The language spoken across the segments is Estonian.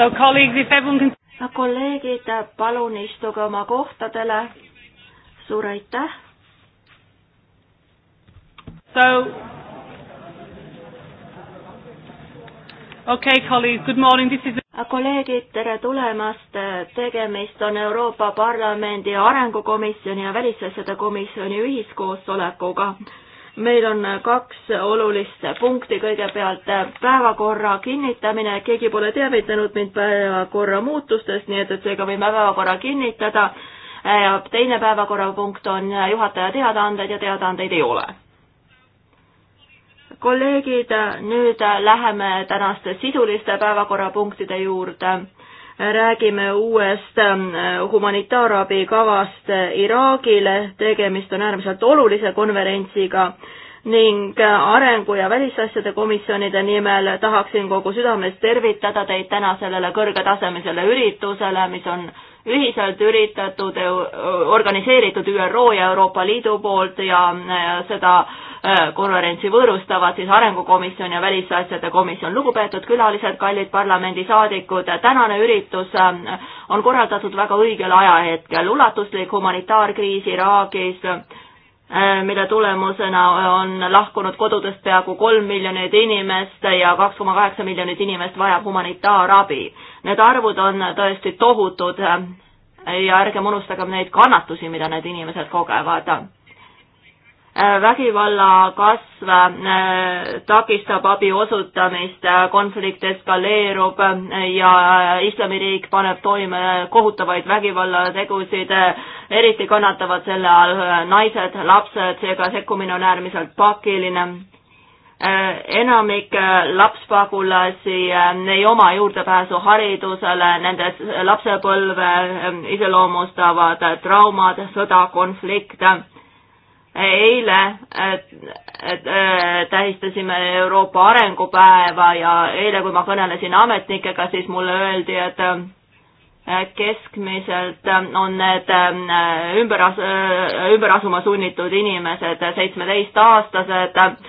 So colleagues, if everyone can... kolleegid, palun istuge oma kohtadele. suur aitäh. So okei okay,, colleagues, good morning, this is kolleegid, tere tulemast, tegemist on Euroopa Parlamendi Arengukomisjoni ja Välisasjade Komisjoni ühiskoosolekuga meil on kaks olulist punkti, kõigepealt päevakorra kinnitamine, keegi pole teavitanud mind päevakorra muutustest, nii et, et seega võime päevakorra kinnitada. teine päevakorrapunkt on juhataja teadaanded ja teadaandeid ei ole. kolleegid, nüüd läheme tänaste sisuliste päevakorrapunktide juurde räägime uuest ähm, humanitaarabikavast Iraagile, tegemist on äärmiselt olulise konverentsiga ning äh, Arengu- ja Välisasjade komisjonide nimel tahaksin kogu südamest tervitada teid täna sellele kõrgetasemesele üritusele, mis on ühiselt üritatud, äh, organiseeritud ÜRO ja Euroopa Liidu poolt ja äh, seda äh, konverentsi võõrustavad siis Arengukomisjon ja Välisasjade Komisjon. lugupeetud külalised, kallid parlamendisaadikud, tänane üritus on korraldatud väga õigel ajahetkel, ulatuslik humanitaarkriis Iraagis Äh, mille tulemusena on lahkunud kodudest peaaegu kolm miljonit inimest ja kaks koma kaheksa miljonit inimest vajab humanitaarabi. Need arvud on tõesti tohutud äh, ja ärgem unustagem neid kannatusi, mida need inimesed kogevad Äh, vägivalla kasv äh, takistab abi osutamist, äh, konflikt eskaleerub ja islamiriik paneb toime kohutavaid vägivallategusid, eriti kannatavad selle all naised, lapsed, seega sekkumine on äärmiselt pakiline. enamik lapspagulasi ei oma juurdepääsu haridusele, nende lapsepõlve iseloomustavad traumad, sõda, konflikt eile et, et, äh, tähistasime Euroopa arengupäeva ja eile, kui ma kõnelesin ametnikega, siis mulle öeldi, et äh, keskmiselt äh, on need ümber, ümber asuma sunnitud inimesed seitsmeteistaastased,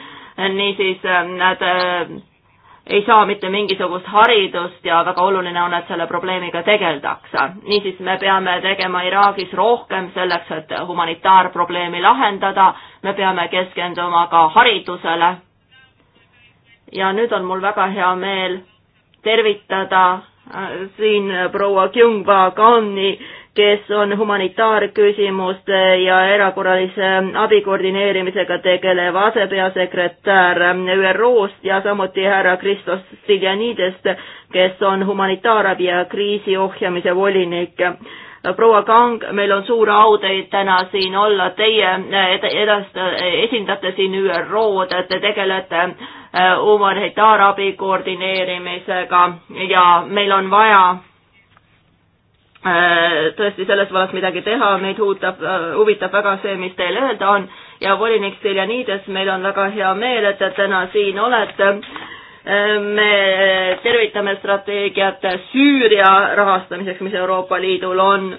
niisiis nad ei saa mitte mingisugust haridust ja väga oluline on, et selle probleemiga tegeldakse. niisiis, me peame tegema Iraagis rohkem selleks, et humanitaarprobleemi lahendada, me peame keskenduma ka haridusele. ja nüüd on mul väga hea meel tervitada äh, siin proua Kyungba Kanni kes on humanitaarküsimuste ja erakorralise abi koordineerimisega tegelev asepeasekretär ÜRO-st ja samuti härra Kristos Stiljanidest, kes on humanitaarabi ja kriisi ohjamise volinik. proua Kang, meil on suur au teid täna siin olla, teie edast-, esindate siin ÜRO-d, te tegelete äh, humanitaarabi koordineerimisega ja meil on vaja Äh, tõesti selles vallas midagi teha, meid huutab, äh, huvitab väga see, mis teil öelda on ja volinik Siljanides, meil on väga hea meel, et te täna siin olete. Äh, me tervitame strateegiat Süüria rahastamiseks, mis Euroopa Liidul on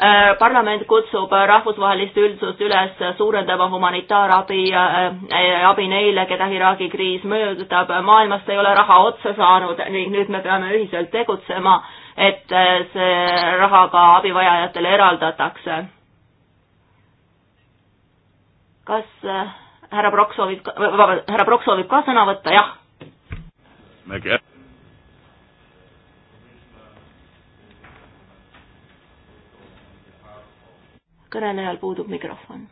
Äh, parlament kutsub äh, rahvusvahelist üldsust üles suurendama humanitaarabi, äh, abi neile, keda Iraagi kriis mõjutab. maailmast ei ole raha otsa saanud ning nüüd me peame ühiselt tegutsema, et see raha ka abivajajatele eraldatakse. kas härra Prokk soovib, vabandust, härra Prokk soovib ka sõna võtta, jah? kõnelejal puudub mikrofon.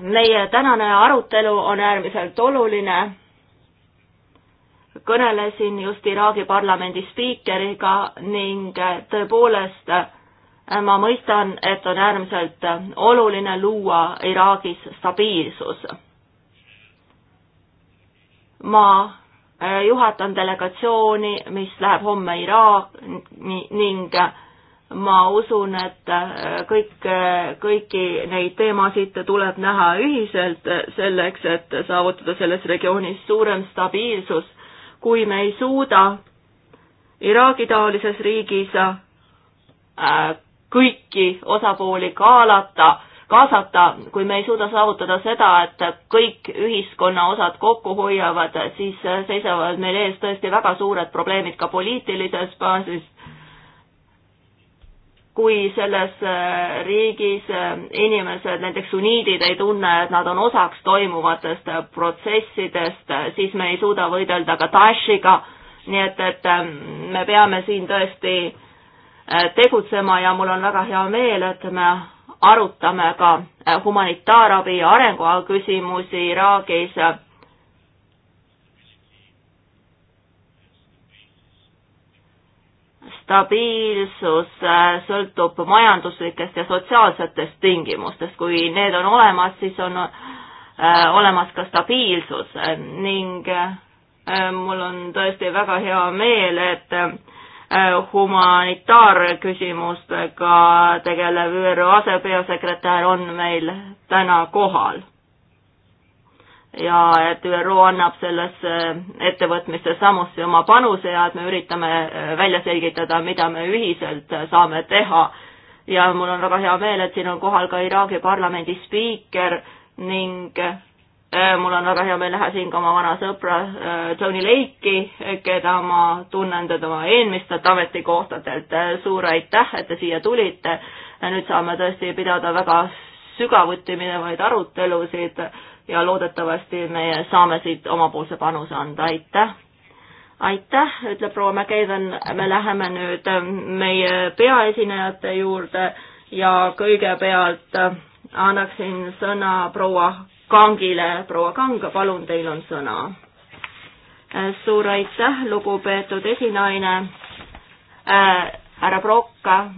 meie tänane arutelu on äärmiselt oluline. kõnelesin just Iraagi parlamendi spiikeriga ning tõepoolest äh, ma mõistan, et on äärmiselt oluline luua Iraagis stabiilsus. ma Äh, juhatan delegatsiooni, mis läheb homme Iraani ning äh, ma usun, et äh, kõik, kõiki neid teemasid tuleb näha ühiselt selleks, et saavutada selles regioonis suurem stabiilsus. kui me ei suuda Iraagi taolises riigis kõiki osapooli kaalata, kaasata, kui me ei suuda saavutada seda, et kõik ühiskonna osad kokku hoiavad, siis seisavad meil ees tõesti väga suured probleemid ka poliitilises baasis. kui selles äh, riigis äh, inimesed, näiteks sunniidid, ei tunne, et nad on osaks toimuvatest protsessidest, siis me ei suuda võidelda ka Daeshiga, nii et, et äh, me peame siin tõesti tegutsema ja mul on väga hea meel, et me arutame ka äh, humanitaarabi ja arenguabi küsimusi Iraagis. stabiilsus äh, sõltub majanduslikest ja sotsiaalsetest tingimustest, kui need on olemas, siis on äh, olemas ka stabiilsus ning mul on tõesti väga hea meel, et Äh, humanitaarküsimustega tegelev ÜRO asepeasekretär on meil täna kohal. ja et ÜRO annab sellesse ettevõtmisse samuti oma panuse ja et me üritame äh, välja selgitada, mida me ühiselt saame teha. ja mul on väga hea meel, et siin on kohal ka Iraagi parlamendi spiiker ning Äh, mul on väga hea meel näha siin ka oma vana sõpra äh, Tony Lake'i, keda ma tunnen tema eelmistelt ametikohtadelt. Äh, suur aitäh, et te siia tulite. nüüd saame tõesti pidada väga sügavuti minevaid arutelusid ja loodetavasti me saame siit omapoolse panuse anda. aitäh! aitäh, ütleb proua McEwen, me läheme nüüd meie peaesinejate juurde ja kõigepealt annaksin sõna proua Kangile. proua Kang, palun, teil on sõna. Äh, suur aitäh, lugupeetud esinaine äh,, härra Prokk äh,,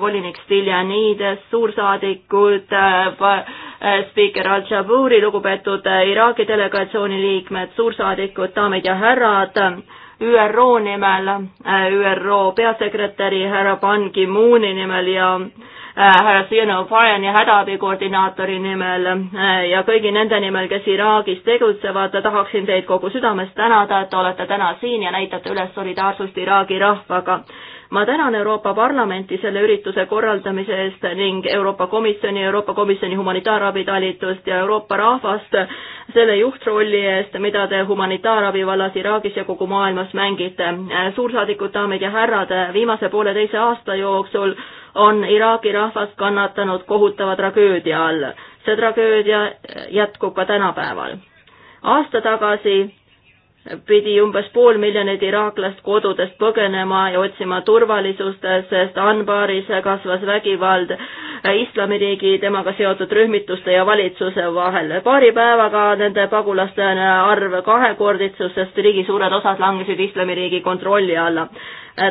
volinik Stiljanides, suursaadikud äh,, äh spiiker Al-Jabouri, lugupeetud äh, Iraagi delegatsiooni liikmed, suursaadikud, daamid ja härrad ÜRO nimel, ÜRO peasekretäri härra Ban Ki-mooni nimel ja Äh, härra Sino Fareni hädaabikoordinaatori nimel äh, ja kõigi nende nimel, kes Iraagis tegutsevad, tahaksin teid kogu südamest tänada, et olete täna siin ja näitate üles solidaarsust Iraagi rahvaga. ma tänan Euroopa Parlamenti selle ürituse korraldamise eest ning Euroopa Komisjoni, Euroopa Komisjoni humanitaarabitalitust ja Euroopa rahvast selle juhtrolli eest, mida te humanitaarabi vallas Iraagis ja kogu maailmas mängite. Äh, suursaadikud, daamid ja härrad, viimase pooleteise aasta jooksul on Iraagi rahvas kannatanud kohutava tragöödia all. see tragöödia jätkub ka tänapäeval. aasta tagasi pidi umbes pool miljonit iraaklast kodudest põgenema ja otsima turvalisust, sest Anbaris kasvas vägivald islamiriigi, temaga seotud rühmituste ja valitsuse vahel. paari päevaga nende pagulaste arv kahekorditsus, sest riigi suured osad langesid islamiriigi kontrolli alla.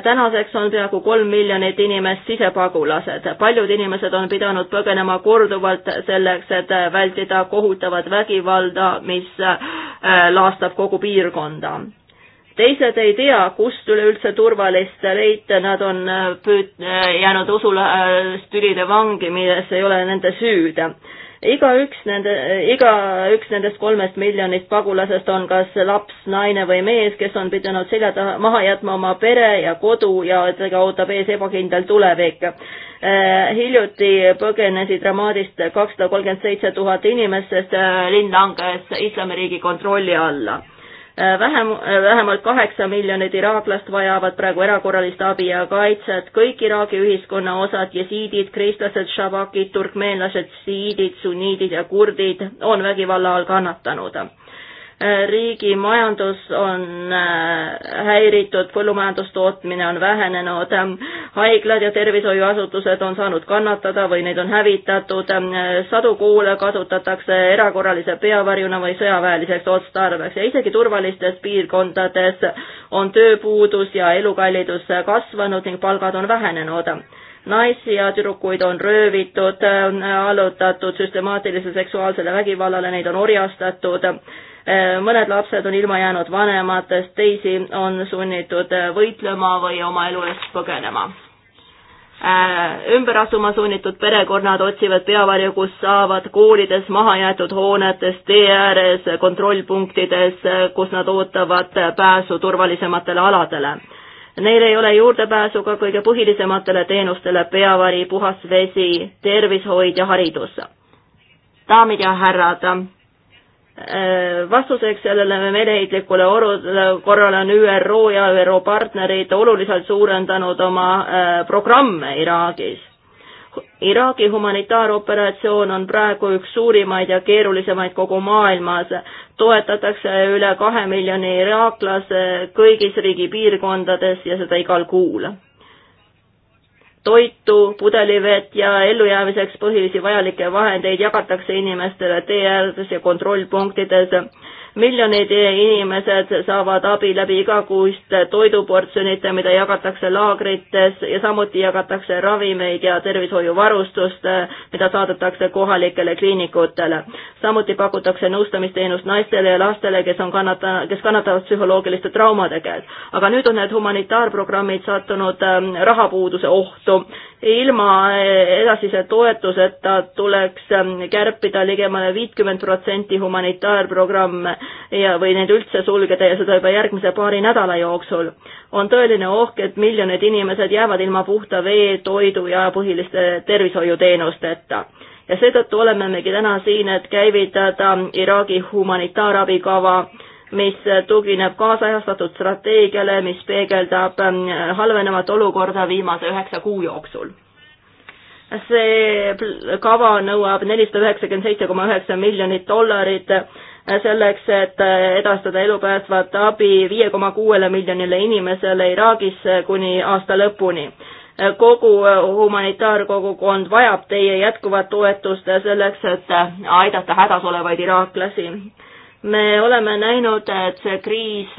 tänaseks on peaaegu kolm miljonit inimest sisepagulased. paljud inimesed on pidanud põgenema korduvalt selleks, et vältida kohutavat vägivalda, mis äh, laastab kogu piirkonda piirkonda. teised ei tea, kust üleüldse turvalist leida, nad on äh, püüd-, äh, jäänud usulastülide äh, vangi, milles ei ole nende süüd igaüks nende, igaüks nendest kolmest miljonist pagulasest on kas laps, naine või mees, kes on pidanud selja taha, maha jätma oma pere ja kodu ja teda ootab ees ebakindel tulevik. hiljuti põgenesid Ramadist kakssada kolmkümmend seitse tuhat inimest, sest linn langes islamiriigi kontrolli alla Äh, vähem, äh, vähemalt kaheksa miljonit iraaklast vajavad praegu erakorralist abi ja kaitset, kõik Iraagi ühiskonna osad, jesiidid, kristlased, šabakid, turkmeenlased, siiidid, sunniidid ja kurdid on vägivalla all kannatanud riigi majandus on äh, häiritud, põllumajandustootmine on vähenenud, ähm, haiglad ja tervishoiuasutused on saanud kannatada või neid on hävitatud, ähm, sadu koole kasutatakse erakorralise peavarjuna või sõjaväeliseks otstarbeks ja isegi turvalistes piirkondades on tööpuudus ja elukallidus kasvanud ning palgad on vähenenud naisi ja tüdrukuid on röövitud, äh, allutatud süstemaatilisele seksuaalsele vägivallale, neid on orjastatud Äh, mõned lapsed on ilma jäänud vanematest, teisi on sunnitud äh, võitlema või oma elu eest põgenema. Äh, ümber asuma sunnitud perekonnad otsivad peavarju, kus saavad koolides, mahajäetud hoonetes, tee ääres, kontrollpunktides, kus nad ootavad pääsu turvalisematele aladele Neil ei ole juurdepääsu ka kõige põhilisematele teenustele peavari, puhas vesi, tervishoid ja haridus. daamid ja härrad Äh, vastuseks sellele meeleheitlikule korrale on ÜRO ja ÜRO partnerid oluliselt suurendanud oma äh, programme Iraagis. Iraagi humanitaaroperatsioon on praegu üks suurimaid ja keerulisemaid kogu maailmas. toetatakse üle kahe miljoni iraaklase kõigis riigi piirkondades ja seda igal kuul toitu, pudelivett ja ellujäämiseks põhilisi vajalikke vahendeid jagatakse inimestele tee ääres ja kontrollpunktides miljonid inimesed saavad abi läbi igakuiste toiduportsjonite, mida jagatakse laagrites ja samuti jagatakse ravimeid ja tervishoiuvarustust, mida saadetakse kohalikele kliinikutele. samuti pakutakse nõustamisteenust naistele ja lastele, kes on kannata-, kes kannatavad psühholoogiliste traumade käes. aga nüüd on need humanitaarprogrammid sattunud ähm, rahapuuduse ohtu. ilma äh, edasise toetuseta tuleks ähm, kärpida ligemale viitkümmend protsenti humanitaarprogramme ja, või need üldse sulgeda ja seda juba järgmise paari nädala jooksul. on tõeline ohk, et miljonid inimesed jäävad ilma puhta vee, toidu ja põhiliste tervishoiuteenusteta. ja seetõttu olemegi täna siin, et käivitada Iraagi humanitaarabikava, mis tugineb kaasajastatud strateegiale, mis peegeldab ähm, halvenevat olukorda viimase üheksa kuu jooksul see kava nõuab nelisada üheksakümmend seitse koma üheksa miljonit dollarit selleks, et edastada elupäästvat abi viie koma kuuele miljonile inimesele Iraagis kuni aasta lõpuni. kogu humanitaarkogukond vajab teie jätkuvat toetust selleks, et aidata hädas olevaid iraaklasi me oleme näinud, et see kriis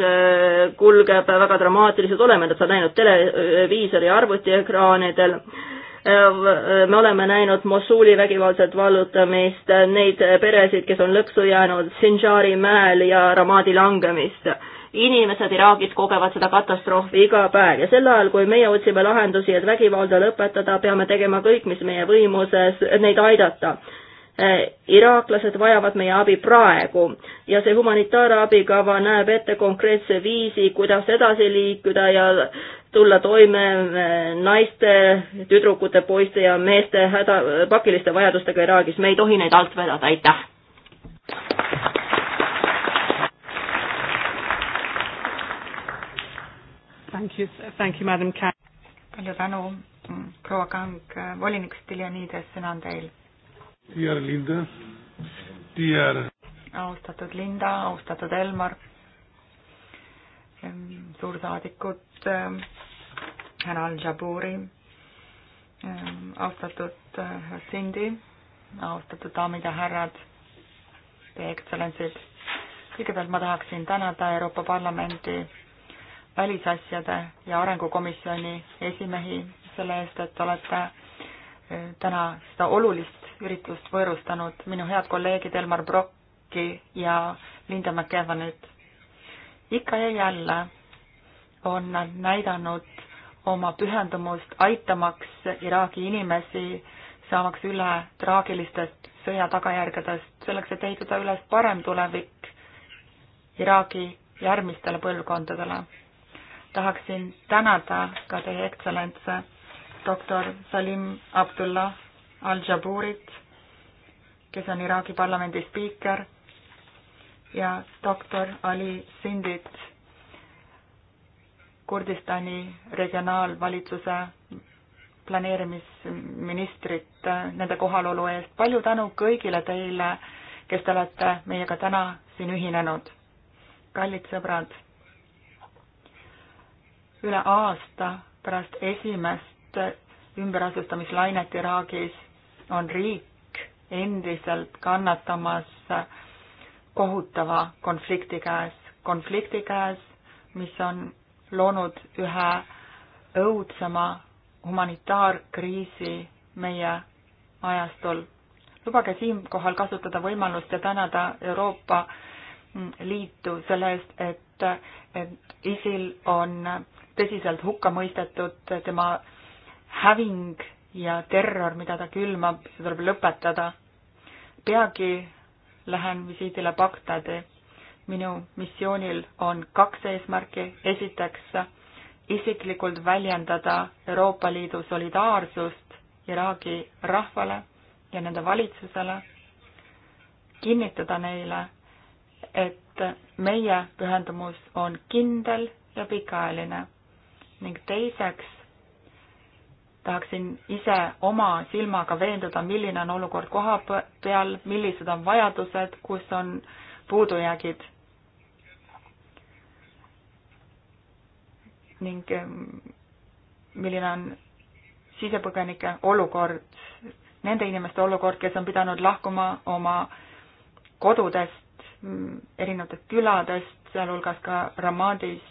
kulgeb väga dramaatiliselt, oleme seda näinud televiisori arvutiekraanidel Äh, me oleme näinud Mosuli vägivaldset vallutamist, neid peresid, kes on lõksu jäänud Sinjari mäel ja Ramadi langemist. inimesed Iraagis kogevad seda katastroofi iga päev ja sel ajal, kui meie otsime lahendusi, et vägivalda lõpetada, peame tegema kõik, mis meie võimuses, et neid aidata Äh, iraaklased vajavad meie abi praegu ja see humanitaarabikava näeb ette konkreetse viisi, kuidas edasi liikuda ja tulla toime äh, naiste, tüdrukute, poiste ja meeste häda, pakiliste vajadustega Iraagis, me ei tohi neid alt vedada, aitäh! Thank you, thank you, madam Kang. palju tänu, proua Kang, volinik Stiljanides, sõna on teil Dear Linda, dear. austatud Linda, austatud Elmar, suursaadikud, härra Al-Jaburi, austatud eh, Sindi, austatud daamid ja härrad, teie ekstsellentsid. kõigepealt ma tahaksin tänada Euroopa Parlamendi välisasjade ja arengukomisjoni esimehi selle eest, et olete täna seda olulist üritust võõrustanud minu head kolleegid Elmar Brocki ja Linda McEvanit. ikka ja jälle on nad näidanud oma pühendumust aitamaks Iraagi inimesi, saamaks üle traagilistest sõja tagajärgedest, selleks et ehitada üles parem tulevik Iraagi järgmistele põlvkondadele. tahaksin tänada ka teie ekstsellentse doktor Salim Abdullah Al-Jaburit, kes on Iraagi parlamendi spiiker ja doktor Ali Sindit, Kurdistani regionaalvalitsuse planeerimisministrit äh, nende kohalolu eest. palju tänu kõigile teile, kes te olete meiega täna siin ühinenud. kallid sõbrad, üle aasta pärast esimest ümberasustamislainet Iraagis, on riik endiselt kannatamas kohutava konflikti käes, konflikti käes, mis on loonud ühe õudsema humanitaarkriisi meie ajastul. lubage siinkohal kasutada võimalust ja tänada Euroopa Liitu selle eest, et, et ISIL on tõsiselt hukka mõistetud, tema häving ja terror, mida ta külmab, see tuleb lõpetada. peagi lähen visiidile Bagdadi. minu missioonil on kaks eesmärki. esiteks, isiklikult väljendada Euroopa Liidu solidaarsust Iraagi rahvale ja nende valitsusele, kinnitada neile, et meie pühendumus on kindel ja pikaajaline ning teiseks tahaksin ise oma silmaga veenduda, milline on olukord koha peal, millised on vajadused, kus on puudujäägid. ning milline on sisepõgenike olukord, nende inimeste olukord, kes on pidanud lahkuma oma kodudest, erinevatest küladest, sealhulgas ka Ramadis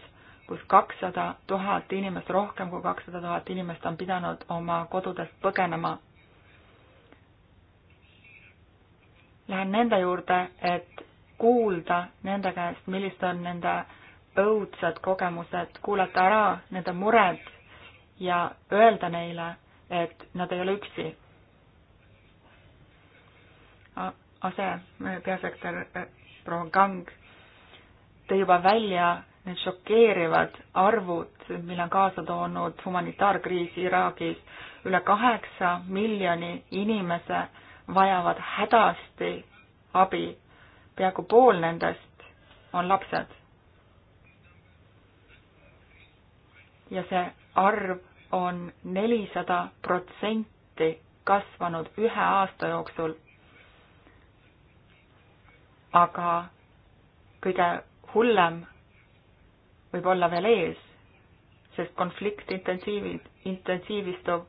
kus kakssada tuhat inimest, rohkem kui kakssada tuhat inimest on pidanud oma kodudest põgenema. Lähen nende juurde, et kuulda nende käest, millised on nende õudsad kogemused, kuulata ära nende mured ja öelda neile, et nad ei ole üksi. ase peasekretär eh, proua Kang tõi juba välja need šokeerivad arvud, mille on kaasa toonud humanitaarkriis Iraagis. üle kaheksa miljoni inimese vajavad hädasti abi. peaaegu pool nendest on lapsed. ja see arv on nelisada protsenti kasvanud ühe aasta jooksul. aga kõige hullem võib olla veel ees, sest konflikt intensiivi, intensiivistub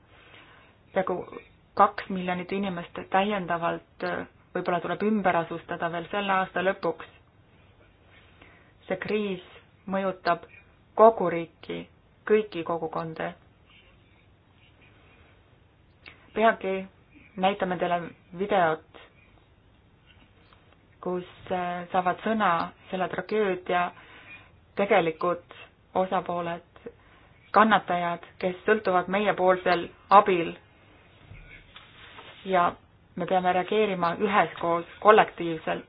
peaaegu kaks miljonit inimest täiendavalt äh, võib-olla tuleb ümber asustada veel selle aasta lõpuks. see kriis mõjutab kogu riiki, kõiki kogukondi. peagi näitame teile videot, kus äh, saavad sõna selle tragöödia tegelikud osapooled, kannatajad, kes sõltuvad meiepoolsel abil. ja me peame reageerima üheskoos, kollektiivselt.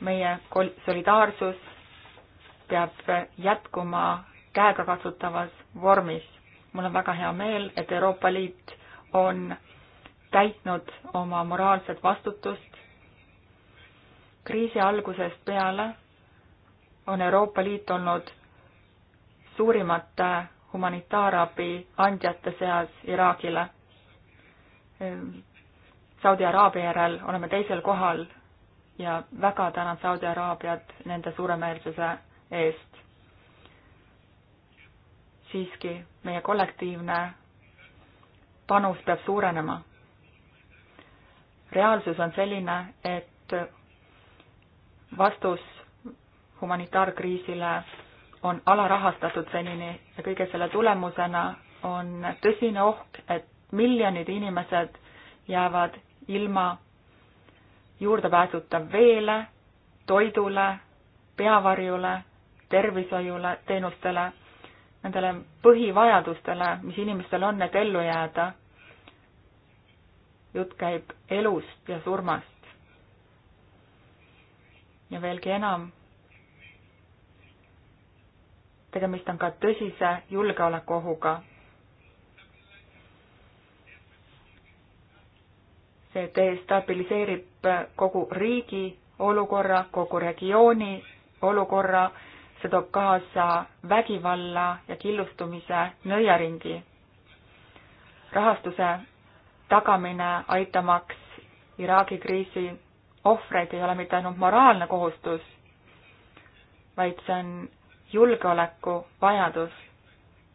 meie kol-, solidaarsus peab jätkuma käegakatsutavas vormis. mul on väga hea meel, et Euroopa Liit on täitnud oma moraalset vastutust kriisi algusest peale on Euroopa Liit olnud suurimate humanitaarabi andjate seas Iraagile. Saudi Araabia järel oleme teisel kohal ja väga tänan Saudi Araabiat nende suuremeelsuse eest. siiski, meie kollektiivne panus peab suurenema. reaalsus on selline, et vastus humanitaarkriisile on alarahastatud senini ja kõige selle tulemusena on tõsine oht, et miljonid inimesed jäävad ilma juurdepääsuta veele, toidule, peavarjule, tervishoiule, teenustele, nendele põhivajadustele, mis inimestel on, et ellu jääda. jutt käib elust ja surmast. ja veelgi enam tegemist on ka tõsise julgeolekuohuga. see destabiliseerib kogu riigi olukorra, kogu regiooni olukorra, see toob kaasa vägivalla ja killustumise nõiaringi. rahastuse tagamine, aitamaks Iraagi kriisi ohvreid, ei ole mitte ainult moraalne kohustus, vaid see on julgeoleku vajadus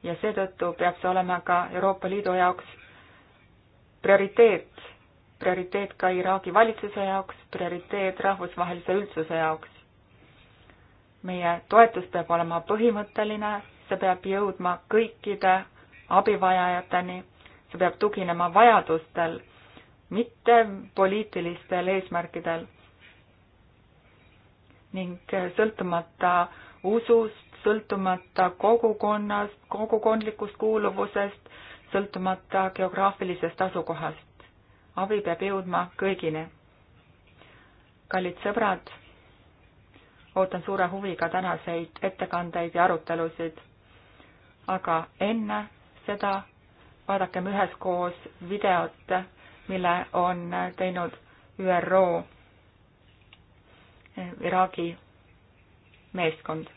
ja seetõttu peab see olema ka Euroopa Liidu jaoks prioriteet, prioriteet ka Iraagi valitsuse jaoks, prioriteet rahvusvahelise üldsuse jaoks. meie toetus peab olema põhimõtteline, see peab jõudma kõikide abivajajateni, see peab tuginema vajadustel, mitte poliitilistel eesmärkidel. ning sõltumata usust, sõltumata kogukonnast, kogukondlikust kuuluvusest, sõltumata geograafilisest asukohast. abi peab jõudma kõigini. kallid sõbrad, ootan suure huviga tänaseid ettekandeid ja arutelusid. aga enne seda vaadakem üheskoos videot, mille on teinud ÜRO Iraagi meeskond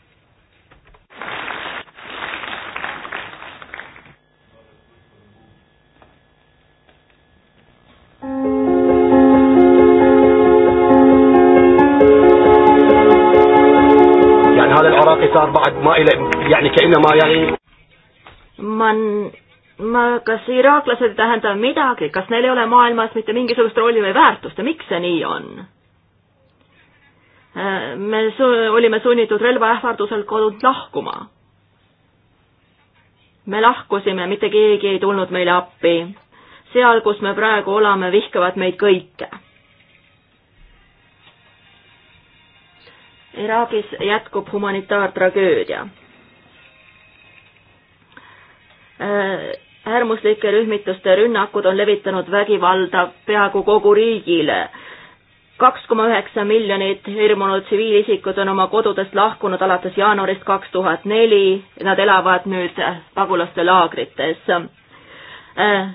يعني كأنما يعني من ma, kas iraaklased ei tähenda midagi, kas neil ei ole maailmas mitte mingisugust rolli või väärtust ja miks see nii on? me su-, olime sunnitud relvaähvardusel kodunt lahkuma. me lahkusime, mitte keegi ei tulnud meile appi. seal, kus me praegu oleme, vihkavad meid kõike. Iraagis jätkub humanitaartragöödia Äh, äärmuslike rühmituste rünnakud on levitanud vägivalda peaaegu kogu riigile. kaks koma üheksa miljonit hirmunud tsiviilisikud on oma kodudest lahkunud alates jaanuarist kaks tuhat neli, nad elavad nüüd pagulaste laagrites. Äh,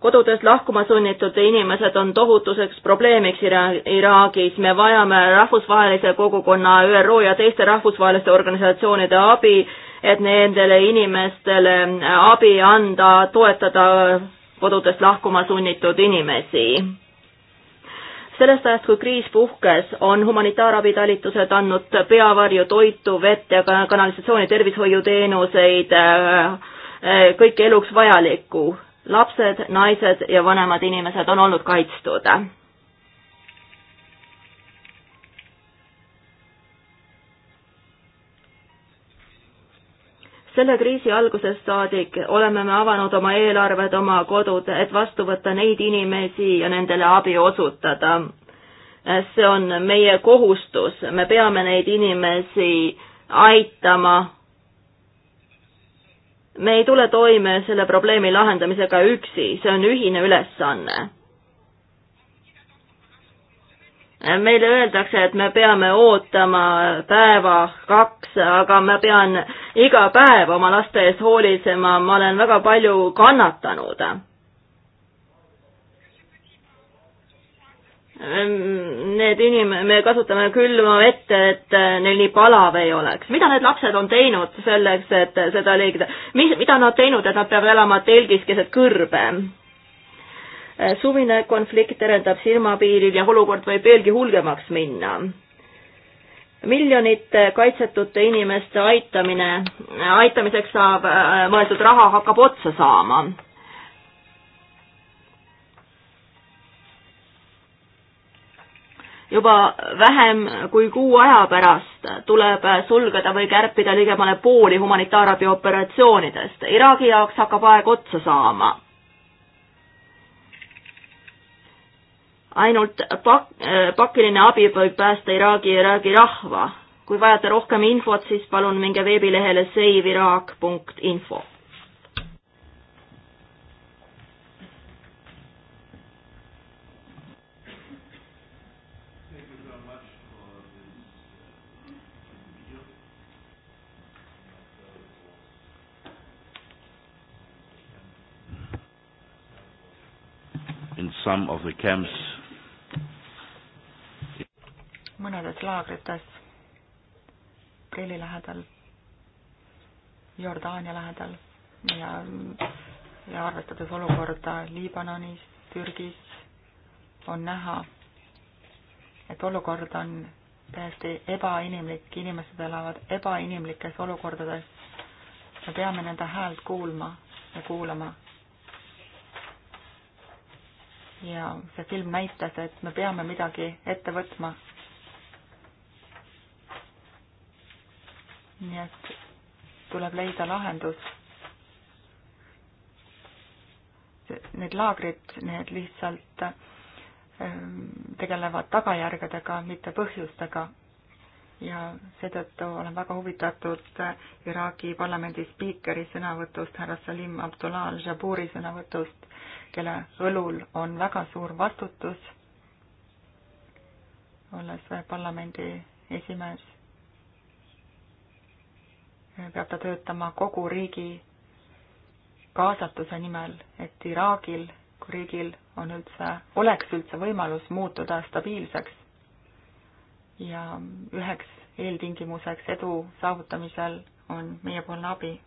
kodudest lahkuma sunnitud inimesed on tohutuseks probleemiks Ira-, Iraagis, me vajame rahvusvahelise kogukonna, ÜRO ja teiste rahvusvaheliste organisatsioonide abi, et nendele inimestele abi anda, toetada kodudest lahkuma sunnitud inimesi. sellest ajast, kui kriis puhkes, on humanitaarabitalitused andnud peavarju, toitu, vett ja kanalisatsiooni tervishoiuteenuseid, äh, kõike eluks vajalikku. lapsed, naised ja vanemad inimesed on olnud kaitstud selle kriisi algusest saadik oleme me avanud oma eelarved, oma kodud, et vastu võtta neid inimesi ja nendele abi osutada. see on meie kohustus, me peame neid inimesi aitama. me ei tule toime selle probleemi lahendamisega üksi, see on ühine ülesanne meile öeldakse, et me peame ootama päeva, kaks, aga ma pean iga päev oma laste eest hoolitsema, ma olen väga palju kannatanud. Need inim-, me kasutame külma vett, et neil nii palav ei oleks. mida need lapsed on teinud selleks, et seda liigida? mis, mida nad teinud, et nad peavad elama telgis keset kõrbe? Eh, suvine konflikt terendab silmapiiril ja olukord võib veelgi hulgemaks minna miljonite kaitsetute inimeste aitamine, eh, aitamiseks saab eh, mõeldud raha hakkab otsa saama. juba vähem kui kuu aja pärast tuleb sulgeda või kärpida ligemale pooli humanitaarabioperatsioonidest. Iraagi jaoks hakkab aeg otsa saama ainult pak-, äh, pakiline abi võib päästa Iraagi ja Iraagi rahva. kui vajate rohkem infot, siis palun minge veebilehele seiveiraak.info. in some of the camps mõnedes laagrites Breli lähedal, Jordaania lähedal ja, ja arvestades olukorda Liibanonis, Türgis, on näha, et olukord on täiesti ebainimlik, inimesed elavad ebainimlikes olukordades. me peame nende häält kuulma ja kuulama. ja see film näitas, et me peame midagi ette võtma nii et tuleb leida lahendus. Need laagrid, need lihtsalt ähm, tegelevad tagajärgedega, mitte põhjustega. ja seetõttu olen väga huvitatud äh, Iraagi parlamendi spiikeri sõnavõtust, härra Salim Abdullah al-Jaburi sõnavõtust, kelle õlul on väga suur vastutus, olles äh, parlamendi esimees peab ta töötama kogu riigi kaasatuse nimel, et Iraagil kui riigil on üldse, oleks üldse võimalus muutuda stabiilseks. ja üheks eeltingimuseks edu saavutamisel on meiepoolne abi.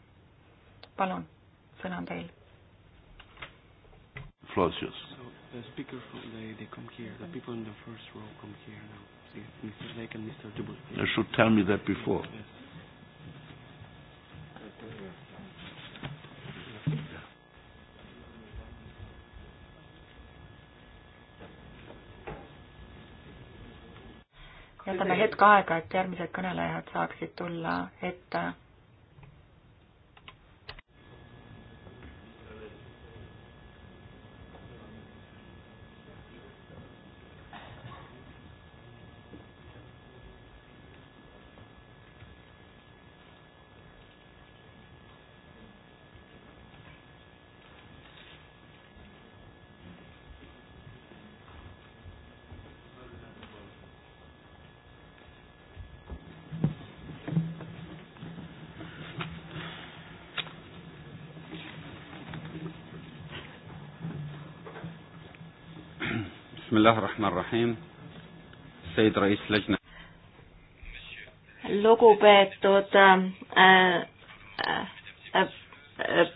palun, sõna on teil. Flosius. The speaker from the, they come here, the people in the first row come here now. Mr. Lake and Mr. Dubul. You should tell me that before. Yes. jätame hetk aega, et järgmised kõnelejad saaksid tulla ette بسم الله الرحمن الرحيم السيد رئيس لجنة lugupeetud äh, äh, äh,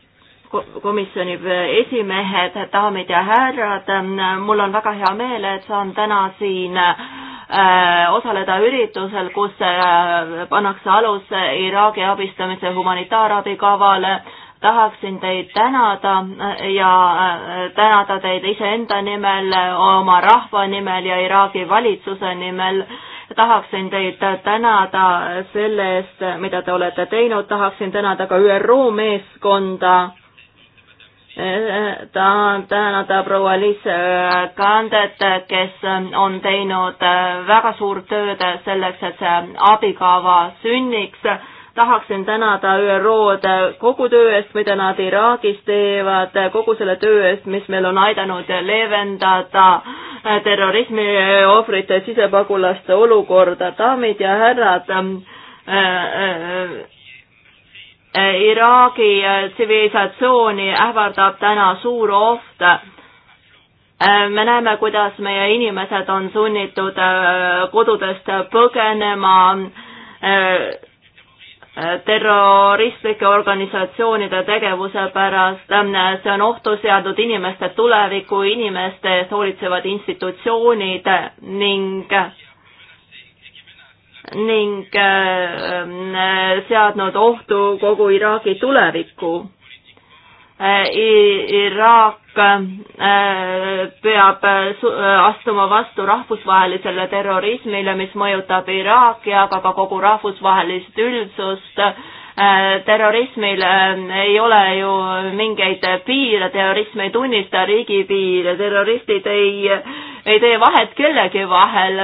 komisjoni esimehed, daamid ja härrad, äh, mul on väga hea meel, et saan täna siin äh, osaleda üritusel, kus äh, pannakse alus Iraagi abistamise humanitaarabikavale tahaksin teid tänada äh, ja äh, tänada teid iseenda nimel, oma rahva nimel ja Iraagi valitsuse nimel. tahaksin teid tänada selle eest, mida te olete teinud, tahaksin tänada ka ÜRO meeskonda. tahan tänada proua Liis Kandet, kes on teinud väga suurt tööd selleks, et see abikava sünniks tahaksin tänada ÜRO-d kogu töö eest, mida nad Iraagis teevad, kogu selle töö eest, mis meil on aidanud leevendada terrorismi ohvrite sisepagulaste olukorda. daamid ja härrad äh,, äh, äh Iraagi tsivilisatsiooni ähvardab täna suur oht äh, me näeme, kuidas meie inimesed on sunnitud äh, kodudest põgenema Äh, terroristlike organisatsioonide tegevuse pärast, äh, see on ohtu seadnud inimeste tuleviku, inimeste eest hoolitsevad institutsioonid ning ning äh, seadnud ohtu kogu Iraagi tulevikku. Iraak Äh, peab äh, äh, astuma vastu rahvusvahelisele terrorismile, mis mõjutab Iraaki, aga ka kogu rahvusvahelist üldsust. terrorismil ei ole ju mingeid piire, terrorism ei tunnista riigipiire, terroristid ei, ei tee vahet kellegi vahel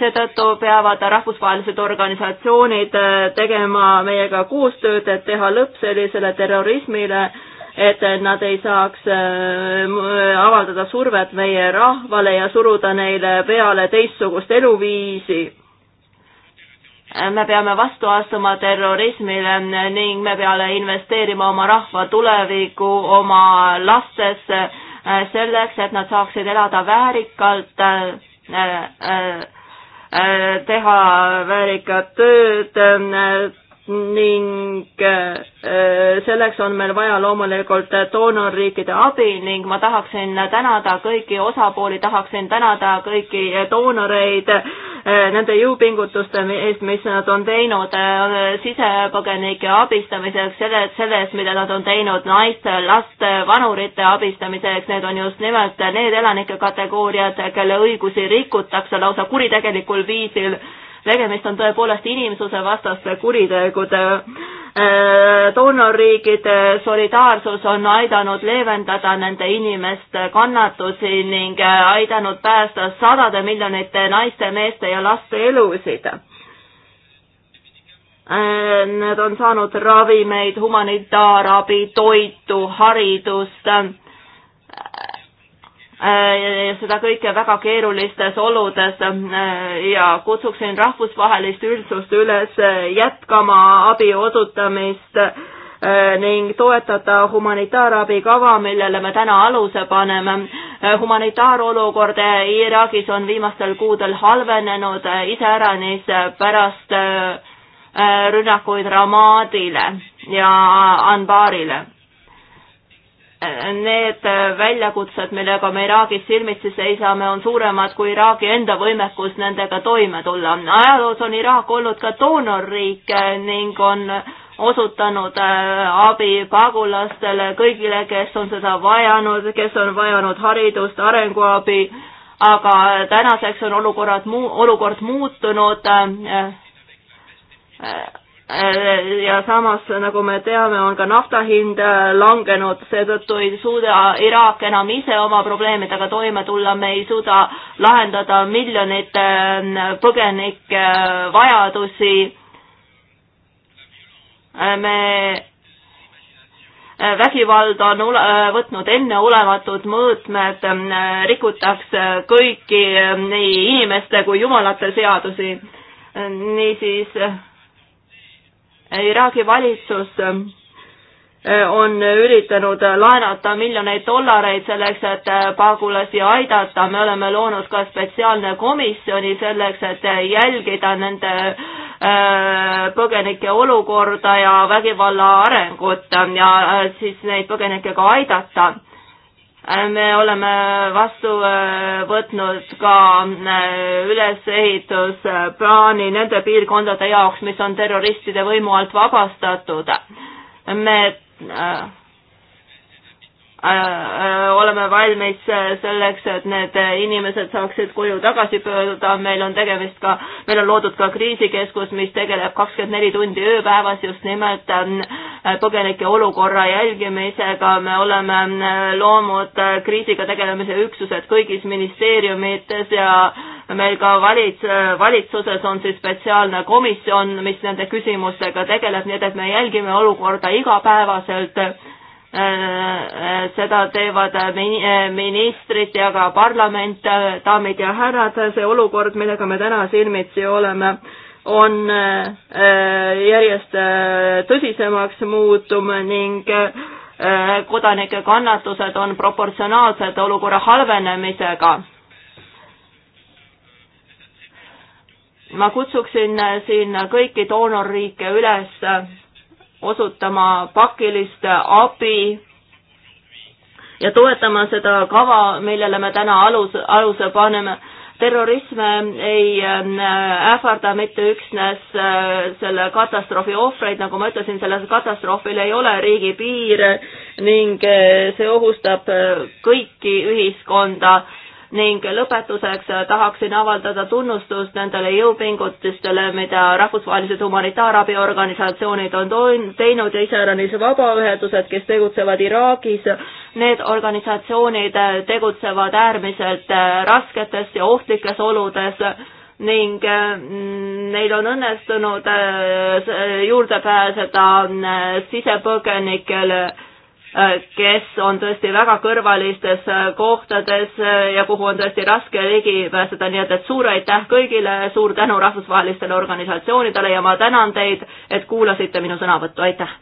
seetõttu peavad rahvusvahelised organisatsioonid tegema meiega koostööd, et teha lõpp sellisele terrorismile et nad ei saaks äh, avaldada survet meie rahvale ja suruda neile peale teistsugust eluviisi me peame vastu astuma terrorismile ning me peame investeerima oma rahva tulevikku, oma lastesse, äh, selleks, et nad saaksid elada väärikalt, äh, teha väärikat tööd, ning äh, selleks on meil vaja loomulikult doonorriikide abi ning ma tahaksin tänada kõiki osapooli, tahaksin tänada kõiki doonoreid äh, nende jõupingutuste eest, mis nad on teinud äh, sisepõgenike abistamiseks, selle, selle eest, mida nad on teinud naiste, laste, vanurite abistamiseks, need on just nimelt need elanike kategooriad, kelle õigusi rikutakse lausa kuritegelikul viisil tegemist on tõepoolest inimsusevastaste kuritegude äh, doonorriigide solidaarsus on aidanud leevendada nende inimeste kannatusi ning äh, aidanud päästa sadade miljonite naiste, meeste ja laste elusid. Äh, nad on saanud ravimeid, humanitaarabi, toitu, haridust Äh, seda kõike väga keerulistes oludes äh, ja kutsuksin rahvusvahelist üldsust üles äh, jätkama abi osutamist ning toetada humanitaarabikava, millele me täna aluse paneme. humanitaarolukord Iraagis on viimastel kuudel halvenenud iseäranis pärast rünnakuid Ramadile ja Anbarile need äh, väljakutsed, millega me Iraagis silmitsi seisame, on suuremad kui Iraagi enda võimekus nendega toime tulla. ajaloos on Iraak olnud ka doonorriik äh, ning on osutanud äh, abi pagulastele, kõigile, kes on seda vajanud, kes on vajanud haridust, arenguabi, aga tänaseks on olukorrad muu, olukord muutunud Äh, ja samas, nagu me teame, on ka nafta hind äh, langenud, seetõttu ei suuda Iraak enam ise oma probleemidega toime tulla, me ei suuda lahendada miljonite äh, põgenike vajadusi. me, vägivald on ule, võtnud enneolematud mõõtmed, rikutakse kõiki nii inimeste kui jumalate seadusi, niisiis Iraagi valitsus ähm, äh, on üritanud laenata miljoneid dollareid selleks, et äh, pagulasi aidata, me oleme loonud ka spetsiaalne komisjoni selleks, et äh, jälgida nende põgenike olukorda ja vägivalla arengut ja siis neid põgenikke ka aidata Äh, me oleme vastu äh, võtnud ka äh, ülesehitusplaani nende piirkondade jaoks, mis on terroristide võimu alt vabastatud. me Äh, äh, oleme valmis äh, selleks, et need inimesed saaksid koju tagasi pöörduda, meil on tegemist ka, meil on loodud ka kriisikeskus, mis tegeleb kakskümmend neli tundi ööpäevas just nimelt ähm, põgenike olukorra jälgimisega, me oleme loonud kriisiga tegelemise üksused kõigis ministeeriumites ja meil ka valits-, valitsuses on siis spetsiaalne komisjon, mis nende küsimustega tegeleb, nii et, et me jälgime olukorda igapäevaselt Äh, äh, seda teevad äh, ministrid ja ka parlament, daamid ja härrad, see olukord, millega me täna silmitsi oleme, on järjest tõsisemaks muutum ning kodanike kannatused on proportsionaalsed olukorra halvenemisega ma kutsuksin siin kõiki doonorriike üles osutama pakilist abi ja toetama seda kava, millele me täna alus, aluse paneme. terrorism ei äh, ähvarda mitte üksnes äh, selle katastroofi ohvreid, nagu ma ütlesin, sellel katastroofil ei ole riigipiire ning äh, see ohustab kõiki ühiskonda ning lõpetuseks tahaksin avaldada tunnustust nendele jõupingutustele, mida rahvusvahelised humanitaarabiorganisatsioonid on teinud ja iseäranis vabaühendused, kes tegutsevad Iraagis. Need organisatsioonid tegutsevad äärmiselt rasketes ja ohtlikes oludes ning mm, neil on õnnestunud äh, juurde pääseda äh, sisepõgenikele Äh, kes on tõesti väga kõrvalistes äh, kohtades äh, ja kuhu on tõesti raske ligi pääseda, nii et, et suur aitäh kõigile, suur tänu rahvusvahelistele organisatsioonidele ja ma tänan teid, et kuulasite minu sõnavõttu, aitäh!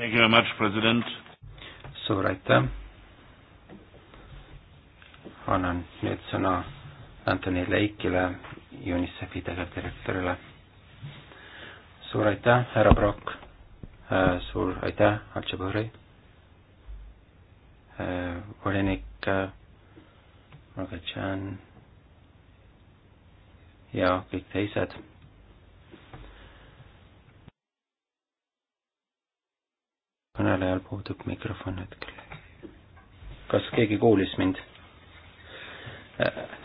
Thank you very much, president! suur aitäh! annan nüüd sõna Antoni Leikile, UNICEF-i tegevdirektorile suur aitäh, härra Brock. Äh, suur aitäh, Al-Jabari. Äh, volinik äh, Margatšan ja kõik teised. kõnelejal puudub mikrofon hetkel. kas keegi kuulis mind?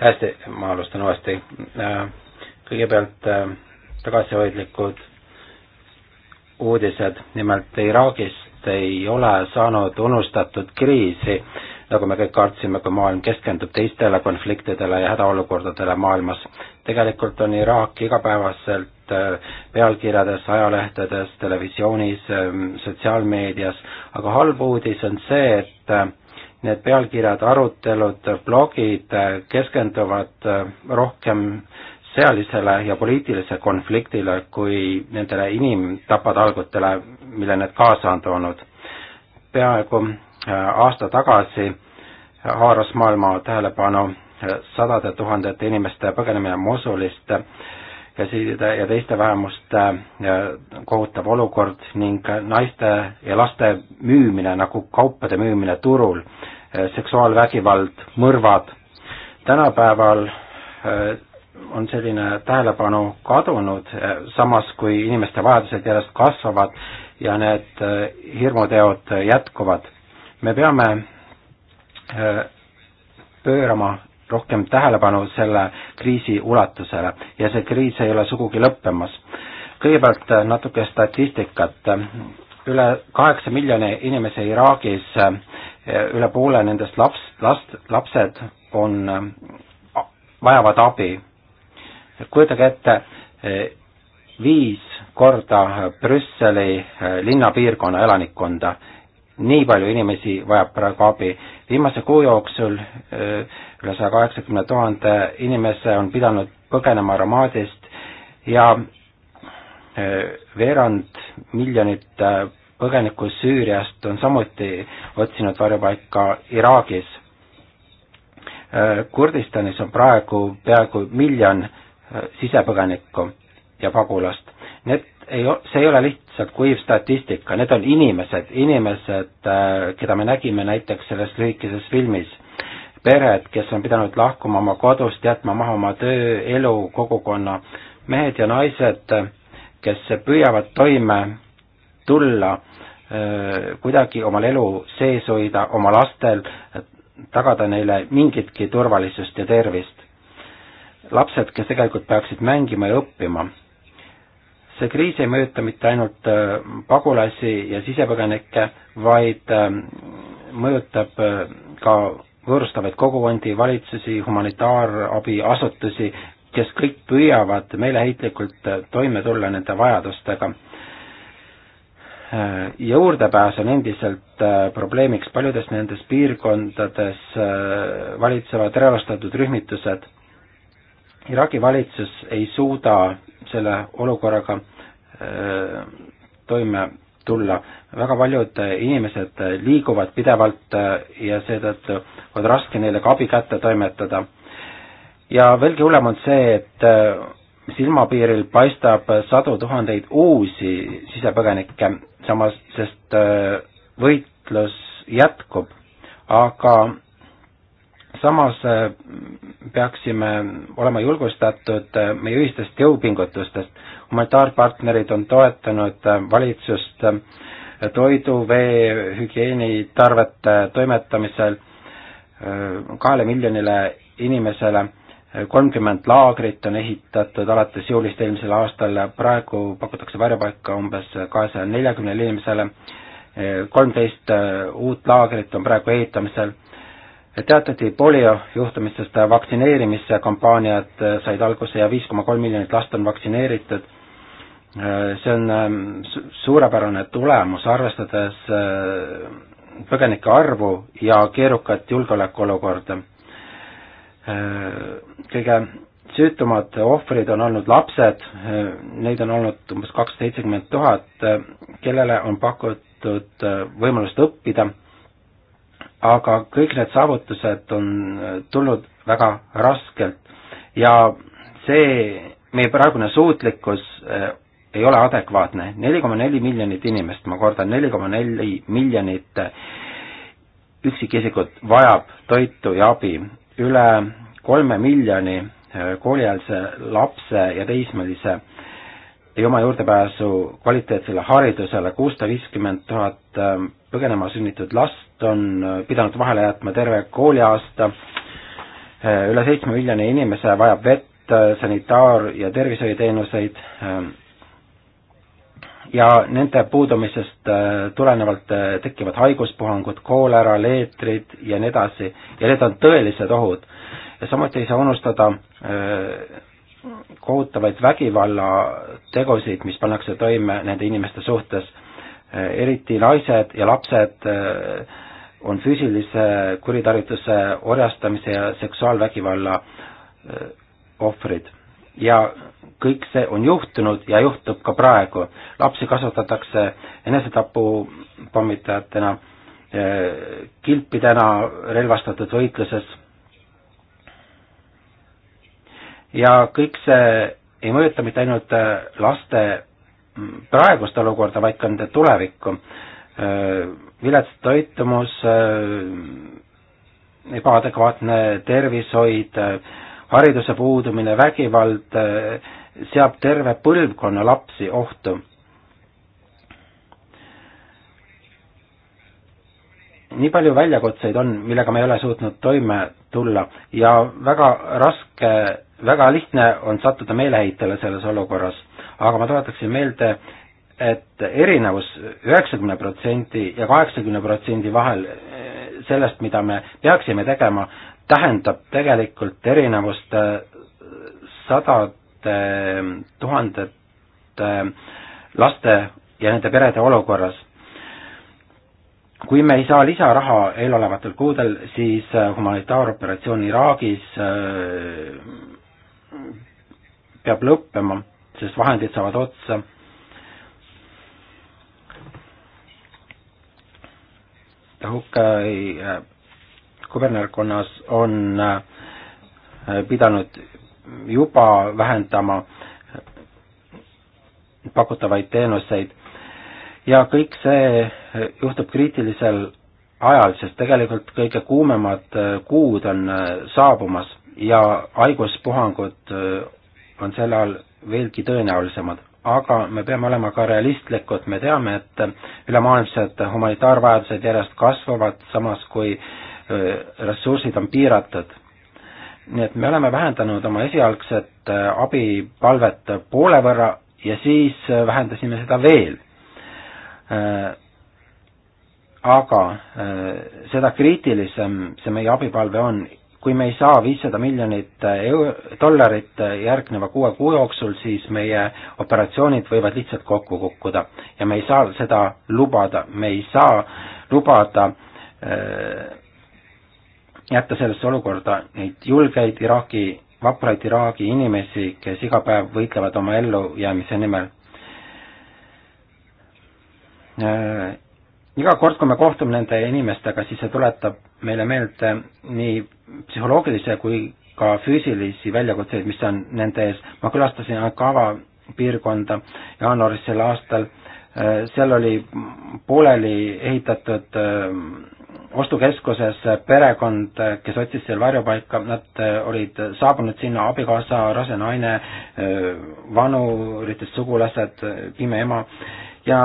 hästi, ma alustan uuesti. kõigepealt tagasihoidlikud uudised, nimelt Iraagist ei ole saanud unustatud kriisi, nagu me kõik kartsime, kui maailm keskendub teistele konfliktidele ja hädaolukordadele maailmas. tegelikult on Iraak igapäevaselt äh, pealkirjades, ajalehtedes, televisioonis, ähm, sotsiaalmeedias, aga halb uudis on see, et äh, need pealkirjad, arutelud, blogid äh, keskenduvad rohkem sõjalisele ja poliitilisele konfliktile kui nendele inimtapade algutele, mille need kaasa on toonud. peaaegu äh, aasta tagasi äh, haaras maailma tähelepanu äh, sadade tuhandete inimeste põgenemine Mosulist ja siide ja teiste vähemuste kohutav olukord ning naiste ja laste müümine nagu kaupade müümine turul, seksuaalvägivald, mõrvad. tänapäeval on selline tähelepanu kadunud, eh, samas kui inimeste vajadused järjest kasvavad ja need eh, hirmuteod jätkuvad. me peame eh, pöörama rohkem tähelepanu selle kriisi ulatusele ja see kriis ei ole sugugi lõppemas. kõigepealt natuke statistikat. üle kaheksa miljoni inimese Iraagis, üle poole nendest laps, last, lapsed on, vajavad abi kujutage ette, eh, viis korda Brüsseli eh, linnapiirkonna elanikkonda. nii palju inimesi vajab praegu abi. viimase kuu jooksul eh, üle saja kaheksakümne tuhande inimese on pidanud põgenema Ramadist ja veerand miljonit põgenikku Süüriast on samuti otsinud varjupaika Iraagis. Kurdistanis on praegu peaaegu miljon sisepõgenikku ja pagulast. Need ei, see ei ole lihtsalt kuiv statistika, need on inimesed, inimesed, äh, keda me nägime näiteks selles lühikeses filmis. pered, kes on pidanud lahkuma oma kodust, jätma maha oma töö, elu, kogukonna, mehed ja naised, kes püüavad toime tulla, äh, kuidagi omal elu sees hoida, oma lastel, tagada neile mingitki turvalisust ja tervist lapsed, kes tegelikult peaksid mängima ja õppima. see kriis ei mõjuta mitte ainult äh, pagulasi ja sisepõgenikke, vaid ähm, mõjutab äh, ka võõrustavaid kogukondi, valitsusi, humanitaarabi asutusi, kes kõik püüavad meeleheitlikult äh, toime tulla nende vajadustega. juurdepääs on endiselt probleemiks paljudes nendes piirkondades valitsevad relvastatud rühmitused Iraagi valitsus ei suuda selle olukorraga äh, toime tulla. väga paljud inimesed liiguvad pidevalt äh, ja seetõttu on raske neile ka abi kätte toimetada. ja veelgi hullem on see, et äh, silmapiiril paistab sadu tuhandeid uusi sisepõgenikke, samas, sest võitlus jätkub, aga samas äh, peaksime olema julgustatud äh, meie ühistest jõupingutustest. humanitaarpartnerid on toetanud äh, valitsust toidu, vee, hügieenitarvete toimetamisel kahele miljonile inimesele, kolmkümmend laagrit on ehitatud alates juulist eelmisel aastal, praegu pakutakse varjupaika umbes kahesaja neljakümnele inimesele, kolmteist uut laagrit on praegu ehitamisel teatati poliojuhtumistest vaktsineerimise kampaaniad äh, said alguse ja viis koma kolm miljonit last on vaktsineeritud. Äh, see on ähm, suurepärane tulemus, arvestades äh, põgenike arvu ja keerukat julgeolekuolukorda. kõige süütumad ohvrid on olnud lapsed, neid on olnud umbes kakssada seitsekümmend tuhat, kellele on pakutud võimalust õppida aga kõik need saavutused on tulnud väga raskelt ja see, meie praegune suutlikkus eh, ei ole adekvaatne, neli koma neli miljonit inimest, ma kordan, neli koma neli miljonit eh, üksikisikut vajab toitu ja abi, üle kolme miljoni eh, koolieelse lapse ja teismelise ei oma juurdepääsu kvaliteetsele haridusele, kuussada viiskümmend tuhat ähm, põgenema sünnitud last on äh, pidanud vahele jätma terve kooliaasta, äh, üle seitsme miljoni inimese vajab vett, äh, sanitaar- ja tervishoiuteenuseid ähm, ja nende puudumisest tulenevalt tekivad haiguspuhangud, koolera, leetrid ja nii edasi ja need on tõelised ohud. ja samuti ei saa unustada kohutavaid vägivallategusid, mis pannakse toime nende inimeste suhtes, eriti naised ja lapsed eh, on füüsilise kuritarvituse, orjastamise ja seksuaalvägivalla eh, ohvrid. ja kõik see on juhtunud ja juhtub ka praegu. lapsi kasvatatakse enesetapupommitajatena, eh, kilpidena relvastatud võitluses ja kõik see ei mõjuta mitte ainult äh, laste mm, praegust olukorda, vaid ka nende tulevikku. Äh, vilets toitumus, äh, ebaadekvaatne tervishoid, hariduse puudumine, vägivald seab terve põlvkonna lapsi ohtu. nii palju väljakutseid on, millega me ei ole suutnud toime tulla ja väga raske väga lihtne on sattuda meeleheitele selles olukorras, aga ma tuletaksin meelde, et erinevus üheksakümne protsendi ja kaheksakümne protsendi vahel eh, sellest, mida me peaksime tegema, tähendab tegelikult erinevust eh, sadade tuhandete eh, laste ja nende perede olukorras. kui me ei saa lisaraha eelolevatel kuudel, siis humanitaaroperatsioon Iraagis peab lõppema, sest vahendid saavad otsa. Tahukai äh, kubernerkonnas on äh, pidanud juba vähendama pakutavaid teenuseid ja kõik see äh, juhtub kriitilisel ajal, sest tegelikult kõige kuumemad kuud on saabumas ja haiguspuhangud äh, on selle all veelgi tõenäolisemad. aga me peame olema ka realistlikud, me teame, et äh, ülemaailmsed humanitaarvajadused järjest kasvavad, samas kui äh, ressursid on piiratud. nii et me oleme vähendanud oma esialgset abipalvet poole võrra ja siis vähendasime seda veel aga seda kriitilisem see meie abipalve on kui me ei saa viissada miljonit dollarit järgneva kuue kuu jooksul, siis meie operatsioonid võivad lihtsalt kokku kukkuda ja me ei saa seda lubada, me ei saa lubada äh, jätta sellesse olukorda neid julgeid Iraagi, vapraid Iraagi inimesi, kes iga päev võitlevad oma ellujäämise nimel äh, iga kord, kui me kohtume nende inimestega, siis see tuletab meile meelde nii psühholoogilisi kui ka füüsilisi väljakutseid, mis on nende ees. ma külastasin Akava piirkonda jaanuaris sel aastal, seal oli pooleli ehitatud äh, ostukeskuses perekond, kes otsis seal varjupaika, nad äh, olid saabunud sinna, abikaasa, rase naine, äh, vanuritest sugulased, pime ema ja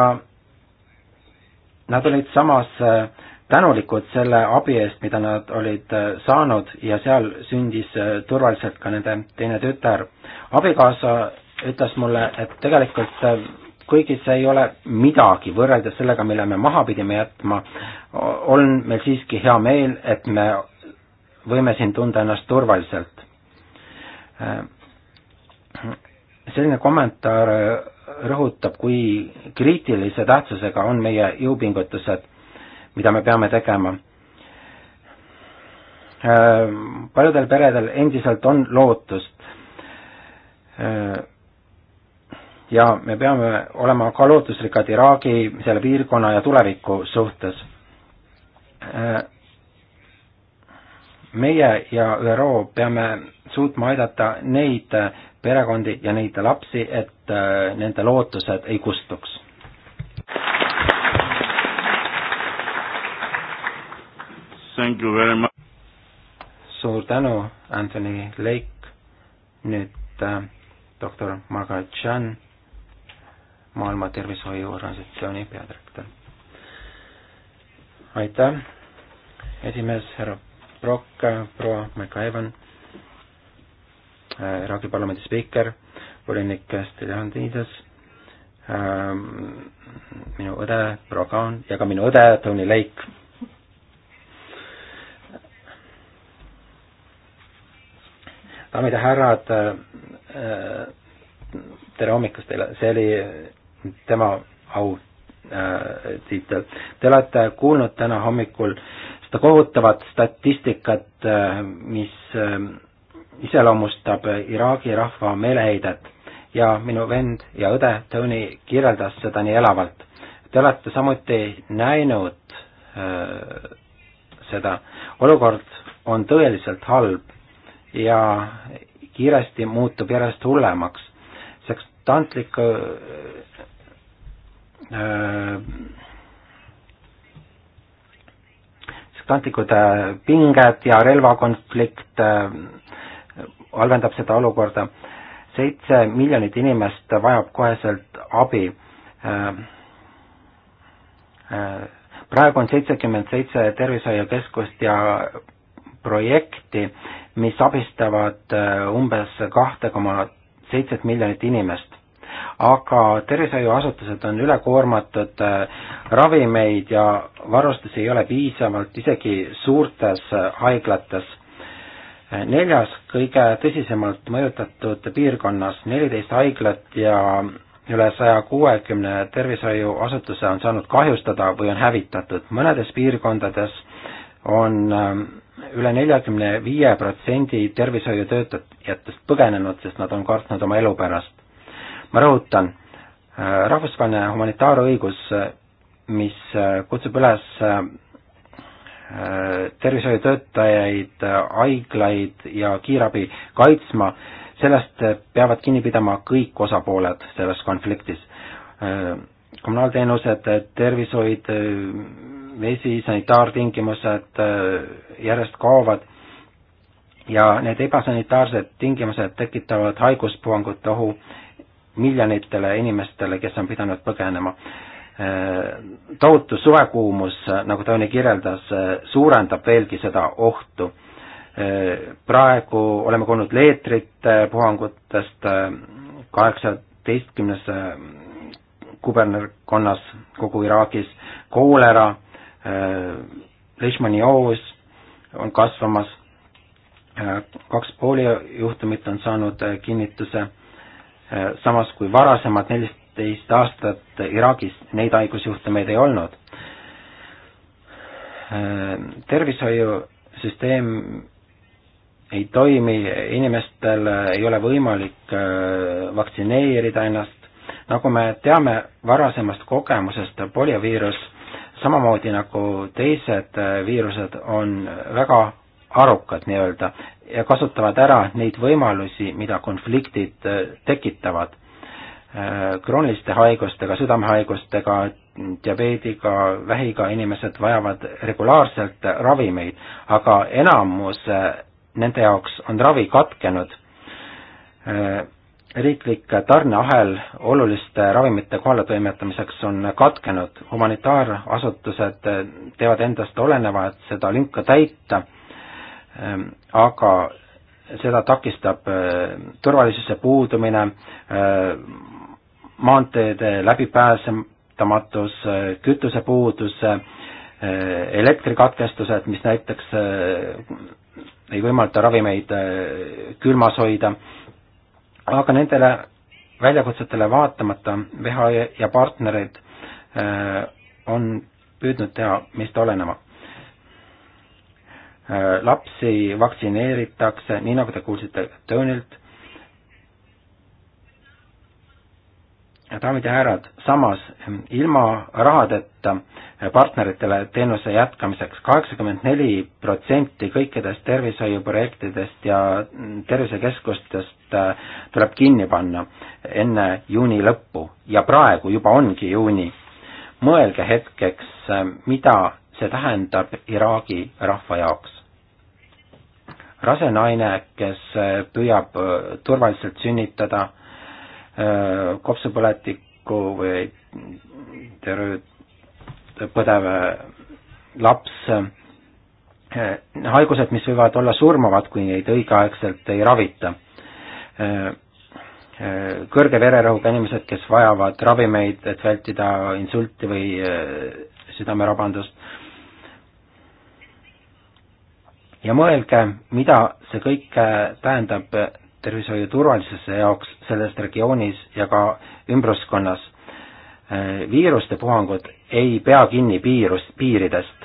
Nad olid samas äh, tänulikud selle abi eest, mida nad olid äh, saanud ja seal sündis äh, turvaliselt ka nende teine tütar. abikaasa ütles mulle, et tegelikult kuigi see ei ole midagi võrreldes sellega, mille me maha pidime jätma, on meil siiski hea meel, et me võime siin tunda ennast turvaliselt. selline kommentaar rõhutab, kui kriitilise tähtsusega on meie jõupingutused, mida me peame tegema. Äh, paljudel peredel endiselt on lootust äh, ja me peame olema ka lootusrikkad Iraagi, selle piirkonna ja tuleviku suhtes äh, meie ja ÜRO peame suutma aidata neid perekondi ja neid lapsi, et äh, nende lootused ei kustuks. suur tänu, Anthony Lake, nüüd äh, doktor Margaret Chan, Maailma Tervishoiuorganisatsiooni peadirektor. aitäh, esimees härra Brock, proua McIvan, äh, Iraagi parlamendi spiiker, volinik Steljandides, ähm, minu õde proua Kaan ja ka minu õde Tony Lake. daamid ja härrad, äh, tere hommikust teile, see oli tema au äh, tiitel. Te olete kuulnud täna hommikul seda kohutavat statistikat, mis äh, iseloomustab Iraagi rahva meeleheidet ja minu vend ja õde Tony kirjeldas seda nii elavalt. Te olete samuti näinud öö, äh, seda, olukord on tõeliselt halb ja kiiresti muutub järjest hullemaks. sekstantlik öö, äh, öö, Atlantlikud äh, pinged ja relvakonflikt äh, halvendab seda olukorda. seitse miljonit inimest vajab koheselt abi. Äh, praegu on seitsekümmend seitse tervishoiukeskust ja projekti, mis abistavad umbes kahte koma seitset miljonit inimest aga tervishoiuasutused on ülekoormatud, äh, ravimeid ja varustusi ei ole piisavalt isegi suurtes äh, haiglates. Äh, neljas kõige tõsisemalt mõjutatud piirkonnas, neliteist haiglat ja üle saja kuuekümne tervishoiuasutuse on saanud kahjustada või on hävitatud, mõnedes piirkondades on üle neljakümne viie protsendi tervishoiutöötajatest põgenenud, sest nad on kartnud oma elu pärast ma rõhutan, äh, rahvusvaheline humanitaarõigus, mis äh, kutsub üles äh, tervishoiutöötajaid, haiglaid ja kiirabi kaitsma, sellest peavad kinni pidama kõik osapooled selles konfliktis. kommunaalteenused, tervishoid, vesi, sanitaartingimused järjest kaovad ja need ebasanitaarsed tingimused tekitavad haiguspuhangute ohu miljonitele inimestele, kes on pidanud põgenema. tohutu suvekuumus, nagu Tony kirjeldas, suurendab veelgi seda ohtu. praegu oleme kuulnud leetrite puhangutest kaheksateistkümnes kubernerkonnas kogu Iraagis, koolera, Leishmani hoovus on kasvamas, kaks pooli juhtumit on saanud kinnituse Äh, samas kui varasemad neliteist aastat Iraagis neid haigusjuhtumeid ei olnud. Äh, tervishoiusüsteem ei toimi, inimestel ei ole võimalik äh, vaktsineerida ennast, nagu me teame varasemast kogemusest, polioviirus samamoodi nagu teised viirused on väga arukad nii-öelda ja kasutavad ära neid võimalusi, mida konfliktid äh, tekitavad. Äh, krooniliste haigustega, südamehaigustega, diabeediga, vähiga inimesed vajavad regulaarselt ravimeid, aga enamus äh, nende jaoks on ravi katkenud. riiklik tarneahel oluliste ravimite kohaletoimetamiseks on katkenud, humanitaarasutused teevad endast olenevat, et seda lünka täita Ehm, aga seda takistab ehm, turvalisuse puudumine, ehm, maanteede läbipääsematus, kütusepuudus, elektrikatkestused, mis näiteks ei võimalda ravimeid külmas hoida, aga nendele väljakutsetele vaatamata WHO ja partnerid on püüdnud teha meist oleneva. Äh, lapsi vaktsineeritakse, nii nagu te kuulsite Tonylt. daamid ja härrad, samas ähm, ilma rahadeta äh, partneritele teenuse jätkamiseks kaheksakümmend neli protsenti kõikidest tervishoiuprojektidest ja mm, tervisekeskustest äh, tuleb kinni panna enne juuni lõppu ja praegu juba ongi juuni. mõelge hetkeks, mida see tähendab Iraagi rahva jaoks rase naine, kes äh, püüab äh, turvaliselt sünnitada äh, kopsupõletikku või terve põdev laps, haigused, mis võivad olla surmavad, kui neid õigeaegselt ei ravita. kõrge vererõhuga inimesed, kes vajavad ravimeid, et vältida insulti või südamerabandust ja mõelge, mida see kõik äh, tähendab äh, tervishoiu turvalisuse jaoks selles regioonis ja ka ümbruskonnas. Äh, viiruste puhangud ei pea kinni piirust, piiridest.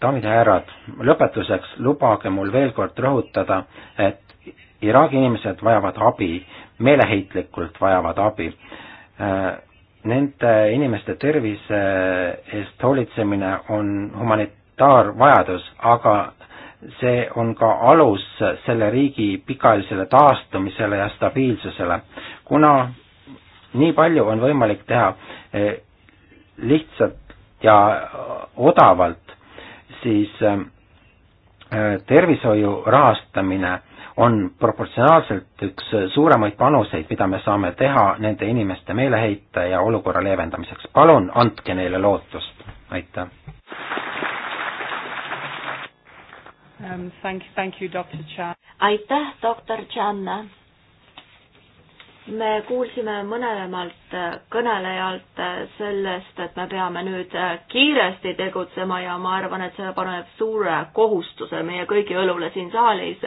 daamid ja härrad, lõpetuseks lubage mul veel kord rõhutada, et Iraagi inimesed vajavad abi, meeleheitlikult vajavad abi. Nende inimeste tervise eest hoolitsemine on humanitaarvajadus, aga see on ka alus selle riigi pikaajalisele taastumisele ja stabiilsusele. kuna nii palju on võimalik teha e, lihtsalt ja odavalt, siis e, tervishoiu rahastamine on proportsionaalselt üks suuremaid panuseid, mida me saame teha nende inimeste meeleheite ja olukorra leevendamiseks. palun andke neile lootust, aitäh! um,. Thank, thank you, doktor Chan. aitäh, doktor Chan. me kuulsime mõlemalt äh, kõnelejalt äh, sellest, et me peame nüüd äh, kiiresti tegutsema ja ma arvan, et see paneb suure kohustuse meie kõigi õlule siin saalis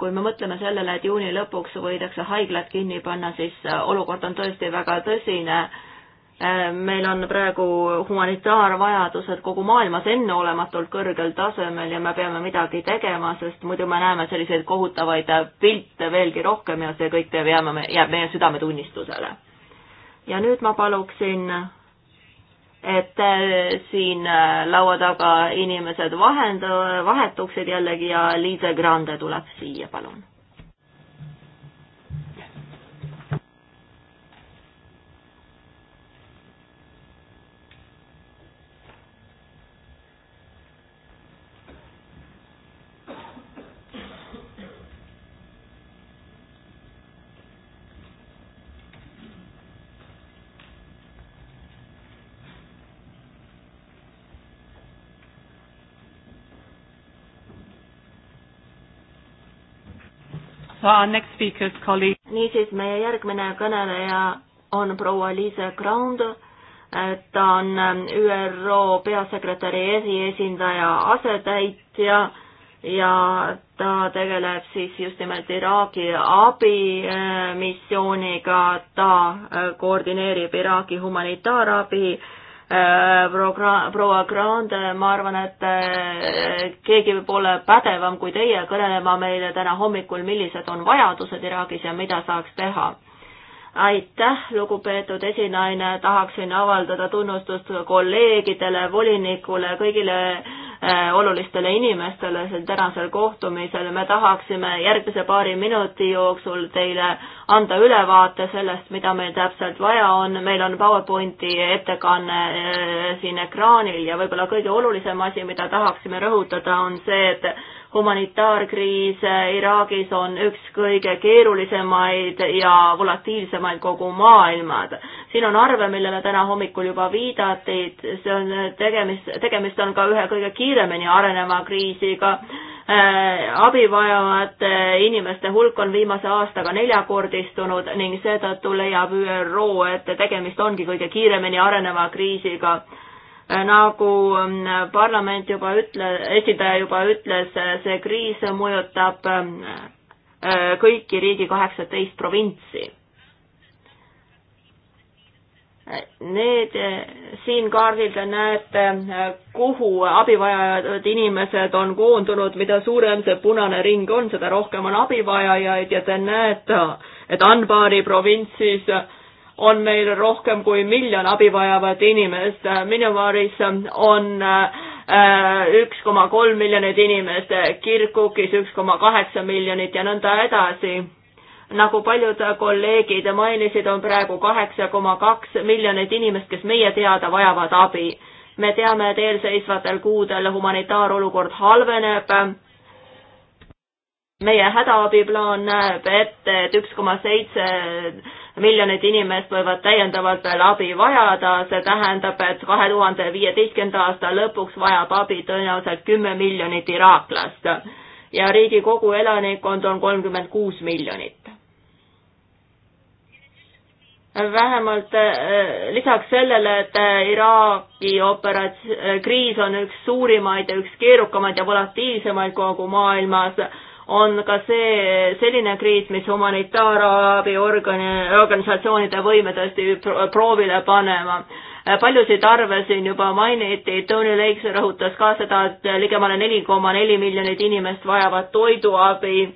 kui me mõtleme sellele, et juuni lõpuks võidakse haiglad kinni panna, siis olukord on tõesti väga tõsine Äh, meil on praegu humanitaarvajadused kogu maailmas enneolematult kõrgel tasemel ja me peame midagi tegema, sest muidu me näeme selliseid kohutavaid pilte veelgi rohkem ja see kõik peab jääma, jääb meie südametunnistusele. ja nüüd ma paluksin, et äh, siin äh, laua taga inimesed vahend-, vahetuksid jällegi ja Liise Grande tuleb siia, palun niisiis, meie järgmine kõneleja on proua Liise Ground, ta on ähm, ÜRO peasekretäri eriesindaja asetäitja ja ta tegeleb siis just nimelt Iraagi abimissiooniga, äh, ta äh, koordineerib Iraagi humanitaarabi Äh, progra-, proua Grande, ma arvan, et äh, keegi pole pädevam kui teie kõnelema meile täna hommikul, millised on vajadused Iraagis ja mida saaks teha. aitäh, lugupeetud esinaine, tahaksin avaldada tunnustust kolleegidele, volinikule, kõigile äh, Äh, olulistele inimestele sel tänasel kohtumisel. me tahaksime järgmise paari minuti jooksul teile anda ülevaate sellest, mida meil täpselt vaja on. meil on PowerPointi ettekanne äh, siin ekraanil ja võib-olla kõige olulisem asi, mida tahaksime rõhutada, on see, et humanitaarkriis Iraagis on üks kõige keerulisemaid ja volatiilsemaid kogu maailmad. siin on arve, millele täna hommikul juba viidati, see on tegemist, tegemist on ka ühe kõige kiiremini areneva kriisiga äh, abi vajavate inimeste hulk on viimase aastaga neljakordistunud ning seetõttu leiab ÜRO, et tegemist ongi kõige kiiremini areneva kriisiga nagu ähm, parlament juba ütle, esindaja juba ütles, äh, see kriis mõjutab ähm, äh, kõiki riigi kaheksateist provintsi. Need, äh, siin kaardil te näete, kuhu abivajajad inimesed on koondunud, mida suurem see punane ring on, seda rohkem on abivajajaid ja te näete, et Anbari provintsis äh, on meil rohkem kui miljon abivajavat inimest. Myanmaris on äh, üks koma kolm miljonit inimest, Kirkukis üks koma kaheksa miljonit ja nõnda edasi. nagu paljud kolleegid mainisid, on praegu kaheksa koma kaks miljonit inimest, kes meie teada vajavad abi. me teame, et eelseisvatel kuudel humanitaarolukord halveneb meie hädaabiplaan näeb ette, et üks koma seitse miljonit inimest võivad täiendavalt veel abi vajada, see tähendab, et kahe tuhande viieteistkümnenda aasta lõpuks vajab abi tõenäoliselt kümme miljonit iraaklast ja riigi kogu elanikkond on kolmkümmend kuus miljonit vähemalt eh, lisaks sellele, et eh, Iraagi operats-, kriis on üks suurimaid ja üks keerukamaid ja volatiilsemaid kogu maailmas, on ka see selline kriis, mis humanitaarabi organi, organisatsioonide võime tõesti proovile panema. paljusid arve siin juba mainiti, Tony Lakes rõhutas ka seda, et ligemale neli koma neli miljonit inimest vajavad toiduabi,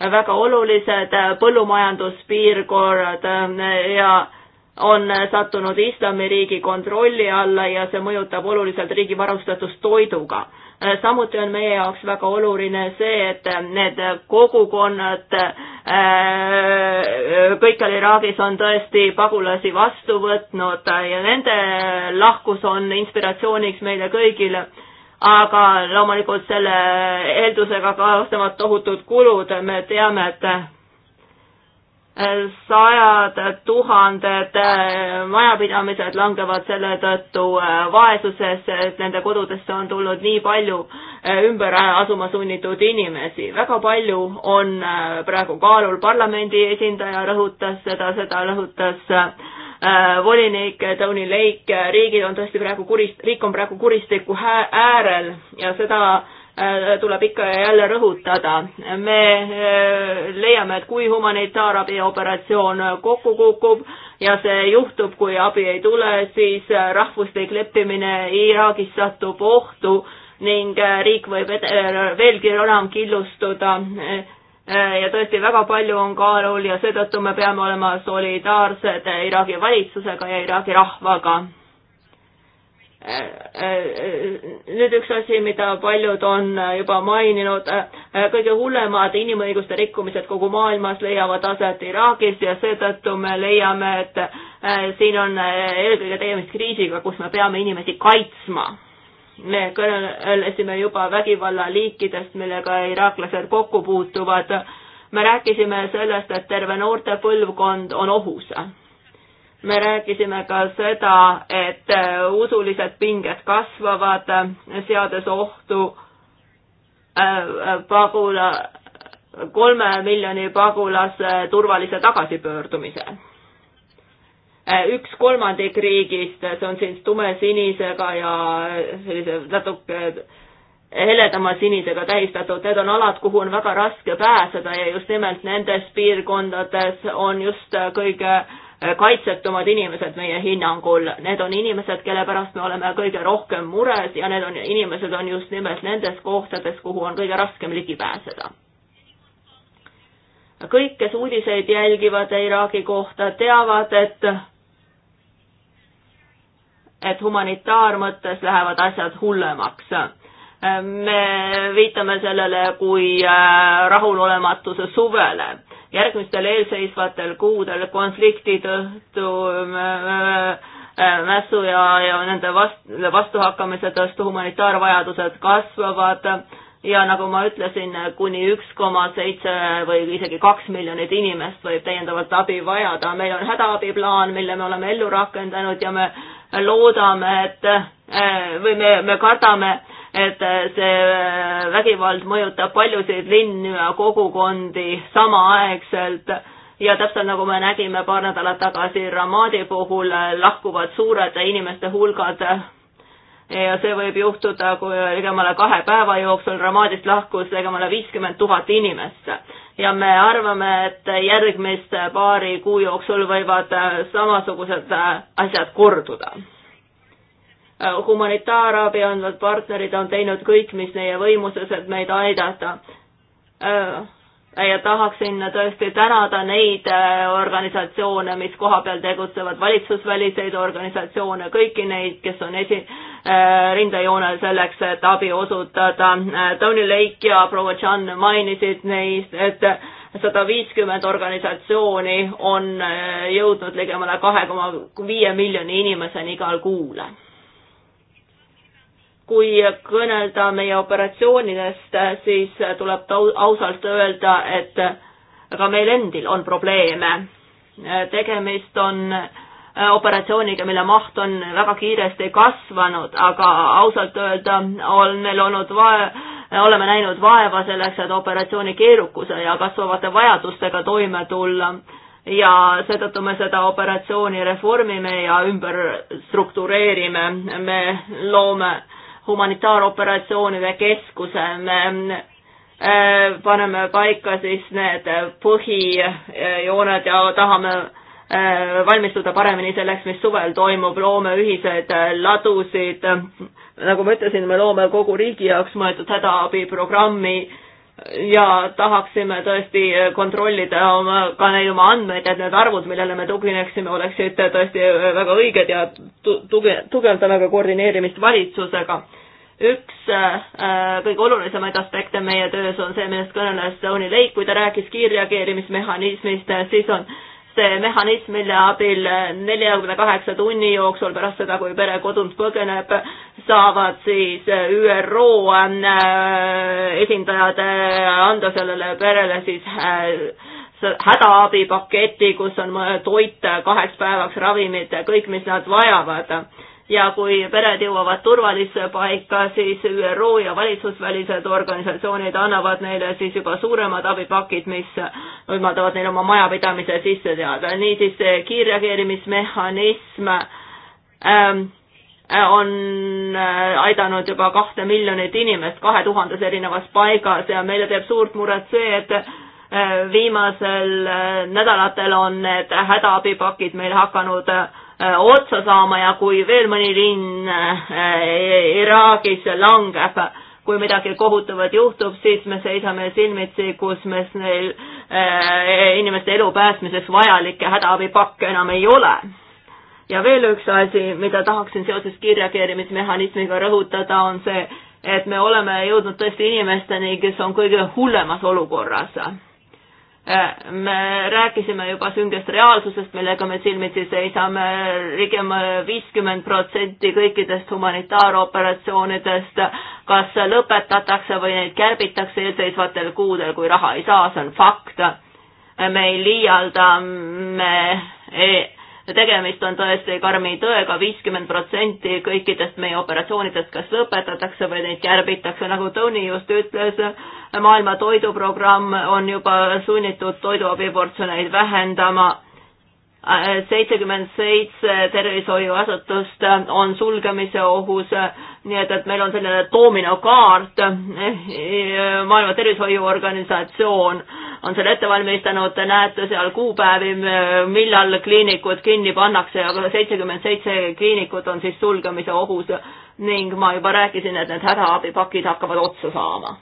väga olulised põllumajanduspiirkonnad ja on sattunud islamiriigi kontrolli alla ja see mõjutab oluliselt riigi varustatust toiduga Äh, samuti on meie jaoks väga oluline see, et äh, need kogukonnad äh, kõikjal Iraagis on tõesti pagulasi vastu võtnud ja nende lahkus on inspiratsiooniks meile kõigile. aga loomulikult selle eeldusega kaasnevad tohutud kulud, me teame, et sajad tuhanded äh, majapidamised langevad selle tõttu äh, vaesusesse, et nende kodudesse on tulnud nii palju äh, ümber asuma sunnitud inimesi. väga palju on praegu kaalul, parlamendi esindaja rõhutas seda, seda rõhutas volinik Tony Lake, riigid on tõesti praegu kurist-, riik on praegu kuristiku äärel ja seda Äh, tuleb ikka ja jälle rõhutada. me äh, leiame, et kui humanitaarabioperatsioon kokku kukub ja see juhtub, kui abi ei tule, siis äh, rahvuslik leppimine Iraagis satub ohtu ning riik võib veelgi enam killustuda. ja tõesti, väga palju on kaalul ja seetõttu me peame olema solidaarsed Iraagi valitsusega ja Iraagi rahvaga nüüd üks asi, mida paljud on juba maininud, kõige hullemad inimõiguste rikkumised kogu maailmas leiavad aset Iraagis ja seetõttu me leiame, et äh, siin on äh, eelkõige tegemist kriisiga, kus me peame inimesi kaitsma. me kõnelesime juba vägivalla liikidest, millega iraaklased kokku puutuvad. me rääkisime sellest, et terve noorte põlvkond on ohus me rääkisime ka seda, et äh, usulised pinged kasvavad, äh, seades ohtu äh, pagula, kolme miljoni pagulase turvalise tagasipöördumise. üks kolmandik riigist, see on siis tumesinisega ja sellise natuke heledama sinisega tähistatud, need on alad, kuhu on väga raske pääseda ja just nimelt nendes piirkondades on just kõige äh, Äh, kaitsetumad inimesed meie hinnangul. Need on inimesed, kelle pärast me oleme kõige rohkem mures ja need on, inimesed on just nimelt nendes kohtades, kuhu on kõige raskem ligi pääseda. kõik, kes uudiseid jälgivad Iraagi kohta, teavad, et et humanitaarmõttes lähevad asjad hullemaks äh, me viitame sellele kui äh, rahulolematuse suvele järgmistel eelseisvatel kuudel konflikti tõttu äh, äh, äh, mässu ja, ja nende vast-, vastuhakkamise tõttu humanitaarvajadused kasvavad ja nagu ma ütlesin, kuni üks koma seitse või isegi kaks miljonit inimest võib täiendavalt abi vajada. meil on hädaabiplaan, mille me oleme ellu rakendanud ja me loodame, et või me, me kardame, et äh, see äh, vägivald mõjutab paljusid linnu ja kogukondi samaaegselt ja täpselt nagu me nägime paar nädalat tagasi Ramadi puhul, äh, lahkuvad suured inimeste hulgad ja see võib juhtuda, kui ligemale kahe päeva jooksul Ramadist lahkus ligemale viiskümmend tuhat inimest. ja me arvame, et järgmiste paari kuu jooksul võivad samasugused asjad korduda Äh, humanitaarabi andvad partnerid on teinud kõik, mis neie võimuses, et meid aidata. Äh, ja tahaksin tõesti tänada neid äh, organisatsioone, mis kohapeal tegutsevad, valitsusväliseid organisatsioone, kõiki neid, kes on esi-, rindejoonel selleks, et abi osutada. Tony Lake ja proua Chan mainisid neist, et sada viiskümmend organisatsiooni on jõudnud ligemale kahe koma viie miljoni inimeseni igal kuul kui kõnelda meie operatsioonidest, siis tuleb ausalt öelda, et ka meil endil on probleeme. tegemist on äh, operatsiooniga, mille maht on väga kiiresti kasvanud, aga ausalt öelda on meil olnud vae-, oleme näinud vaeva selleks, et operatsiooni keerukuse ja kasvavate vajadustega toime tulla ja seetõttu me seda operatsiooni reformime ja ümber struktureerime, me loome äh, humanitaaroperatsioonide keskuse, me äh, paneme paika siis need põhijooned ja tahame äh, valmistuda paremini selleks, mis suvel toimub, loome ühiseid äh, ladusid. nagu ma ütlesin, me loome kogu riigi jaoks mõeldud hädaabiprogrammi ja tahaksime tõesti kontrollida oma, ka neid oma andmeid, et need arvud, millele me tugineksime, oleksid tõesti väga õiged ja tuge-, tugevdame ka koordineerimist valitsusega. üks äh, kõige olulisemaid aspekte meie töös on see, millest kõneles Tony Lake, kui ta rääkis kiirreageerimismehhanismist, siis on äh, see mehhanism, mille abil neljakümne kaheksa tunni jooksul pärast seda, kui pere kodunt põgeneb, saavad siis ÜRO äh, esindajad äh, anda sellele perele siis äh, hädaabipaketi, kus on toit kaheks päevaks, ravimid, kõik, mis nad vajavad ja kui pered jõuavad turvalisse paika, siis ÜRO ja valitsusvälised organisatsioonid annavad neile siis juba suuremad abipakid, mis võimaldavad neil oma majapidamise sisse teada. niisiis kiirreageerimismehhanism ähm, on äh, aidanud juba kahte miljonit inimest kahe tuhandes erinevas paigas ja meile teeb suurt muret see, et äh, viimasel äh, nädalatel on need hädaabipakid meil hakanud äh, Äh, otsa saama ja kui veel mõni linn äh, Iraagis langeb, kui midagi kohutavat juhtub, siis me seisame silmitsi, kus me neil äh, inimeste elu päästmiseks vajalikke hädaabipakke enam ei ole. ja veel üks asi, mida tahaksin seoses kiirreageerimismehhanismiga rõhutada, on see, et me oleme jõudnud tõesti inimesteni, kes on kõige hullemas olukorras me rääkisime juba süngest reaalsusest, millega me silmitsi seisame, ligemale viiskümmend protsenti kõikidest humanitaaroperatsioonidest kas lõpetatakse või neid kärbitakse eelseisvatel kuudel, kui raha ei saa, see on fakt. me ei liialda, me ei tegemist on tõesti karmi tõega, viiskümmend protsenti kõikidest meie operatsioonidest kas lõpetatakse või neid kärbitakse, nagu Tony just ütles, maailma toiduprogramm on juba sunnitud toiduabiportsjoneid vähendama seitsekümmend seitse tervishoiuasutust on sulgemise ohus, nii et, et meil on selline dominokaart, eh, Maailma Tervishoiuorganisatsioon on selle ette valmistanud, te näete seal kuupäevi, millal kliinikud kinni pannakse, aga seitsekümmend seitse kliinikut on siis sulgemise ohus ning ma juba rääkisin, et need hädaabipakid hakkavad otsa saama.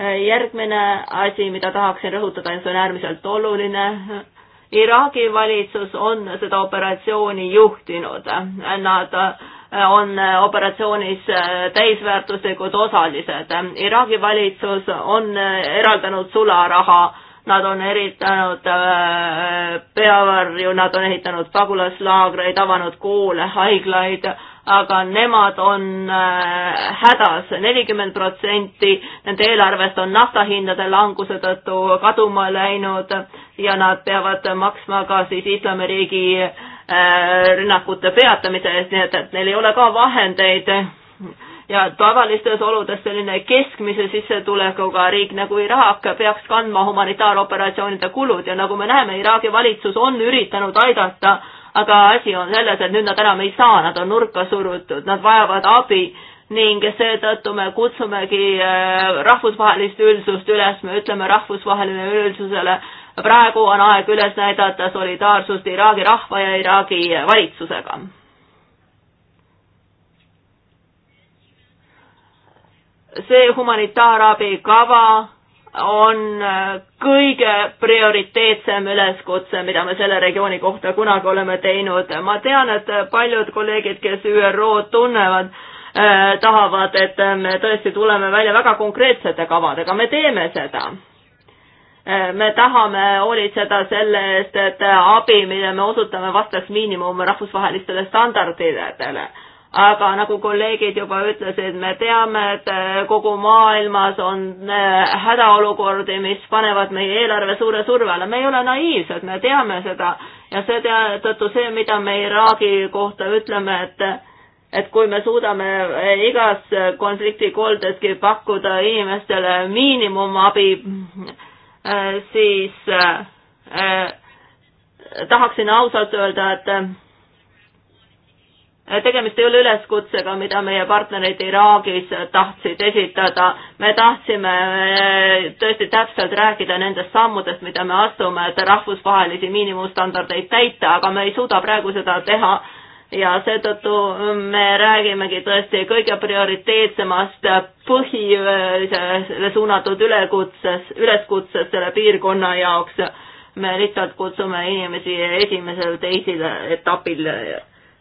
Eh, järgmine asi, mida tahaksin rõhutada, see on äärmiselt oluline Iraagi valitsus on seda operatsiooni juhtinud, nad äh, on äh, operatsioonis äh, täisväärtuslikud osalised. Iraagi valitsus on eraldanud sularaha nad on eritanud äh, peavarju, nad on ehitanud pagulaslaagreid, avanud koole, haiglaid, aga nemad on äh, hädas, nelikümmend protsenti nende eelarvest on naftahindade languse tõttu kaduma läinud ja nad peavad maksma ka siis Islamiriigi äh, rünnakute peatamise eest, nii et, et neil ei ole ka vahendeid ja tavalistes oludes selline keskmise sissetulekuga riik nagu Iraak peaks kandma humanitaaroperatsioonide kulud ja nagu me näeme, Iraagi valitsus on üritanud aidata äh, aga asi on selles, et nüüd nad enam ei saa, nad on nurka surutud, nad vajavad abi ning seetõttu me kutsumegi äh, rahvusvahelist üldsust üles, me ütleme rahvusvaheline üldsusele, praegu on aeg üles näidata solidaarsust Iraagi rahva ja Iraagi valitsusega. see humanitaarabikava on äh, kõige prioriteetsem üleskutse, mida me selle regiooni kohta kunagi oleme teinud. ma tean, et paljud kolleegid, kes ÜRO-d tunnevad eh,, tahavad, et me tõesti tuleme välja väga konkreetsete kavadega, me teeme seda eh,. me tahame hoolitseda selle eest, et abi, mille me osutame, vastaks miinimum rahvusvahelistele standarditele aga nagu kolleegid juba ütlesid, me teame, et äh, kogu maailmas on äh, hädaolukordi, mis panevad meie eelarve suure surve alla, me ei ole naiivsed, me teame seda ja seetõttu see, mida me Iraagi kohta ütleme, et et kui me suudame äh, igas konfliktikoldeski pakkuda inimestele miinimumabi, siis äh, tahaksin ausalt öelda, et tegemist ei ole üleskutsega, mida meie partnerid Iraagis tahtsid esitada. me tahtsime eh, tõesti täpselt rääkida nendest sammudest, mida me astume, et rahvusvahelisi miinimumstandardeid täita, aga me ei suuda praegu seda teha ja seetõttu me räägimegi tõesti kõige prioriteetsemast põhilisele suunatud ülekutses, üleskutsest selle piirkonna jaoks. me lihtsalt kutsume inimesi esimesel, teisel etapil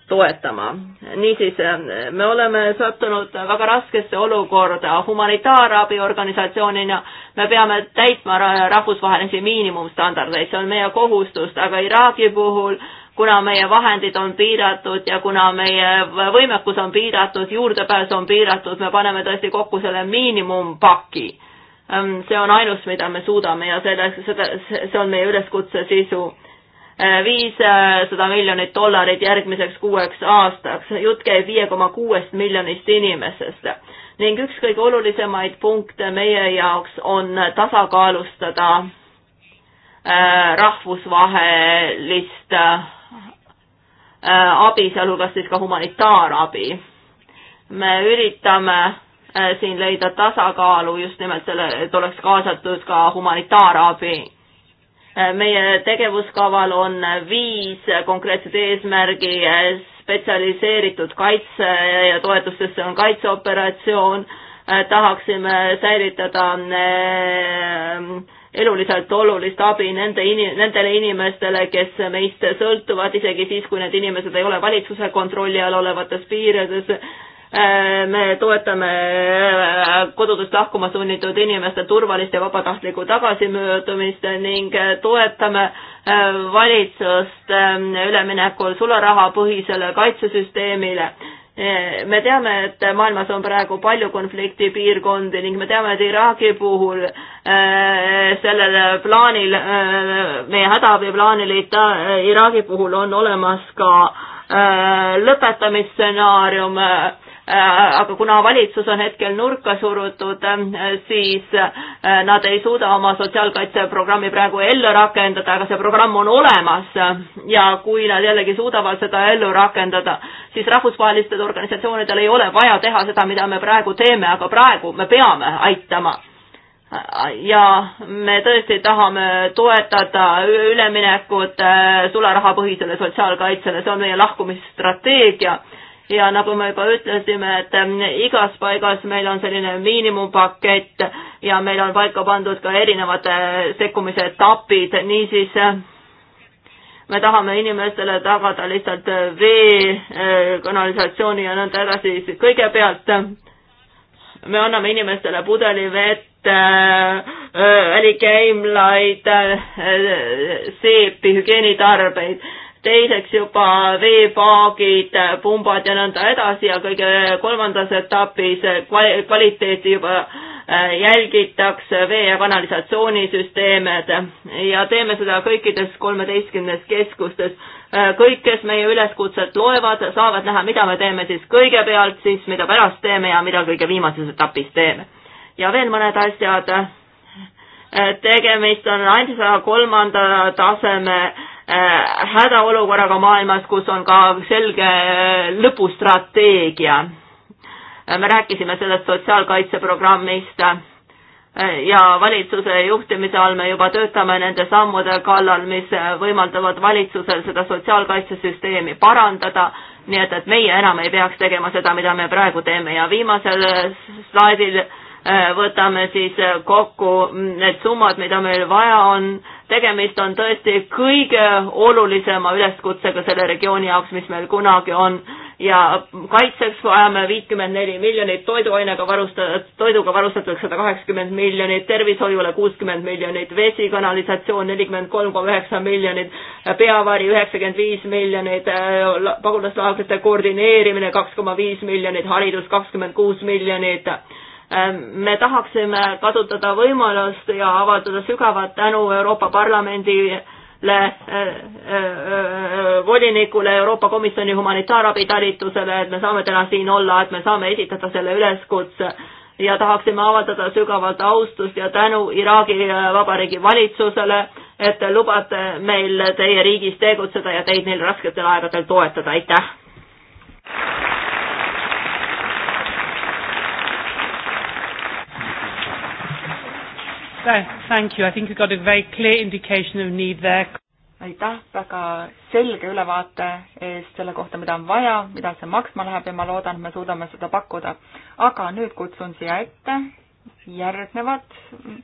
toetama. niisiis, äh, me oleme sattunud väga raskesse olukorda humanitaarabiorganisatsioonina, me peame täitma rahvusvahelisi miinimumstandardeid, see on meie kohustus, aga Iraagi puhul kuna meie vahendid on piiratud ja kuna meie võimekus on piiratud, juurdepääs on piiratud, me paneme tõesti kokku selle miinimumpaki. Ähm, see on ainus, mida me suudame ja selle, seda, see on meie üleskutse sisu Äh, viissada miljonit dollarit järgmiseks kuueks aastaks. jutt käib viie koma kuuest miljonist inimesest ning üks kõige olulisemaid punkte meie jaoks on tasakaalustada äh, rahvusvahelist äh, abi, sealhulgas siis ka humanitaarabi. me üritame siin leida tasakaalu just nimelt selle, et oleks kaasatud ka humanitaarabi Äh, meie tegevuskaval on viis konkreetset eesmärgi, äh, spetsialiseeritud kaitse ja toetustesse on kaitseoperatsioon, äh, tahaksime säilitada eluliselt olulist abi nende in-, nendele inimestele, kes meist sõltuvad, isegi siis, kui need inimesed ei ole valitsuse kontrolli all olevates piirides Äh, me toetame äh, kodudest lahkuma sunnitud inimeste turvalist ja vabatahtlikku tagasimöödumist ning äh, toetame valitsust üleminekul sularahapõhisele kaitsesüsteemile. me teame, et maailmas on praegu palju konfliktipiirkondi ning me teame, et Iraagi puhul sellel plaanil, meie hädaabiplaanil Iraagi puhul on olemas ka lõpetamistsenaarium Äh, aga kuna valitsus on hetkel nurka surutud, äh, siis äh, nad ei suuda oma sotsiaalkaitseprogrammi praegu ellu rakendada, aga see programm on olemas ja kui nad jällegi suudavad seda ellu rakendada, siis rahvusvahelistel organisatsioonidel ei ole vaja teha seda, mida me praegu teeme, aga praegu me peame aitama ja me tõesti tahame toetada üleminekut sularahapõhisele sotsiaalkaitsele, see on meie lahkumisstrateegia ja nagu me juba ütlesime, et ähm, igas paigas meil on selline miinimumpakett ja meil on paika pandud ka erinevad sekkumise etapid, niisiis äh, me tahame inimestele tagada lihtsalt äh, vee, äh, kanalisatsiooni ja nõnda edasi, siis kõigepealt me anname inimestele pudelivett äh,, välikäimlaid äh,, seepi, hügieenitarbeid teiseks juba veepaagid, pumbad ja nõnda edasi ja kõige kolmandas etapis kvaliteeti juba äh, jälgitakse vee- ja kanalisatsioonisüsteemid ja teeme seda kõikides kolmeteistkümnes keskustes. Äh, kõik, kes meie üleskutset loevad, saavad näha, mida me teeme siis kõigepealt, siis mida pärast teeme ja mida kõige viimases etapis teeme. ja veel mõned asjad äh, tegemist on ainult saja kolmanda taseme Äh, hädaolukorraga maailmas, kus on ka selge äh, lõpustrateegia. Äh, me rääkisime sellest sotsiaalkaitseprogrammist ja valitsuse juhtimise all me juba töötame nende sammude kallal, mis võimaldavad valitsusel seda sotsiaalkaitsesüsteemi parandada, nii et, et meie enam ei peaks tegema seda, mida me praegu teeme ja viimasel slaidil võtame siis kokku mm, need summad, mida meil vaja on tegemist on tõesti kõige olulisema üleskutsega selle regiooni jaoks, mis meil kunagi on ja kaitseks vajame viitkümmend neli miljonit, toiduainega varustatud, toiduga varustatud sada kaheksakümmend miljonit, tervishoiule kuuskümmend miljonit, vesikanalisatsioon nelikümmend kolm koma üheksa miljonit, peavari üheksakümmend viis miljonit, pagulaslaagrite koordineerimine kaks koma viis miljonit, haridus kakskümmend kuus miljonit Ähm, me tahaksime kasutada võimalust ja avaldada sügavat tänu Euroopa Parlamendile äh, äh, äh, volinikule Euroopa Komisjoni humanitaarabi talitusele, et me saame täna siin olla, et me saame esitada selle üleskutse ja tahaksime avaldada sügavalt austust ja tänu Iraagi Vabariigi valitsusele, et te lubate meil teie riigis tegutseda ja teid neil rasketel aegadel toetada, aitäh! Thank you, I think you got a very clear indication of need there. aitäh väga selge ülevaate eest selle kohta, mida on vaja, mida see maksma läheb ja ma loodan, et me suudame seda pakkuda. aga nüüd kutsun siia ette järgnevad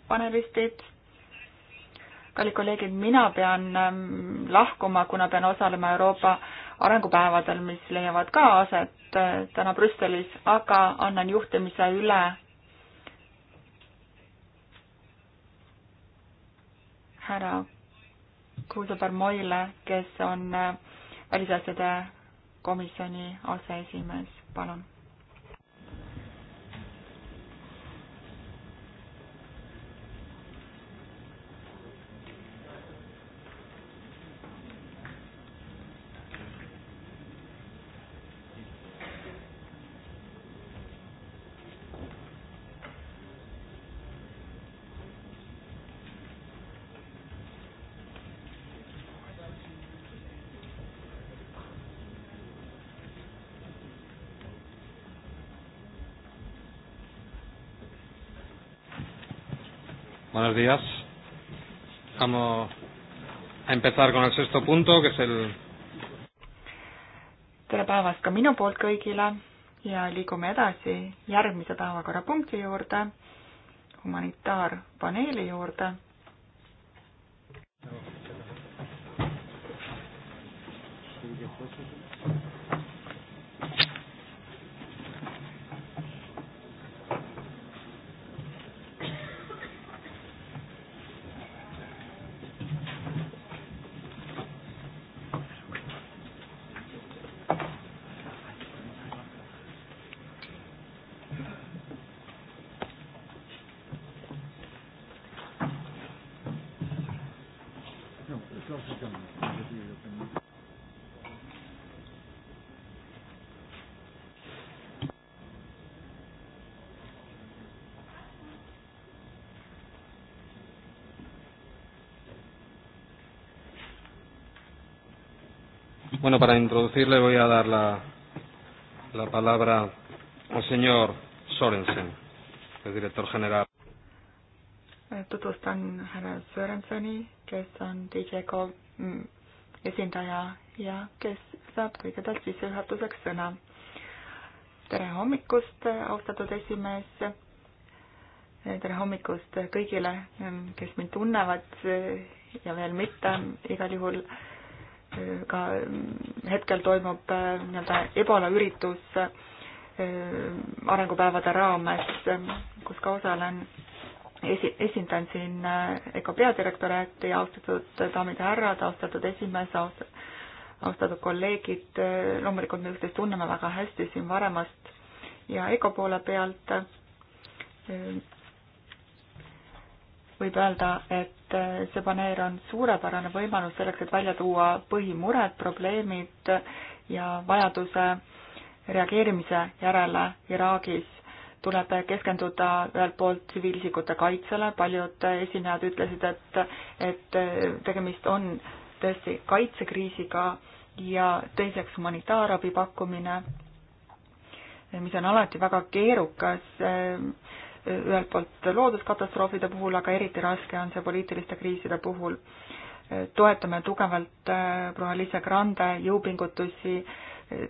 panelistid. kallid kolleegid, mina pean ähm, lahkuma, kuna pean osalema Euroopa arengupäevadel, mis leiavad ka aset äh, täna Brüsselis, aga annan juhtimise üle härra kuulsõber Moile, kes on äh, välisasjade komisjoni aseesimees, palun Buenos días. Vamos a empezar con el sexto punto, que es el. tere päevast ka minu poolt kõigile ja liigume edasi järgmise päevakorrapunkti juurde, humanitaarpaneeli juurde no.. Bueno, para introducirle voy a dar la, la palabra al señor Sorensen, el director general. Eh, tutvustan härra Sörensoni, kes on DJ-ga mm, esindaja ja kes saab kõigepealt sissejuhatuseks sõna. tere hommikust, austatud esimees. Eh, tere hommikust kõigile, mm, kes mind tunnevad eh, ja veel mitte, igal juhul äh, ka mm, hetkel toimub äh, nii-öelda Ebola üritus äh, arengupäevade raames, äh, kus ka osalen. esi-, esindan siin EKO peadirektoraati, austatud daamid ja härrad, austatud esimees, austatud kolleegid, loomulikult me üksteist tunneme väga hästi siin varemast ja EKO poole pealt võib öelda, et äh, see paneer on suurepärane võimalus selleks, et välja tuua põhimured, probleemid ja vajaduse reageerimise järele Iraagis. tuleb keskenduda ühelt poolt tsiviilisikute kaitsele, paljud esinejad ütlesid, et, et äh, tegemist on tõesti kaitsekriisiga ja teiseks humanitaarabi pakkumine, mis on alati väga keerukas äh, ühelt poolt looduskatastroofide puhul, aga eriti raske on see poliitiliste kriiside puhul. toetame tugevalt äh, proua Liise Grande jõupingutusi,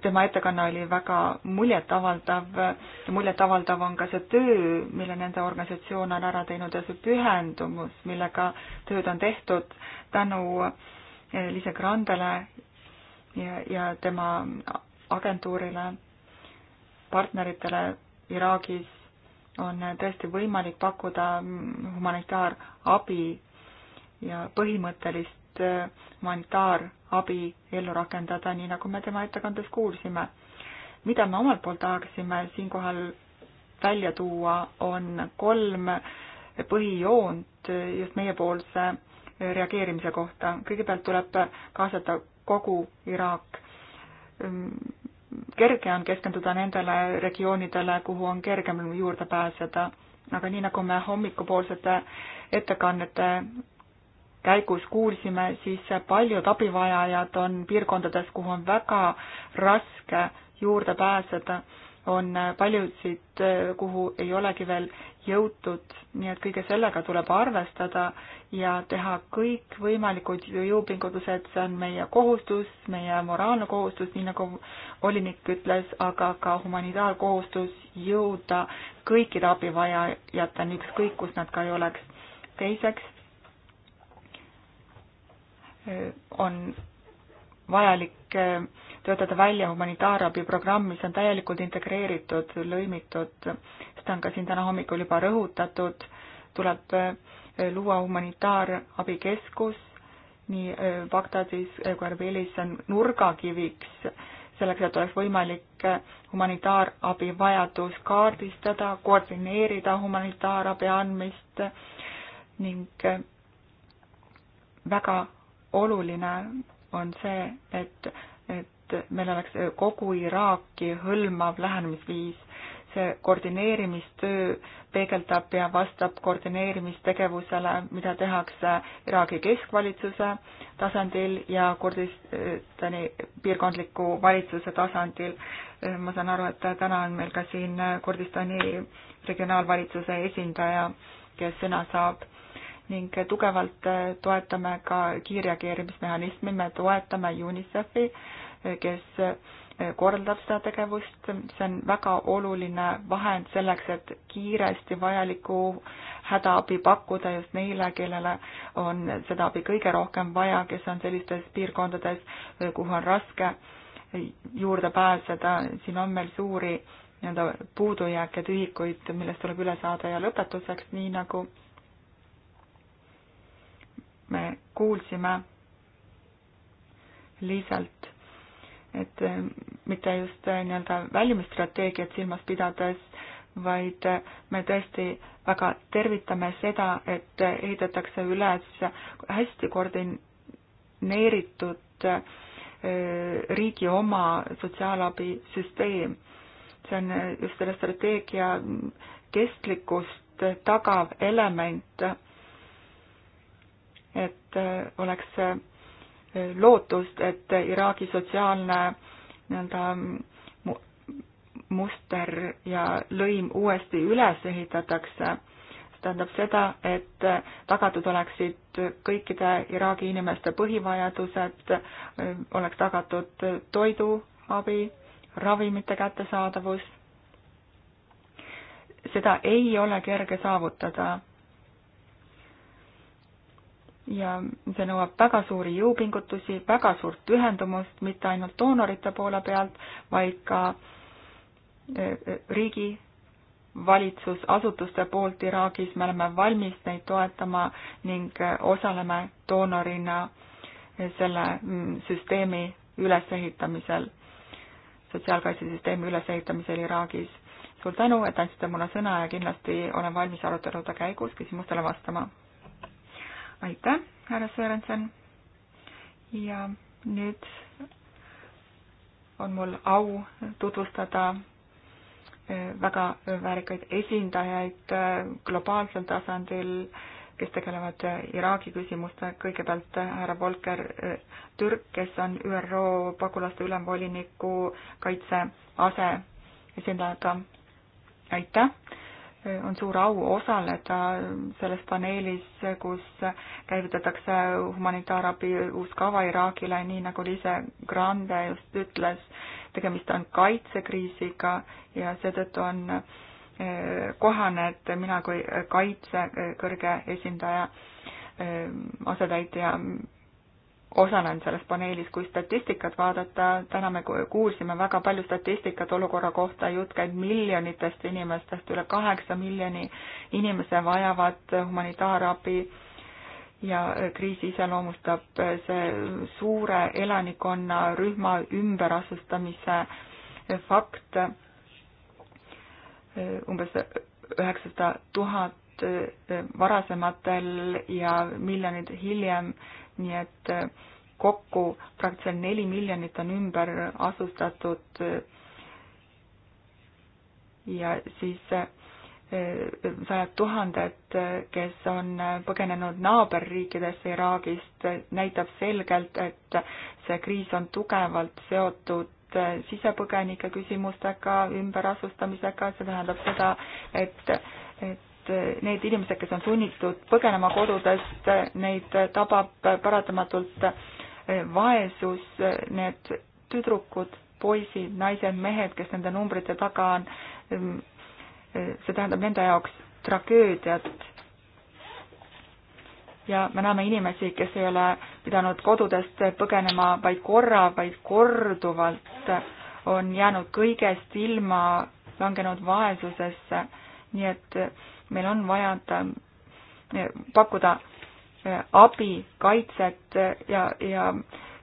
tema ettekanne oli väga muljetavaldav ja muljetavaldav on ka see töö, mille nende organisatsioon on ära teinud ja see pühendumus, millega tööd on tehtud tänu äh, Liise Grandele ja, ja tema agentuurile, partneritele Iraagis on tõesti võimalik pakkuda humanitaarabi ja põhimõttelist äh, humanitaarabi ellu rakendada, nii nagu me tema ettekandes kuulsime. mida me omalt poolt tahaksime siinkohal välja tuua, on kolm põhijoont just meiepoolse reageerimise kohta. kõigepealt tuleb kaasata kogu Iraak kerge on keskenduda nendele regioonidele, kuhu on kergem juurde pääseda. aga nii, nagu me hommikupoolsete ettekannete käigus kuulsime, siis paljud abivajajad on piirkondades, kuhu on väga raske juurde pääseda on paljusid, kuhu ei olegi veel jõutud, nii et kõige sellega tuleb arvestada ja teha kõik võimalikud jõupingutused, see on meie kohustus, meie moraalne kohustus, nii nagu volinik ütles, aga ka humanitaarkohustus jõuda kõikide abivajajateni, ükskõik kus nad ka ei oleks. teiseks on vajalik töötada välja humanitaarabiprogramm, mis on täielikult integreeritud, lõimitud, seda on ka siin täna hommikul juba rõhutatud, tuleb eh, luua humanitaarabikeskus, nii eh, Bagdadis eh, kui Erbilis on nurgakiviks, selleks, et oleks võimalik humanitaarabi vajadus kaardistada, koordineerida humanitaarabi andmist ning väga oluline on see, et, et et meil oleks kogu Iraaki hõlmav lähenemisviis. see koordineerimistöö peegeldab ja vastab koordineerimistegevusele, mida tehakse Iraagi keskvalitsuse tasandil ja Kurdistani piirkondliku valitsuse tasandil. ma saan aru, et täna on meil ka siin Kurdistani regionaalvalitsuse esindaja, kes sõna saab ning tugevalt toetame ka kiirreageerimismehhanismi, me toetame UNICEF-i äh, kes eh, korraldab seda tegevust, see on väga oluline vahend selleks, et kiiresti vajalikku hädaabi pakkuda just neile, kellele on seda abi kõige rohkem vaja, kes on sellistes piirkondades, eh, kuhu on raske juurde pääseda, siin on meil suuri nii-öelda puudujääke, tühikuid, millest tuleb üle saada ja lõpetuseks, nii nagu me kuulsime, lihtsalt et eh, mitte just eh, nii-öelda väljumisstrateegiat silmas pidades, vaid eh, me tõesti väga tervitame seda, et ehitatakse üles hästi koordineeritud riigi oma sotsiaalabisüsteem. see on just selle strateegia kestlikkust tagav element, et oleks lootust, et Iraagi sotsiaalne nii-öelda muster ja lõim uuesti üles ehitatakse. see tähendab seda, et tagatud oleksid kõikide Iraagi inimeste põhivajadused, oleks tagatud toiduabi, ravimite kättesaadavus. seda ei ole kerge saavutada ja see nõuab väga suuri jõupingutusi, väga suurt pühendumust mitte ainult doonorite poole pealt, vaid ka e, e, riigi valitsusasutuste poolt Iraagis, me oleme valmis neid toetama ning e, osaleme doonorina selle süsteemi ülesehitamisel, sotsiaalkaitsesüsteemi ülesehitamisel Iraagis. suur tänu, et andsite mulle sõna ja kindlasti olen valmis arutelude käigus küsimustele vastama aitäh, härra Sõrensen. ja nüüd on mul au tutvustada äh, väga väärikaid esindajaid äh, globaalsel tasandil, kes tegelevad äh, Iraagi küsimustega. kõigepealt härra Volker Türk, kes on ÜRO pagulaste ülemvoliniku kaitse aseesindajaga. aitäh on suur au osaleda selles paneelis, kus käivitatakse humanitaarabi uus kava Iraagile, nii nagu Liise Grande just ütles, tegemist on kaitsekriisiga ja seetõttu on eh, kohane, et mina kui kaitse eh, kõrge esindaja, eh, asetäitja osalenud selles paneelis, kui statistikat vaadata, täna me kuulsime väga palju statistikat olukorra kohta, jutt käib miljonitest inimestest, üle kaheksa miljoni inimese vajavad humanitaarabi ja äh, kriis iseloomustab äh, see suure elanikkonnarühma ümberasustamise äh, fakt, umbes üheksasada tuhat varasematel ja miljonid hiljem nii et eh, kokku praktiliselt neli miljonit on ümber asustatud ja siis eh, sajad tuhanded, kes on põgenenud naaberriikidesse Iraagist, näitab selgelt, et see kriis on tugevalt seotud eh, sisepõgenike küsimustega, ümberasustamisega, see tähendab seda, et, et et need inimesed, kes on sunnitud põgenema kodudest, neid tabab paratamatult vaesus, need tüdrukud, poisid, naised, mehed, kes nende numbrite taga on, see tähendab nende jaoks tragöödiat. ja me näeme inimesi, kes ei ole pidanud kodudest põgenema vaid korra, vaid korduvalt on jäänud kõigest ilma, langenud vaesusesse, nii et meil on vaja eh, pakkuda eh, abi, kaitset eh, ja, ja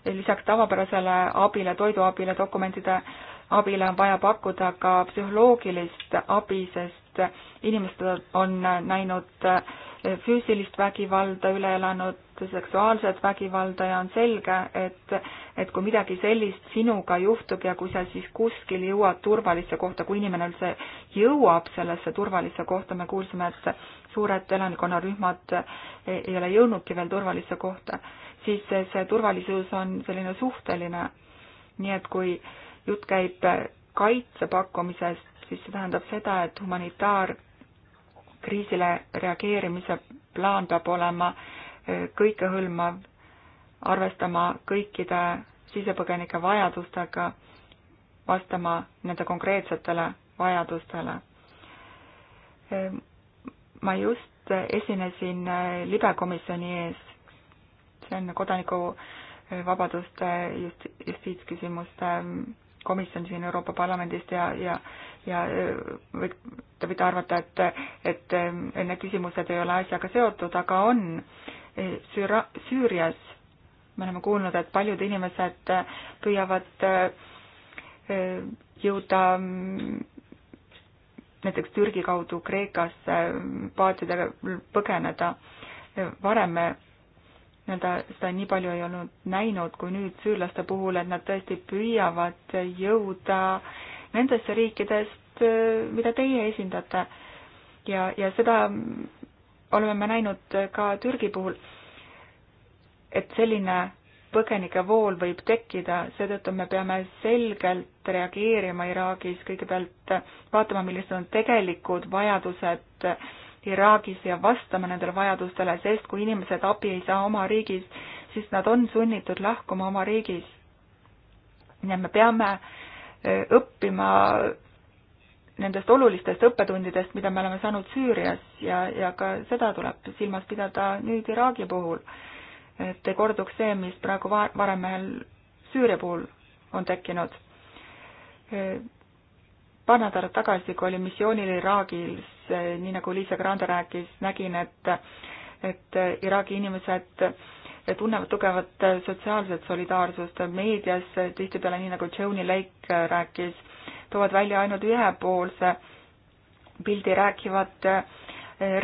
lisaks tavapärasele abile, toiduabile, dokumentide abile on vaja pakkuda ka psühholoogilist abi, sest inimesed on näinud füüsilist vägivalda, üle elanud vastu seksuaalset vägivalda ja on selge, et, et kui midagi sellist sinuga juhtub ja kui sa siis kuskil jõuad turvalisse kohta, kui inimene üldse jõuab sellesse turvalisse kohta, me kuulsime, et suured elanikkonnarühmad ei ole jõudnudki veel turvalisse kohta, siis see turvalisus on selline suhteline. nii et kui jutt käib kaitse pakkumisest, siis see tähendab seda, et humanitaar kriisile reageerimise plaan peab olema kõikehõlmav, arvestama kõikide sisepõgenike vajadustega, vastama nende konkreetsetele vajadustele. ma just esinesin libekomisjoni ees, see on kodanikuvabaduste just, justiitsküsimuste komisjon siin Euroopa Parlamendist ja, ja, ja või te võite arvata, et, et need küsimused ei ole asjaga seotud, aga on. Süüra-, Süürias me oleme kuulnud, et paljud inimesed püüavad äh, jõuda mm, näiteks Türgi kaudu Kreekasse mm, paatidega põgeneda. varem me nii-öelda seda nii palju ei olnud näinud kui nüüd süürlaste puhul, et nad tõesti püüavad jõuda nendesse riikidest, äh, mida teie esindate. ja, ja seda mm, oleme me näinud ka Türgi puhul, et selline põgenikevool võib tekkida, seetõttu me peame selgelt reageerima Iraagis, kõigepealt vaatama, millised on tegelikud vajadused Iraagis ja vastama nendele vajadustele, sest kui inimesed abi ei saa oma riigis, siis nad on sunnitud lahkuma oma riigis. nii et me peame äh, õppima nendest olulistest õppetundidest, mida me oleme saanud Süürias ja, ja ka seda tuleb silmas pidada nüüd Iraagi puhul. et ei korduks see, mis praegu va-, varem Süüria puhul on tekkinud. paar nädalat tagasi, kui oli missioonil Iraagis, nii nagu Liisa Grande rääkis, nägin, et et Iraagi inimesed tunnevad tugevat sotsiaalset solidaarsust meedias, tihtipeale nii nagu Joni Lake rääkis toovad välja ainult ühepoolse pildi, räägivad eh,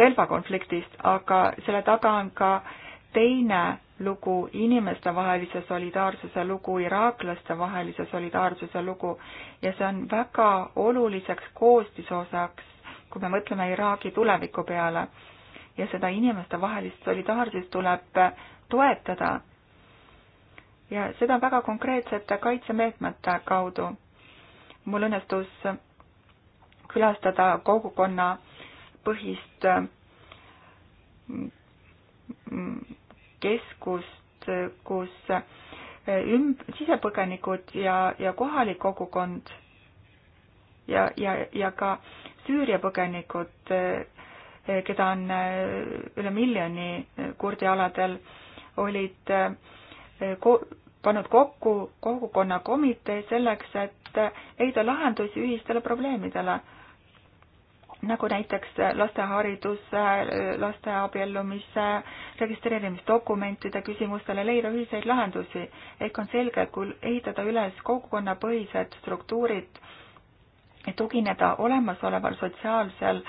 relvakonfliktist, aga selle taga on ka teine lugu, inimestevahelise solidaarsuse lugu, iraaklaste vahelise solidaarsuse lugu ja see on väga oluliseks koostisosaks, kui me mõtleme Iraagi tuleviku peale. ja seda inimestevahelist solidaarsust tuleb toetada. ja seda väga konkreetsete kaitsemeetmete kaudu mul õnnestus külastada kogukonnapõhist äh, keskust, kus äh, ümb-, sisepõgenikud ja, ja kohalik kogukond ja, ja, ja ka Süüria põgenikud, äh, keda on üle miljoni kurdi aladel, olid ko-, pannud kokku kogukonnakomitee selleks, et et leida lahendusi ühistele probleemidele, nagu näiteks laste hariduse, laste abiellumise, registreerimisdokumentide küsimustele, leida ühiseid lahendusi. ehk on selge, kui ehitada üles kogukonnapõhised struktuurid, tugineda olemasoleval sotsiaalsel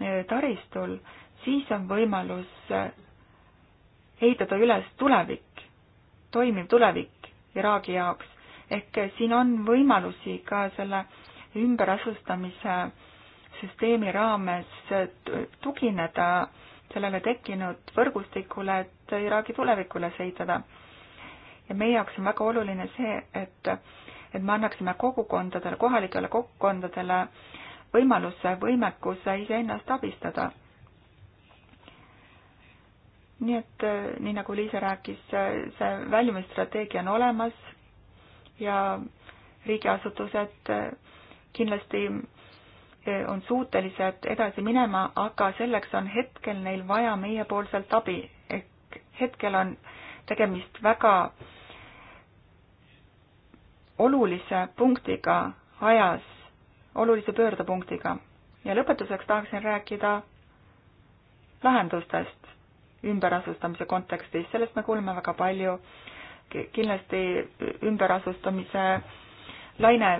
eh, taristul, siis on võimalus eh, ehitada üles tulevik, toimiv tulevik Iraagi jaoks ehk siin on võimalusi ka selle ümberasustamise süsteemi raames tugineda sellele tekkinud võrgustikule, et Iraagi tulevikule seisada. ja meie jaoks on väga oluline see, et, et me annaksime kogukondadele, kohalikele kogukondadele võimaluse, võimekuse iseennast abistada. nii et, eh, nii nagu Liisa rääkis, see väljumisstrateegia on olemas, ja riigiasutused eh, kindlasti eh, on suutelised edasi minema, aga selleks on hetkel neil vaja meiepoolselt abi, ehk hetkel on tegemist väga olulise punktiga ajas, olulise pöördepunktiga. ja lõpetuseks tahaksin rääkida lahendustest ümberasustamise kontekstis, sellest me kuuleme väga palju kindlasti ümberasustamise laine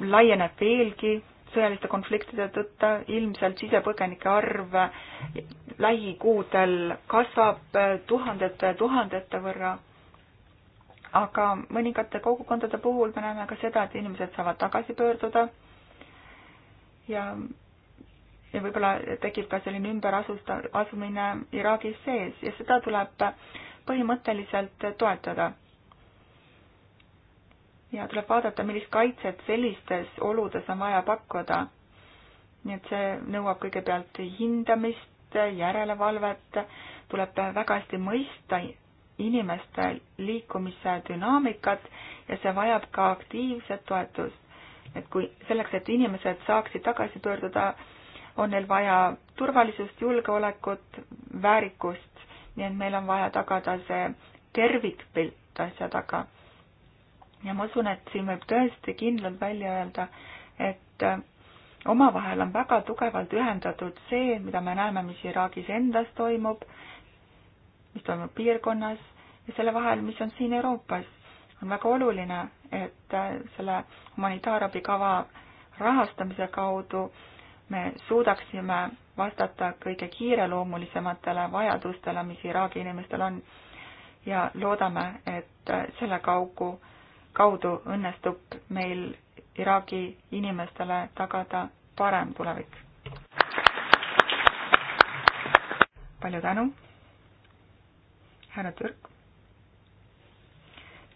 laieneb veelgi sõjaliste konfliktide tõttu, ilmselt sisepõgenike arv lähikuudel kasvab tuhandete ja tuhandete võrra. aga mõningate kogukondade puhul me näeme ka seda, et inimesed saavad tagasi pöörduda ja ja võib-olla tekib ka selline ümberasusta-, asumine Iraagis sees ja seda tuleb põhimõtteliselt toetada ja tuleb vaadata, millist kaitset sellistes oludes on vaja pakkuda. nii et see nõuab kõigepealt hindamist, järelevalvet, tuleb väga hästi mõista inimeste liikumise dünaamikat ja see vajab ka aktiivset toetust. et kui selleks, et inimesed saaksid tagasi pöörduda, on neil vaja turvalisust, julgeolekut, väärikust, nii et meil on vaja tagada see tervikpilt asja taga ja ma usun, et siin võib tõesti kindlalt välja öelda, et äh, omavahel on väga tugevalt ühendatud see, mida me näeme, mis Iraagis endas toimub, mis toimub piirkonnas ja selle vahel, mis on siin Euroopas. on väga oluline, et äh, selle humanitaarabikava rahastamise kaudu me suudaksime vastata kõige kiireloomulisematele vajadustele, mis Iraagi inimestel on ja loodame, et äh, selle kaugu kaudu õnnestub meil Iraagi inimestele tagada parem tulevik. palju tänu, härra Türk.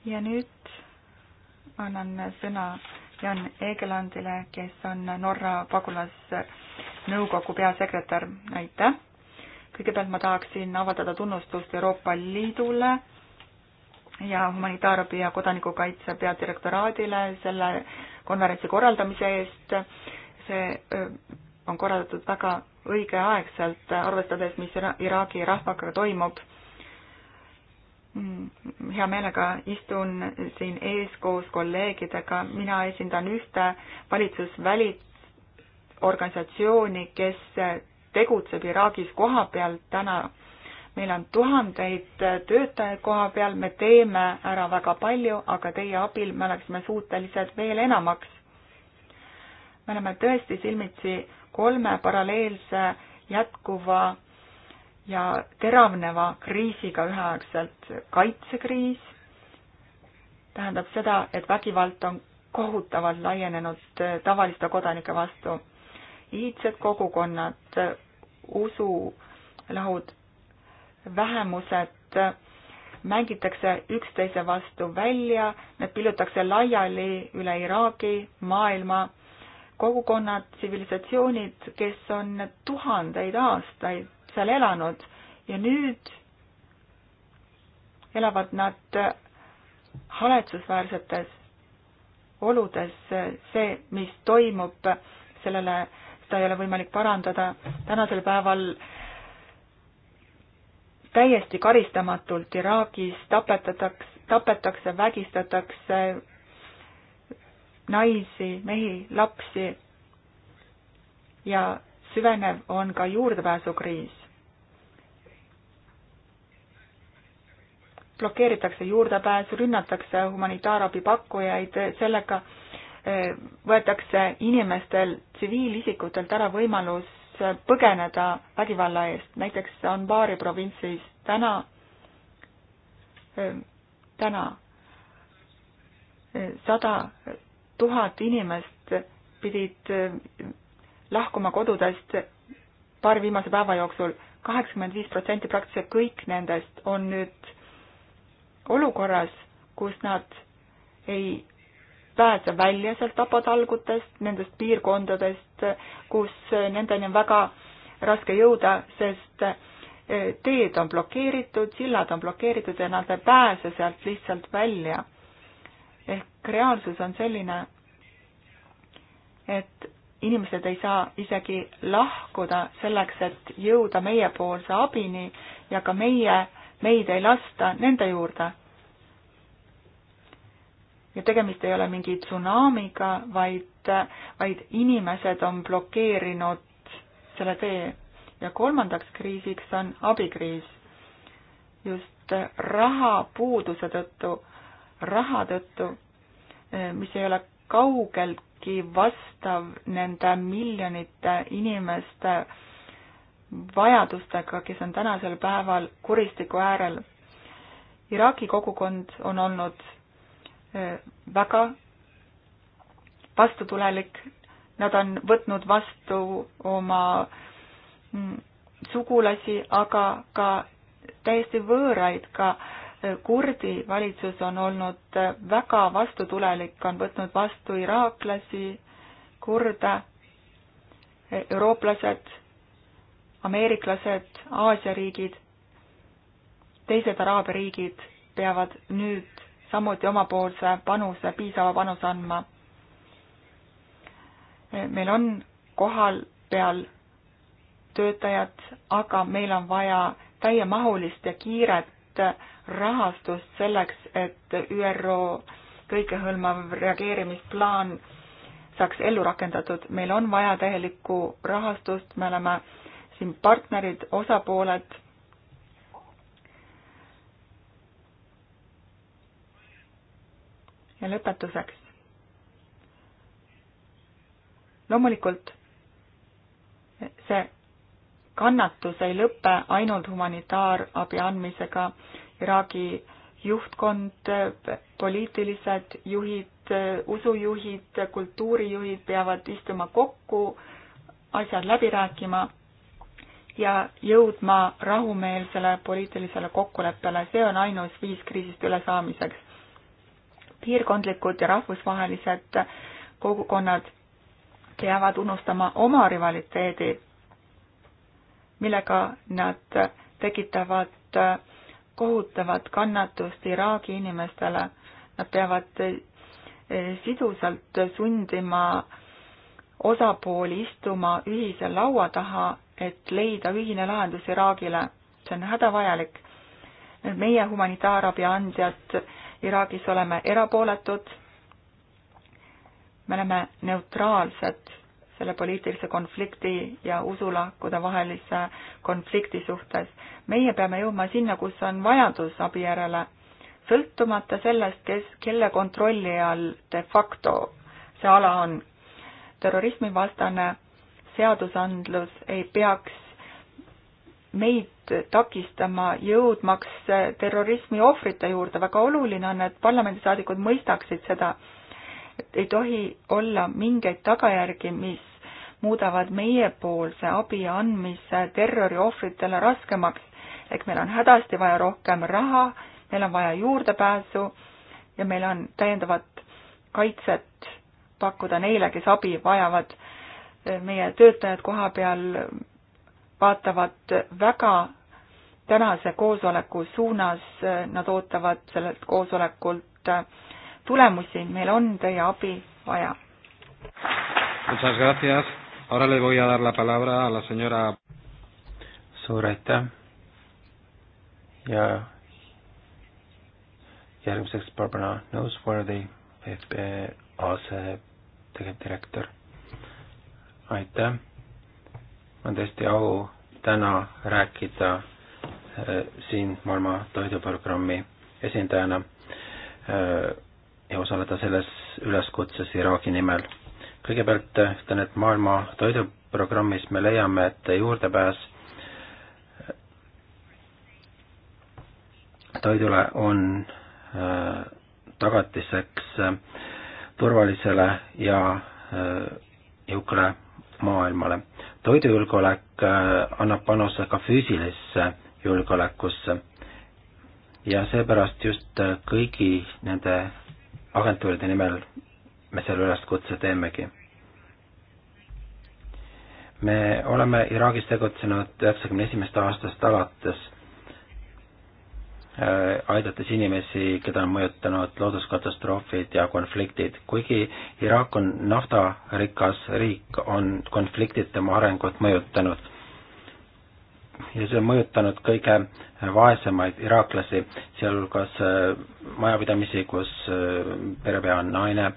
ja nüüd annan sõna Jan Egelandile, kes on Norra pagulasnõukogu peasekretär, aitäh! kõigepealt ma tahaksin avaldada tunnustust Euroopa Liidule ja humanitaarabi ja kodanikukaitse peadirektoraadile selle konverentsi korraldamise eest. see on korraldatud väga õigeaegselt, arvestades, mis Iraagi rahvaga toimub. Mm, hea meelega istun siin ees koos kolleegidega, mina esindan ühte valitsusvälist organisatsiooni, kes tegutseb Iraagis koha peal täna meil on tuhandeid äh, töötajaid koha peal, me teeme ära väga palju, aga teie abil me oleksime suutelised veel enamaks. me oleme tõesti silmitsi kolme paralleelse jätkuva ja teravneva kriisiga üheaegselt. kaitsekriis tähendab seda, et vägivald on kohutavalt laienenud äh, tavaliste kodanike vastu. iidsed kogukonnad, äh, usulahud vähemused mängitakse üksteise vastu välja, need pillutakse laiali üle Iraagi, maailma, kogukonnad, tsivilisatsioonid, kes on tuhandeid aastaid seal elanud ja nüüd elavad nad haletsusväärsetes oludes, see, mis toimub, sellele, seda ei ole võimalik parandada, tänasel päeval äh, täiesti karistamatult Iraagis tapetatakse, tapetakse, vägistatakse naisi, mehi, lapsi ja süvenev on ka juurdepääsukriis. blokeeritakse juurdepääsu, rünnatakse humanitaarabi pakkujaid, sellega eh, võetakse inimestel, tsiviilisikutelt ära võimalus põgeneda vägivalla eest. näiteks Anbari provintsis täna, ehm, täna ehm, sada tuhat inimest pidid ehm, lahkuma kodudest paari viimase päeva jooksul. kaheksakümmend viis protsenti, praktiliselt kõik nendest on nüüd olukorras, kus nad ei pääse välja sealt tapatalgutest, nendest piirkondadest, kus nendeni on väga raske jõuda, sest eh, teed on blokeeritud, sillad on blokeeritud ja nad ei pääse sealt lihtsalt välja. ehk reaalsus on selline, et inimesed ei saa isegi lahkuda selleks, et jõuda meiepoolse abini ja ka meie, meid ei lasta nende juurde ja tegemist ei ole mingi tsunamiga, vaid, vaid inimesed on blokeerinud selle tee. ja kolmandaks kriisiks on abikriis. just rahapuuduse tõttu, raha tõttu, mis ei ole kaugeltki vastav nende miljonite inimeste vajadustega, kes on tänasel päeval kuristiku äärel. Iraagi kogukond on olnud Äh, väga vastutulelik, nad on võtnud vastu oma mm, sugulasi, aga ka täiesti võõraid, ka äh, kurdi valitsus on olnud äh, väga vastutulelik, on võtnud vastu iraaklasi, kurde, eurooplased, ameeriklased, Aasia riigid, teised araabia riigid peavad nüüd samuti omapoolse panuse, piisava panuse andma. meil on kohal peal töötajad, aga meil on vaja täiemahulist ja kiiret rahastust selleks, et ÜRO kõikehõlmav reageerimisplaan saaks ellu rakendatud. meil on vaja täielikku rahastust, me oleme siin partnerid, osapooled ja lõpetuseks. loomulikult see kannatus ei lõpe ainult humanitaarabi andmisega. Iraagi juhtkond, poliitilised juhid, usujuhid, kultuurijuhid peavad istuma kokku, asjad läbi rääkima ja jõudma rahumeelsele poliitilisele kokkuleppele, see on ainus viis kriisist ülesaamiseks piirkondlikud ja rahvusvahelised kogukonnad peavad unustama oma rivaliteedi, millega nad tekitavad kohutavat kannatust Iraagi inimestele. Nad peavad eh, sidusalt sundima osapooli istuma ühise laua taha, et leida ühine lahendus Iraagile. see on hädavajalik. meie humanitaarabi andjad Iraagis oleme erapooletud, me oleme neutraalsed selle poliitilise konflikti ja usulahkude vahelise konflikti suhtes. meie peame jõudma sinna, kus on vajadus abi järele, sõltumata sellest, kes, kelle kontrolli all de facto see ala on. terrorismivastane seadusandlus ei peaks meid takistama jõudmaks terrorismi ohvrite juurde. väga oluline on, et parlamendisaadikud mõistaksid seda, et ei tohi olla mingeid tagajärgi, mis muudavad meiepoolse abi andmise terroriohvritele raskemaks. ehk meil on hädasti vaja rohkem raha, meil on vaja juurdepääsu ja meil on täiendavat kaitset pakkuda neile, kes abi vajavad. meie töötajad koha peal vaatavad väga tänase koosoleku suunas, nad ootavad sellelt koosolekult tulemusi, meil on teie abi vaja. Muchas gracias. Ahora le voy a dar la palabra a la señora. suur aitäh ja järgmiseks Barbara Noseworthy, FB asetegevdirektor. aitäh on tõesti au täna rääkida äh, siin maailma toiduprogrammi esindajana äh, ja osaleda selles üleskutses Iraagi nimel. kõigepealt äh, ütlen, et maailma toiduprogrammis me leiame, et juurdepääs toidule on tagatiseks turvalisele ja jõukale maailmale toidujulgeolek äh, annab panuse ka füüsilisse julgeolekusse ja seepärast just äh, kõigi nende agentuuride nimel me selle üleskutse teemegi. me oleme Iraagis tegutsenud üheksakümne esimest aastast alates Äh, aidates inimesi, keda on mõjutanud looduskatastroofid ja konfliktid. kuigi Iraak on naftarikas riik, on konfliktid tema arengut mõjutanud. ja see on mõjutanud kõige vaesemaid iraaklasi, sealhulgas äh, majapidamisi, kus äh, perepea on naine,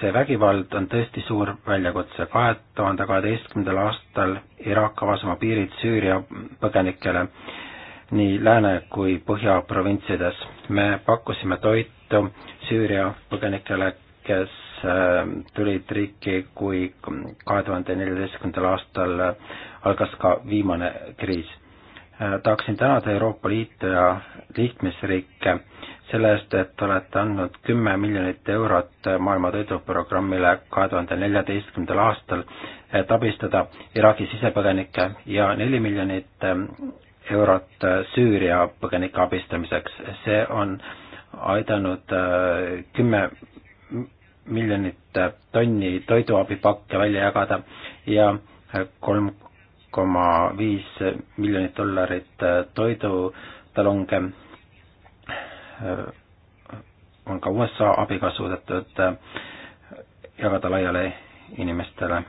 see vägivald on tõesti suur väljakutse. kahe tuhande kaheteistkümnendal aastal Iraak avas oma piirid Süüria põgenikele nii Lääne kui Põhja provintsides. me pakkusime toitu Süüria põgenikele, kes äh, tulid riiki, kui kahe tuhande neljateistkümnendal aastal äh, algas ka viimane kriis. Äh, tahaksin tänada Euroopa Liitu ja liikmesriike selle eest, et olete andnud kümme miljonit eurot Maailma Toiduprogrammile kahe tuhande neljateistkümnendal aastal, et abistada Iraagi sisepõgenikke ja neli miljonit eurot äh, Süüria põgenike abistamiseks. see on aidanud äh, kümme miljonit äh, tonni toiduabipakke välja jagada ja kolm koma viis miljonit dollarit toidutalonge on ka USA abiga suudetud jagada laiali inimestele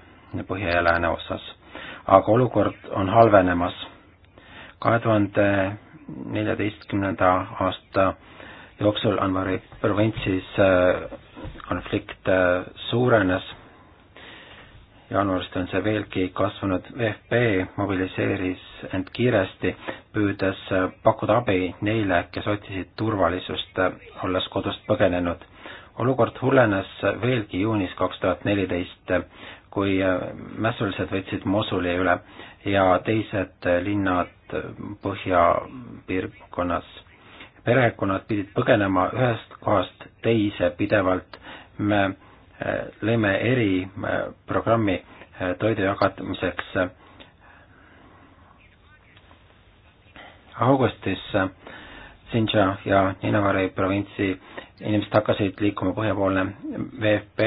Põhja- ja Lääneosas. aga olukord on halvenemas kahe tuhande neljateistkümnenda aasta jooksul Anvari provintsis äh, konflikt äh, suurenes. jaanuarist on see veelgi kasvanud, VFB mobiliseeris end kiiresti, püüdes äh, pakkuda abi neile, kes otsisid turvalisust, olles kodust põgenenud. olukord hullenes veelgi juunis kaks tuhat neliteist, kui mässulised võtsid Mosuli üle ja teised linnad et põhjapiirkonnas perekonnad pidid põgenema ühest kohast teise pidevalt. me eh, lõime eriprogrammi eh, eh, toidu jagamiseks. augustis Sinja ja Ninavari provintsi inimesed hakkasid liikuma põhjapoolne VFB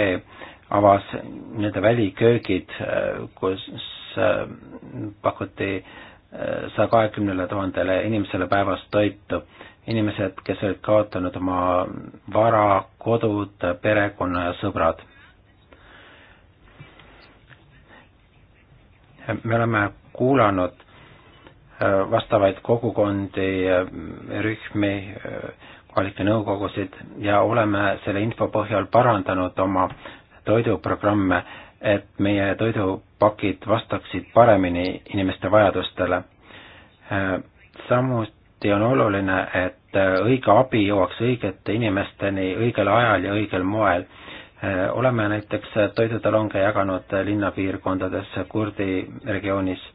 avas nii-öelda väliköögid, kus pakuti saja kahekümnele tuhandele inimesele päevas toitu. inimesed, kes olid kaotanud oma vara, kodud, perekonna ja sõbrad. me oleme kuulanud äh, vastavaid kogukondi, äh, rühmi, äh, kohalikke nõukogusid ja oleme selle info põhjal parandanud oma toiduprogramme et meie toidupakid vastaksid paremini inimeste vajadustele. Äh, samuti on oluline, et äh, õige abi jõuaks õigete inimesteni õigel ajal ja õigel moel. Äh, oleme näiteks toidutalonge jaganud linnapiirkondades kurdi regioonis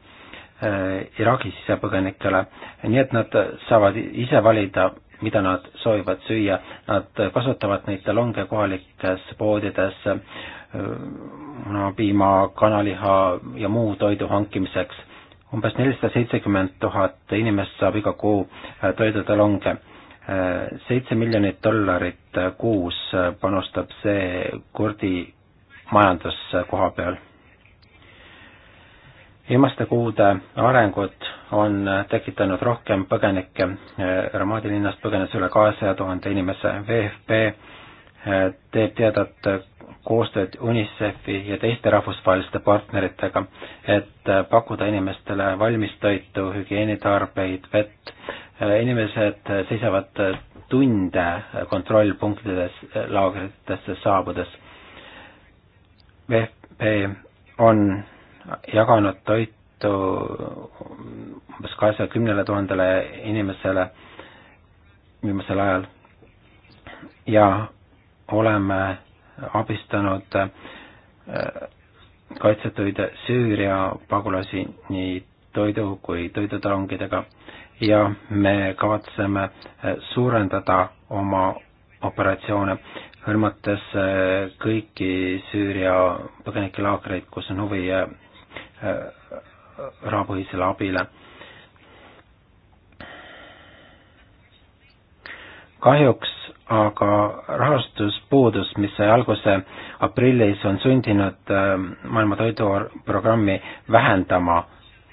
Iraagi sisepõgenikele, nii et nad saavad ise valida, mida nad soovivad süüa, nad kasutavad neid talonge kohalikes poodides, munapiima, äh, kanaliha ja muu toidu hankimiseks. umbes nelisada seitsekümmend tuhat inimest saab iga kuu äh, toidutalonge. Äh, seitse miljonit dollarit kuus panustab see kurdi majandus koha peal. viimaste kuude arengud on tekitanud rohkem põgenikke, Ramadi linnast põgenes üle kahesaja tuhande inimese, VFP teeb teadet koostööd UNICEF-i ja teiste rahvusvaheliste partneritega, et pakkuda inimestele valmistoitu, hügieenitarbeid, vett. inimesed seisavad tunde kontrollpunktides laagritesse saabudes. VFP on jaganud toitu umbes kahesaja kümnele tuhandele inimesele viimasel ajal ja oleme abistanud äh, kaitsetuid Süüria pagulasi nii toidu kui toidutalongidega ja me kavatseme äh, suurendada oma operatsioone, hõlmates äh, kõiki Süüria põgenikelaagreid, kus on huvi rahapõhisele abile. kahjuks aga rahastuspuudus, mis sai alguse aprillis, on sundinud ähm, Maailma Toiduprogrammi vähendama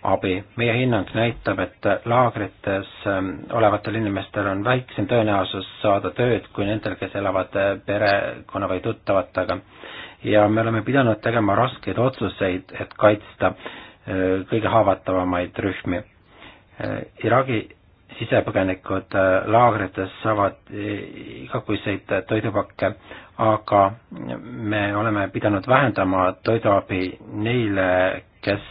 abi. meie hinnang näitab, et laagrites ähm, olevatel inimestel on väiksem tõenäosus saada tööd kui nendel, kes elavad äh, perekonna või tuttavatega. ja me oleme pidanud tegema raskeid otsuseid, et kaitsta äh, kõige haavatavamaid rühmi. Äh, Iraagi sisepõgenikud äh, laagrites saavad äh, igakuiseid äh, toidupakke, aga me oleme pidanud vähendama toiduabi neile, kes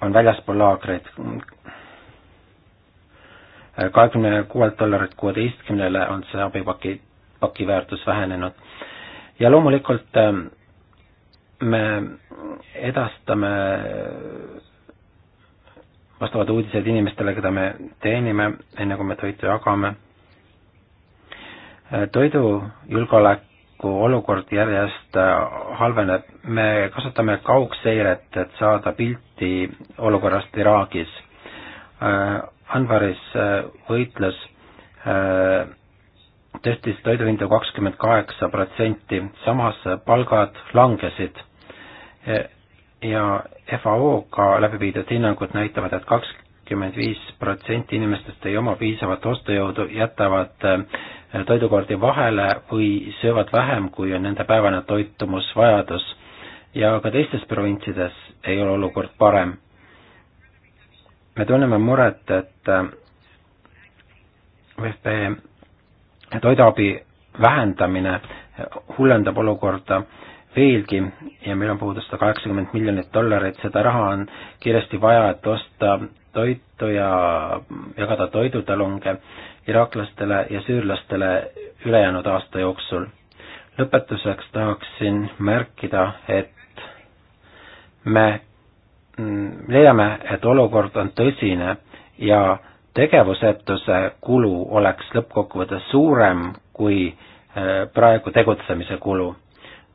on väljaspool laagreid. kahekümne kuuelt dollarilt kuueteistkümnele on see abipaki, paki väärtus vähenenud. ja loomulikult me edastame vastavad uudised inimestele, keda me teenime, enne kui me toitu jagame. toidujulgeoleku olukord järjest äh, halveneb, me kasutame kaugseiret, et saada pilti olukorrast Iraagis. Äh, Anvaris äh, võitles tõstis toiduhindu kakskümmend kaheksa protsenti, samas palgad langesid ja FAO-ga läbi viidud hinnangud näitavad et, et kakskümmend viis protsenti inimestest ei oma piisavat ostujõudu, jätavad äh, toidukordi vahele või söövad vähem, kui on nende päevane toitumusvajadus. ja ka teistes provintsides ei ole olukord parem. me tunneme muret, et VFP äh, toiduabi vähendamine hullendab olukorda veelgi ja meil on puudu sada kaheksakümmend miljonit dollarit, seda raha on kiiresti vaja, et osta toitu ja jagada toidutalonge iraaklastele ja süürlastele ülejäänud aasta jooksul. lõpetuseks tahaksin märkida, et me mm, leiame, et olukord on tõsine ja tegevusetuse kulu oleks lõppkokkuvõttes suurem kui äh, praegu tegutsemise kulu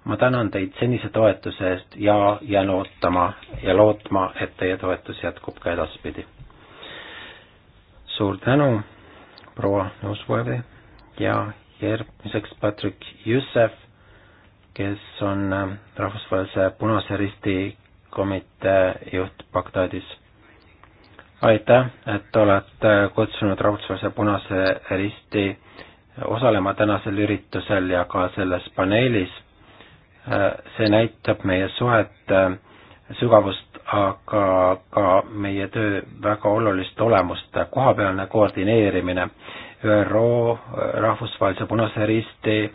ma tänan teid senise toetuse eest ja jään ootama ja lootma, et teie toetus jätkub ka edaspidi. suur tänu, proua Nõusvoevi ja järgmiseks Patrick Jussef, kes on äh, rahvusvahelise Punase Risti komitee juht Bagdadis. aitäh, et olete kutsunud rahvusvahelise Punase Risti osalema tänasel üritusel ja ka selles paneelis see näitab meie suhete äh, sügavust, aga ka meie töö väga olulist olemust, kohapealne koordineerimine, ÜRO, Rahvusvahelise Punase Risti,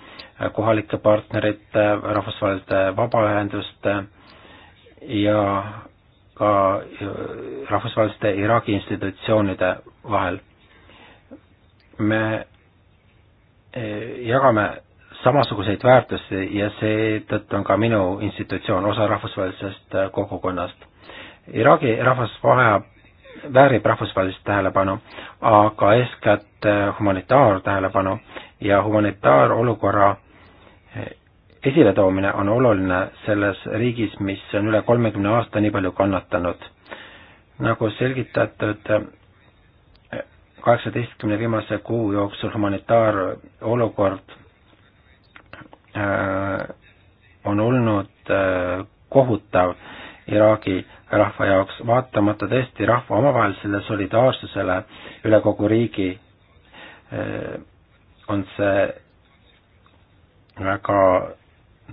kohalike partnerite, rahvusvaheliste vabaühenduste ja ka äh, rahvusvaheliste Iraagi institutsioonide vahel. me äh, jagame samasuguseid väärtusi ja seetõttu on ka minu institutsioon osa rahvusvahelisest äh, kogukonnast. Iraagi rahvas vajab, väärib rahvusvahelist tähelepanu, aga eeskätt äh, humanitaartähelepanu ja humanitaarolukorra äh, esiletoomine on oluline selles riigis, mis on üle kolmekümne aasta nii palju kannatanud. nagu selgitatud, kaheksateistkümne viimase kuu jooksul humanitaarolukord Äh, on olnud äh, kohutav Iraagi rahva jaoks, vaatamata tõesti rahva omavahelisele solidaarsusele üle kogu riigi, äh, on see väga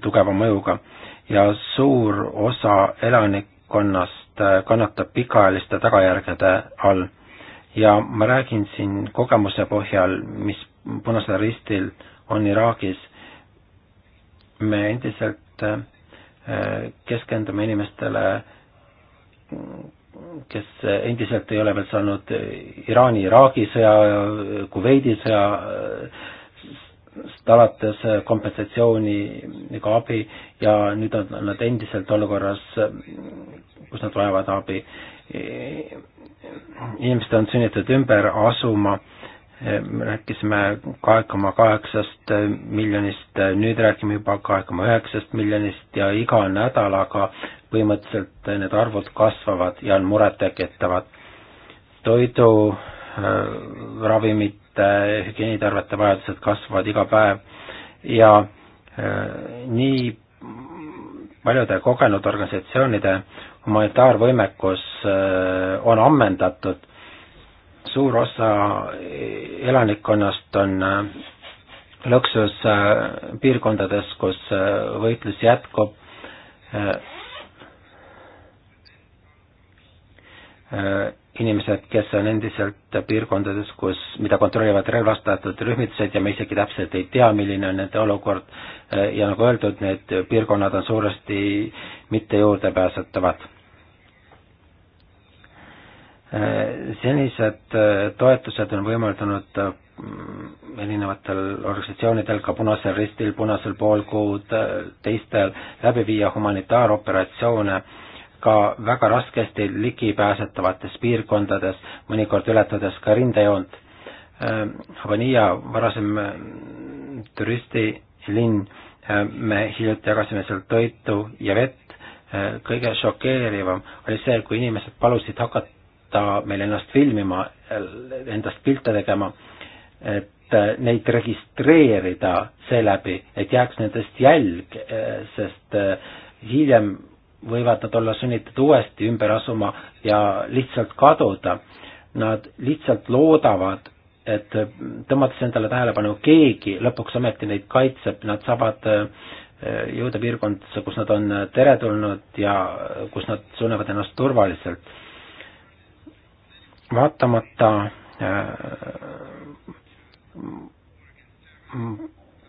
tugeva mõjuga ja suur osa elanikkonnast kannatab pikaajaliste tagajärgede all. ja ma räägin siin kogemuse põhjal, mis Punasel Ristil on Iraagis me endiselt äh, keskendume inimestele, kes endiselt ei ole veel saanud Iraani-Iraagi sõja, Kuveidi sõja alates kompensatsiooni ega abi ja nüüd on nad endiselt olukorras, kus nad vajavad abi. inimesed on sunnitud ümber asuma rääkisime kahe koma kaheksast miljonist, nüüd räägime juba kahe koma üheksast miljonist ja iga nädalaga põhimõtteliselt need arvud kasvavad ja on murettekitavad. toidu, äh, ravimite, hügieenitarvete vajadused kasvavad iga päev ja äh, nii paljude kogenud organisatsioonide humanitaarvõimekus äh, on ammendatud suur osa elanikkonnast on äh, lõksus äh, piirkondades, kus äh, võitlus jätkub. inimesed, kes on endiselt piirkondades, kus, mida kontrollivad relvastatud rühmitused ja me isegi täpselt ei tea, milline on nende olukord ja nagu öeldud, need piirkonnad on suuresti mitte juurdepääsetavad senised äh, toetused on võimaldanud äh, erinevatel organisatsioonidel, ka Punasel Ristil, Punasel Poolkuud, äh, teistel, läbi viia humanitaaroperatsioone ka väga raskesti ligipääsetavates piirkondades, mõnikord ületades ka rindejoont. Havania, varasem turistilinn, me hiljuti jagasime seal toitu ja vett, kõige šokeerivam oli see, kui inimesed palusid hakata õpeta meil ennast filmima, endast pilte tegema, et äh, neid registreerida seeläbi, et jääks nendest jälg, äh, sest äh, hiljem võivad nad olla sunnitud uuesti ümber asuma ja lihtsalt kaduda. Nad lihtsalt loodavad, et tõmmates endale tähelepanu, keegi lõpuks ometi neid kaitseb, nad saavad jõuda piirkondadesse, kus nad on teretulnud ja kus nad tunnevad ennast turvaliselt vaatamata äh,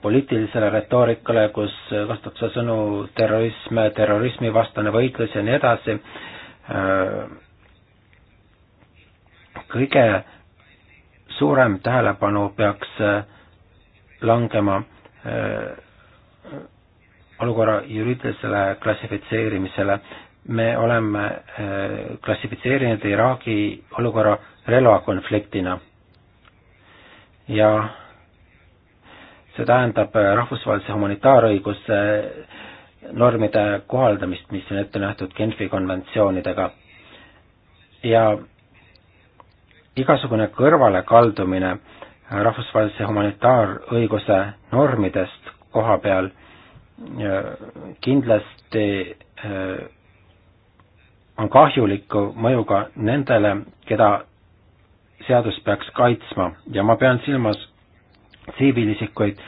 poliitilisele retoorikale, kus kasutatakse sõnu terrorism, terrorismivastane võitlus ja nii edasi, äh, kõige suurem tähelepanu peaks äh, langema olukorra juriidilisele klassifitseerimisele me oleme äh, klassifitseerinud Iraagi olukorra relvakonfliktina ja see tähendab äh, rahvusvahelise humanitaarõiguse äh, normide kohaldamist, mis on ette nähtud Genfi konventsioonidega. ja igasugune kõrvalekaldumine rahvusvahelise humanitaarõiguse normidest koha peal kindlasti on kahjuliku mõjuga nendele, keda seadus peaks kaitsma ja ma pean silmas tsiviilisikuid,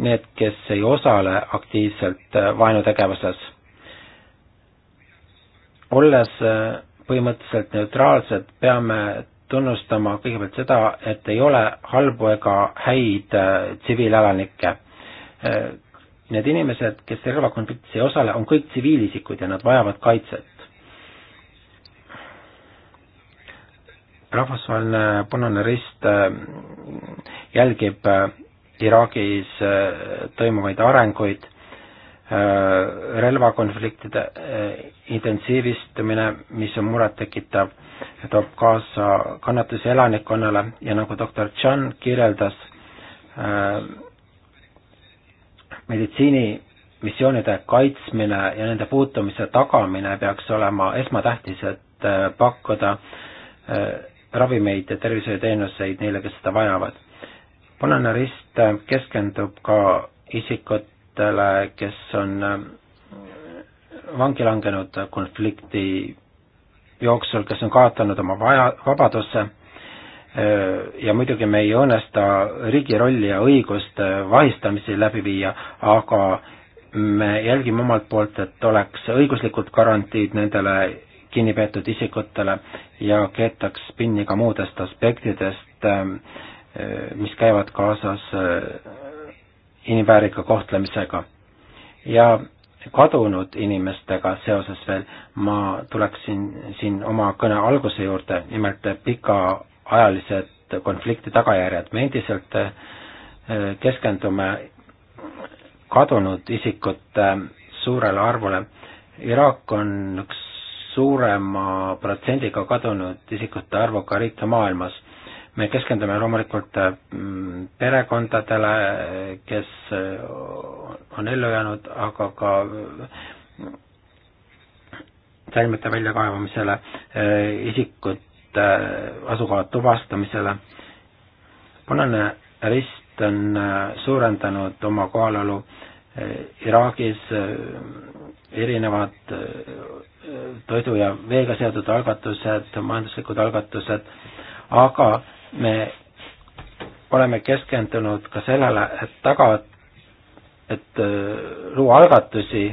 need, kes ei osale aktiivselt äh, vaenutegevuses. olles äh, põhimõtteliselt neutraalsed, peame tunnustama kõigepealt seda, et ei ole halbu ega häid äh, tsiviilalanikke. Need inimesed, kes relvakonfliktis ei osale, on kõik tsiviilisikud ja nad vajavad kaitset. rahvusvaheline Punane Rist äh, jälgib äh, Iraagis äh, toimuvaid arenguid, relvakonfliktide intensiivistumine, mis on murettekitav, toob kaasa kannatusi elanikkonnale ja nagu doktor Chan kirjeldas, meditsiinimissioonide kaitsmine ja nende puutumise tagamine peaks olema esmatähtis, et pakkuda ravimeid ja tervishoiuteenuseid neile, kes seda vajavad. punane rist keskendub ka isikutele, kes on äh, vangi langenud konflikti jooksul, kes on kaotanud oma vaja, vabaduse äh, ja muidugi me ei õõnesta riigi rolli ja õigust äh, vahistamisi läbi viia, aga me jälgime omalt poolt, et oleks õiguslikud garantiid nendele kinnipeetud isikutele ja keetaks pinni ka muudest aspektidest, äh, mis käivad kaasas äh, inimväärika kohtlemisega. ja kadunud inimestega seoses veel ma tuleksin siin oma kõne alguse juurde, nimelt pikaajalised konflikti tagajärjed, me endiselt äh, keskendume kadunud isikute suurele arvule. Iraak on üks suurema protsendiga kadunud isikute arvuga riike maailmas. me keskendume loomulikult äh, mm, perekondadele, kes äh, on ellu jäänud, aga ka äh, säilmete väljakaevamisele, isikute asukoha tuvastamisele. punane rist on suurendanud oma kohalolu äh, Äh, Iraagis äh, erinevad äh, toidu ja veega seotud algatused, majanduslikud algatused, aga me oleme keskendunud ka sellele, et taga, et luua algatusi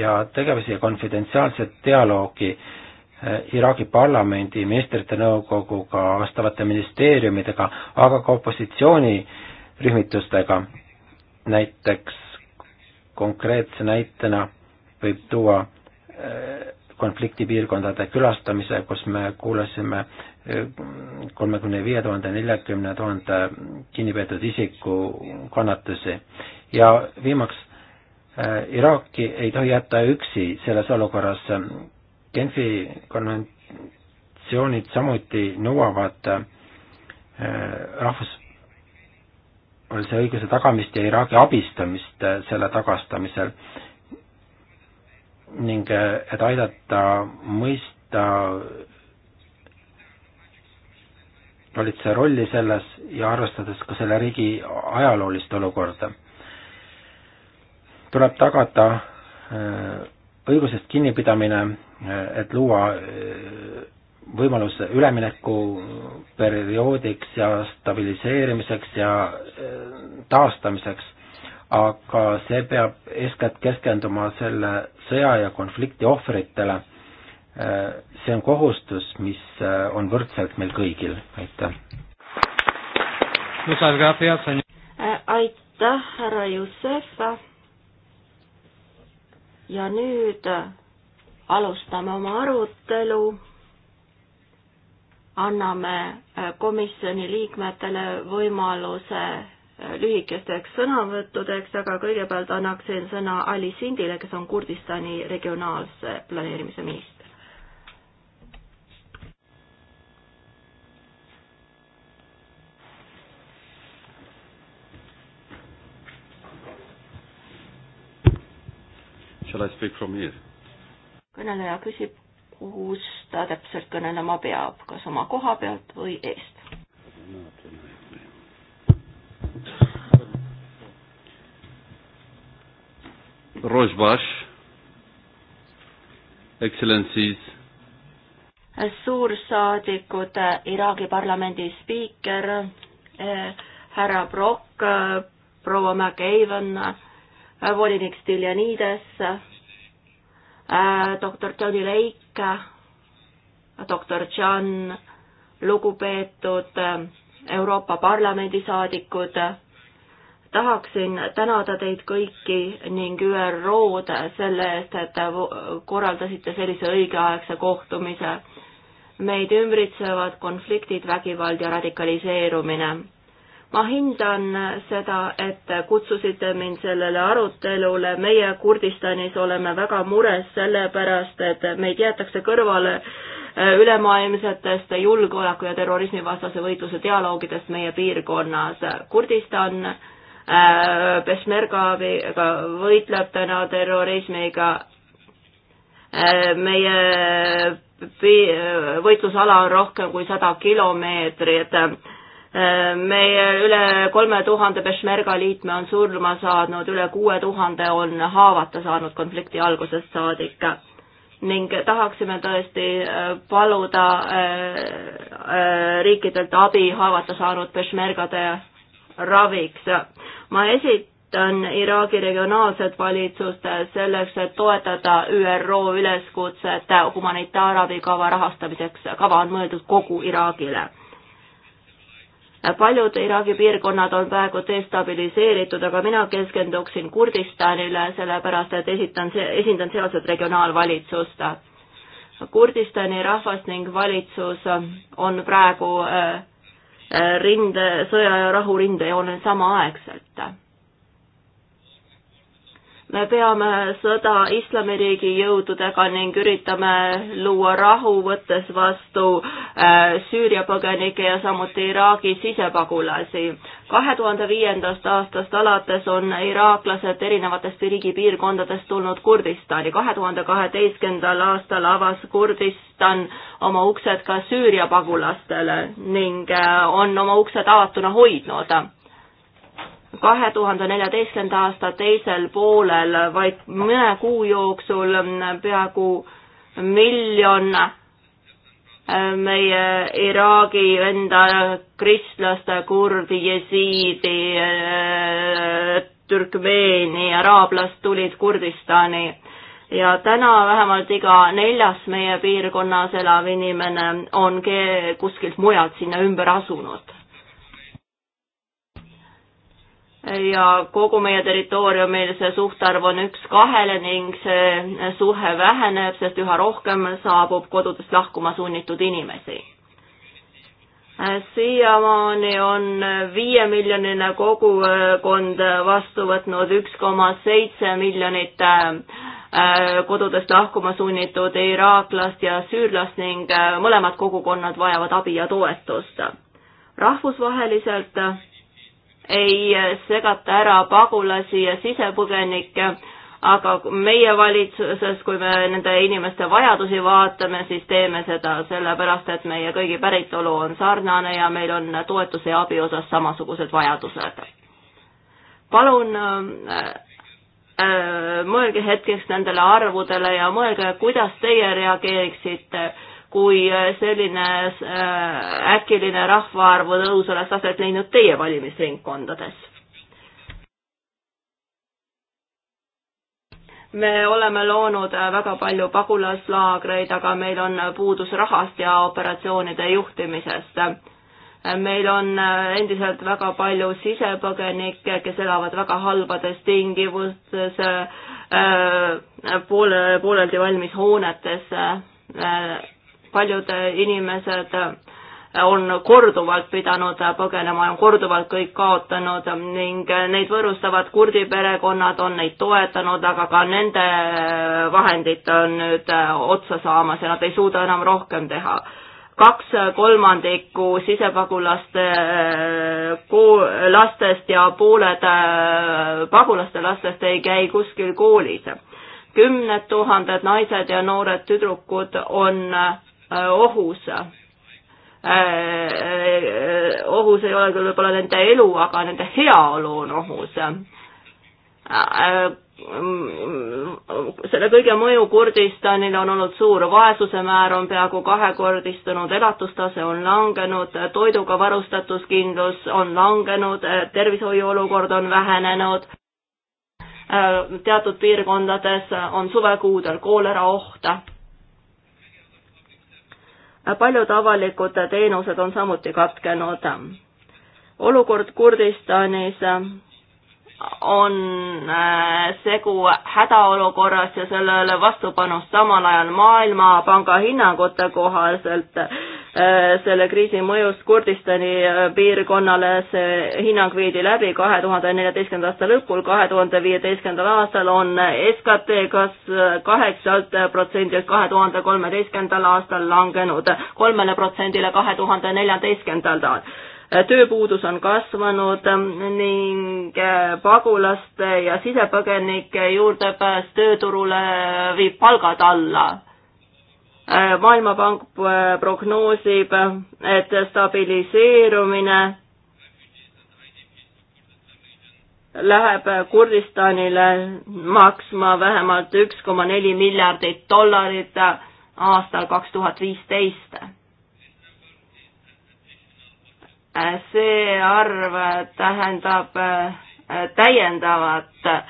ja tegevusi ja konfidentsiaalset dialoogi Iraagi parlamendi, ministrite nõukoguga, vastavate ministeeriumidega, aga ka opositsioonirühmitustega näiteks konkreetse näitena võib tuua äh, konfliktipiirkondade külastamise, kus me kuulasime äh, kolmekümne viie tuhande, neljakümne tuhande kinnipeetud isiku kannatusi. ja viimaks, äh, Iraaki ei tohi jätta üksi selles olukorras. Genfi konventsioonid samuti nõuavad rahvus, on see õiguse tagamist ja Iraagi abistamist äh, selle tagastamisel ning äh, et aidata mõista valitseja rolli selles ja arvestades ka selle riigi ajaloolist olukorda. tuleb tagada äh, õigusest kinnipidamine, et luua võimalus üleminekuperioodiks ja stabiliseerimiseks ja e, taastamiseks, aga see peab eeskätt keskenduma selle sõja ja konflikti ohvritele. E, see on kohustus, mis e, on võrdselt meil kõigil, aitäh. Äh, aitäh, härra Jussef. ja nüüd äh, alustame oma arutelu anname äh, komisjoni liikmetele võimaluse äh, lühikesteks sõnavõttudeks, aga kõigepealt annaksin sõna Ali Sindile, kes on Kurdistani regionaalse planeerimise minister. Shall I speak from here? kõneleja küsib, kus ta täpselt kõnelema peab, kas oma koha pealt või eest. Rojbaš, Excellencies. suursaadikud, Iraagi parlamendi spiiker äh,, härra Brock äh,, proua McAven äh,, volinik Stiljanides, eh, doktor Johnny Lake, doktor Chan, lugupeetud ähm, Euroopa Parlamendi saadikud, tahaksin tänada teid kõiki ning ÜRO-d selle eest, et te korraldasite sellise õigeaegse kohtumise. meid ümbritsevad konfliktid, vägivald ja radikaliseerumine. ma hindan seda, et kutsusite mind sellele arutelule, meie Kurdistanis oleme väga mures selle pärast, et meid jäetakse kõrvale äh, Äh, ülemaailmsetest julgeoleku ja terrorismivastase võitluse dialoogidest meie piirkonnas. Kurdistan äh, Peshmergaga võitleb täna terrorismiga. Äh, meie võitlusala on rohkem kui sada kilomeetrit meie üle kolme tuhande Peshmerga liikme on surma saanud, üle kuue tuhande on haavata saanud konflikti algusest saadik ning tahaksime tõesti äh, paluda äh, äh, riikidelt abi haavata saanud peshmergade raviks. ma esitan Iraagi regionaalset valitsust selleks, et toetada ÜRO üleskutset humanitaarabikava rahastamiseks, kava on mõeldud kogu Iraagile paljud Iraagi piirkonnad on praegu destabiliseeritud, aga mina keskenduksin Kurdistanile, sellepärast et esitan, esindan sealset regionaalvalitsust. Kurdistani rahvas ning valitsus on praegu äh, äh, rinde, sõja ja rahurinde joonel samaaegselt me peame sõda islamiriigi jõududega ning üritame luua rahu, võttes vastu äh, Süüria põgenikke ja samuti Iraagi sisepagulasi. kahe tuhande viiendast aastast alates on iraaklased erinevatest riigi piirkondadest tulnud Kurdistani. kahe tuhande kaheteistkümnendal aastal avas Kurdistan oma uksed ka Süüria pagulastele ning äh, on oma uksed avatuna hoidnud kahe tuhande neljateistkümnenda aasta teisel poolel vaid mõne kuu jooksul peaaegu miljon äh, meie Iraagi venda kristlaste, kurdi, jesiidi, äh, türkmeeni, araablast tulid Kurdistani ja täna vähemalt iga neljas meie piirkonnas elav inimene on kuskilt mujalt sinna ümber asunud ja kogu meie territooriumil see suhtarv on üks kahele ning see suhe väheneb, sest üha rohkem saabub kodudest lahkuma sunnitud inimesi siiamaani on viiemiljoniline kogukond vastu võtnud üks koma seitse miljonit äh, kodudest lahkuma sunnitud iraaklast ja süürlast ning äh, mõlemad kogukonnad vajavad abi ja toetust. rahvusvaheliselt ei äh, segata ära pagulasi ja sisepõgenikke, aga meie valitsuses, kui me nende inimeste vajadusi vaatame, siis teeme seda sellepärast, et meie kõigi päritolu on sarnane ja meil on toetuse ja abi osas samasugused vajadused. palun äh, äh, mõelge hetkeks nendele arvudele ja mõelge, kuidas teie reageeriksite kui äh, selline äh, äkiline rahvaarvu tõus oleks aset leidnud teie valimisringkondades? me oleme loonud äh, väga palju pagulaslaagreid, aga meil on puudus rahast ja operatsioonide juhtimisest meil on endiselt väga palju sisepõgenikke, kes elavad väga halbades tingimustes äh,, poole, pooleldi valmis hoonetes äh, paljud inimesed on korduvalt pidanud põgenema, on korduvalt kõik kaotanud ning neid võõrustavad kurdi perekonnad on neid toetanud, aga ka nende vahendid on nüüd otsa saamas ja nad ei suuda enam rohkem teha kaks kolmandikku sisepagulaste kool, lastest ja pooled äh, pagulaste lastest ei käi kuskil koolis. kümned tuhanded naised ja noored tüdrukud on Äh, ohus. Äh, äh, ohus ei ole küll võib-olla nende elu, aga nende heaolu on ohus selle kõige mõju Kurdistanile on olnud suur, vaesuse määr on peaaegu kahekordistunud, elatustase on langenud, toiduga varustatuskindlus on langenud, tervishoiu olukord on vähenenud, teatud piirkondades on suvekuudel kooleraoht paljud avalikud teenused on samuti katkenud. olukord Kurdistanis on äh, segu hädaolukorras ja sellele vastupanust samal ajal Maailmapanga hinnangute kohaselt Äh, selle kriisi mõjust Kurdistani äh, piirkonnale, see hinnang viidi läbi kahe tuhande neljateistkümnenda aasta lõpul, kahe tuhande viieteistkümnendal aastal on SKT kasv äh, kaheksalt protsendilt kahe tuhande kolmeteistkümnendal aastal langenud kolmele protsendile kahe tuhande neljateistkümnendal tööpuudus on kasvanud ning pagulaste ja sisepõgenike juurdepääs tööturule viib palgad alla Äh, maailmapank äh, prognoosib, et stabiliseerumine läheb Kurdistanile maksma vähemalt üks koma neli miljardit dollarit aastal kaks tuhat viisteist. Äh, see arv tähendab täiendavat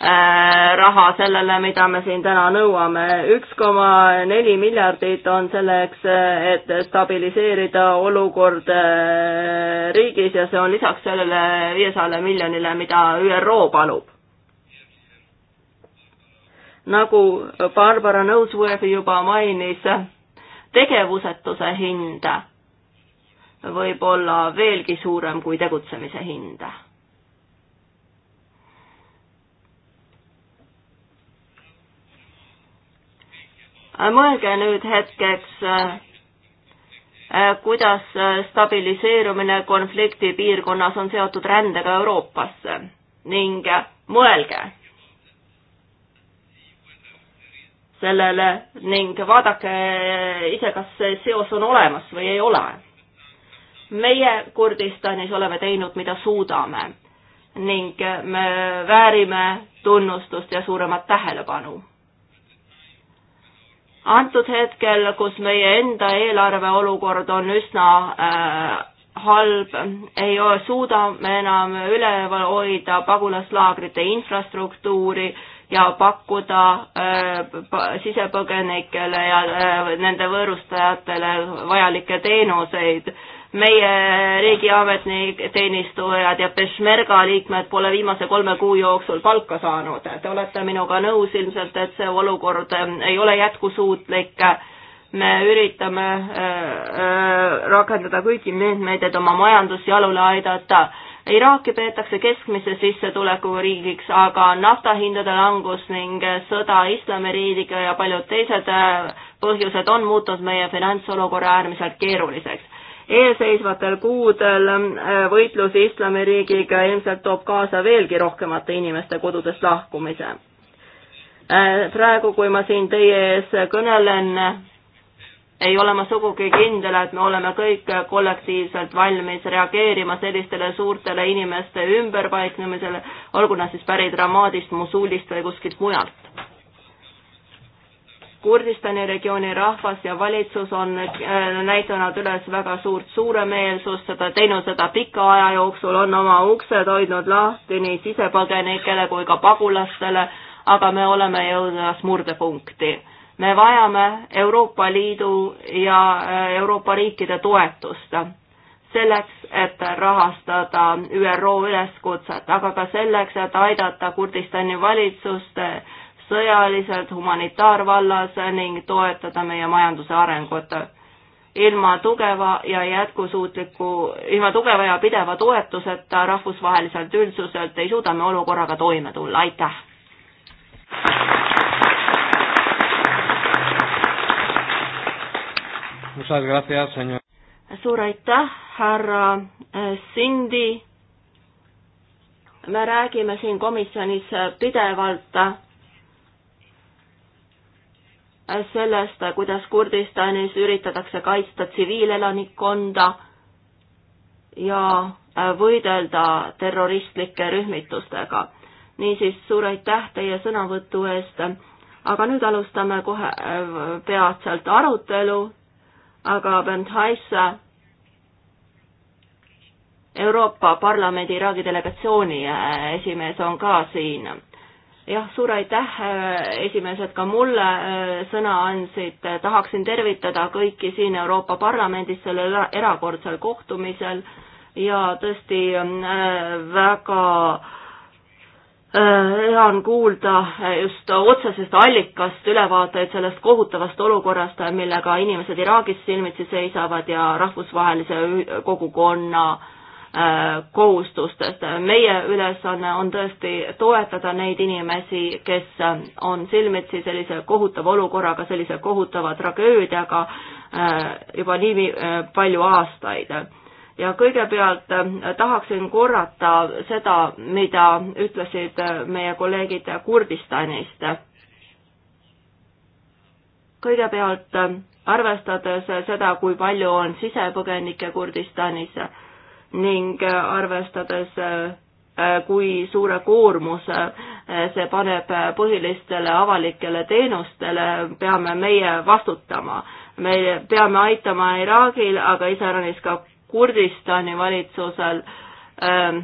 Äh, raha sellele, mida me siin täna nõuame. üks koma neli miljardit on selleks, et stabiliseerida olukord äh, riigis ja see on lisaks sellele viiesajale miljonile, mida ÜRO palub. nagu Barbara Nõusvõev juba mainis, tegevusetuse hind võib olla veelgi suurem kui tegutsemise hind Äh, mõelge nüüd hetkeks, äh, äh, kuidas stabiliseerumine konflikti piirkonnas on seotud rändega Euroopasse ning mõelge sellele ning vaadake ise, kas see seos on olemas või ei ole. meie Kurdistanis oleme teinud, mida suudame ning me väärime tunnustust ja suuremat tähelepanu antud hetkel, kus meie enda eelarve olukord on üsna äh, halb, ei suuda me enam üleval hoida pagulaslaagrite infrastruktuuri ja pakkuda äh, sisepõgenikele ja äh, nende võõrustajatele vajalikke teenuseid äh, meie riigiametnik, teenistujad ja Peshmerga liikmed pole viimase kolme kuu jooksul palka saanud. Te olete minuga nõus ilmselt, et see olukord äh, ei ole jätkusuutlik. me üritame äh, äh, rakendada kõiki meetmeid, et oma majandus jalule aidata. Iraaki peetakse keskmise sissetulekuga riigiks, aga naftahindade langus ning sõda Islamiriigiga ja paljud teised põhjused on muutnud meie finantsolukorra äärmiselt keeruliseks eelseisvatel kuudel äh, võitlus islamiriigiga ilmselt toob kaasa veelgi rohkemate inimeste kodudest lahkumise. Äh, praegu, kui ma siin teie ees kõnelen, ei ole ma sugugi kindel, et me oleme kõik kollektiivselt valmis reageerima sellistele suurtele inimeste ümberpaiknemisele, olgu nad siis pärit Ramadist, Mosulist või kuskilt mujalt Kurdistani regiooni rahvas ja valitsus on äh, näidanud üles väga suurt suuremeelsust, seda teinud seda pika aja jooksul, on oma uksed hoidnud lahti nii sisepõgenikele kui ka pagulastele, aga me oleme jõudmas murdepunkti. me vajame Euroopa Liidu ja äh, Euroopa riikide toetust selleks, et rahastada ÜRO üleskutset, aga ka selleks, et aidata Kurdistani valitsust sõjaliselt, humanitaarvallas ning toetada meie majanduse arengut. ilma tugeva ja jätkusuutliku, ilma tugeva ja pideva toetuseta rahvusvaheliselt üldsuselt ei suuda me olukorraga toime tulla, aitäh! suur aitäh, härra äh, Sindi. me räägime siin komisjonis pidevalt sellest, kuidas Kurdistanis üritatakse kaitsta tsiviilelanikkonda ja võidelda terroristlike rühmitustega. niisiis, suur aitäh teie sõnavõtu eest, aga nüüd alustame kohe äh, peatselt arutelu, aga Bernd Haisse, Euroopa Parlamendi Iraagi delegatsiooni äh, esimees on ka siin jah, suur aitäh, äh, esimees, et ka mulle äh, sõna andsid. tahaksin tervitada kõiki siin Euroopa Parlamendis sellel erakordsel kohtumisel ja tõesti äh, väga hea on kuulda just otsesest allikast ülevaateid sellest kohutavast olukorrast, millega inimesed Iraagis silmitsi seisavad ja rahvusvahelise kogukonna äh, Äh, kohustustest. meie ülesanne on tõesti toetada neid inimesi, kes äh, on silmitsi sellise kohutava olukorraga, sellise kohutava tragöödiaga äh, juba nii palju aastaid. ja kõigepealt tahaksin korrata seda, mida ütlesid meie kolleegid Kurdistanist. kõigepealt arvestades seda, kui palju on sisepõgenikke Kurdistanis ning äh, arvestades äh, äh, kui suure koormuse see paneb põhilistele avalikele teenustele, peame meie vastutama. me peame aitama Iraagil, aga iseäranis ka Kurdistani valitsusel ähm,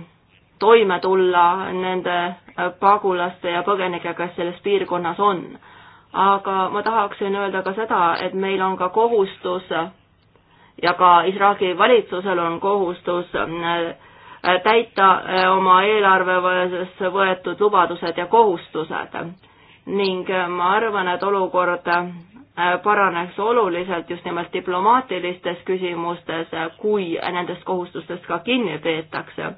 toime tulla nende pagulaste ja põgenikega, kes selles piirkonnas on. aga ma tahaksin öelda ka seda, et meil on ka kohustus ja ka Iraagi valitsusel on kohustus äh, täita äh, oma eelarves võetud lubadused ja kohustused. ning äh, ma arvan, et olukord paraneks oluliselt just nimelt diplomaatilistes küsimustes, kui nendest kohustustest ka kinni peetakse.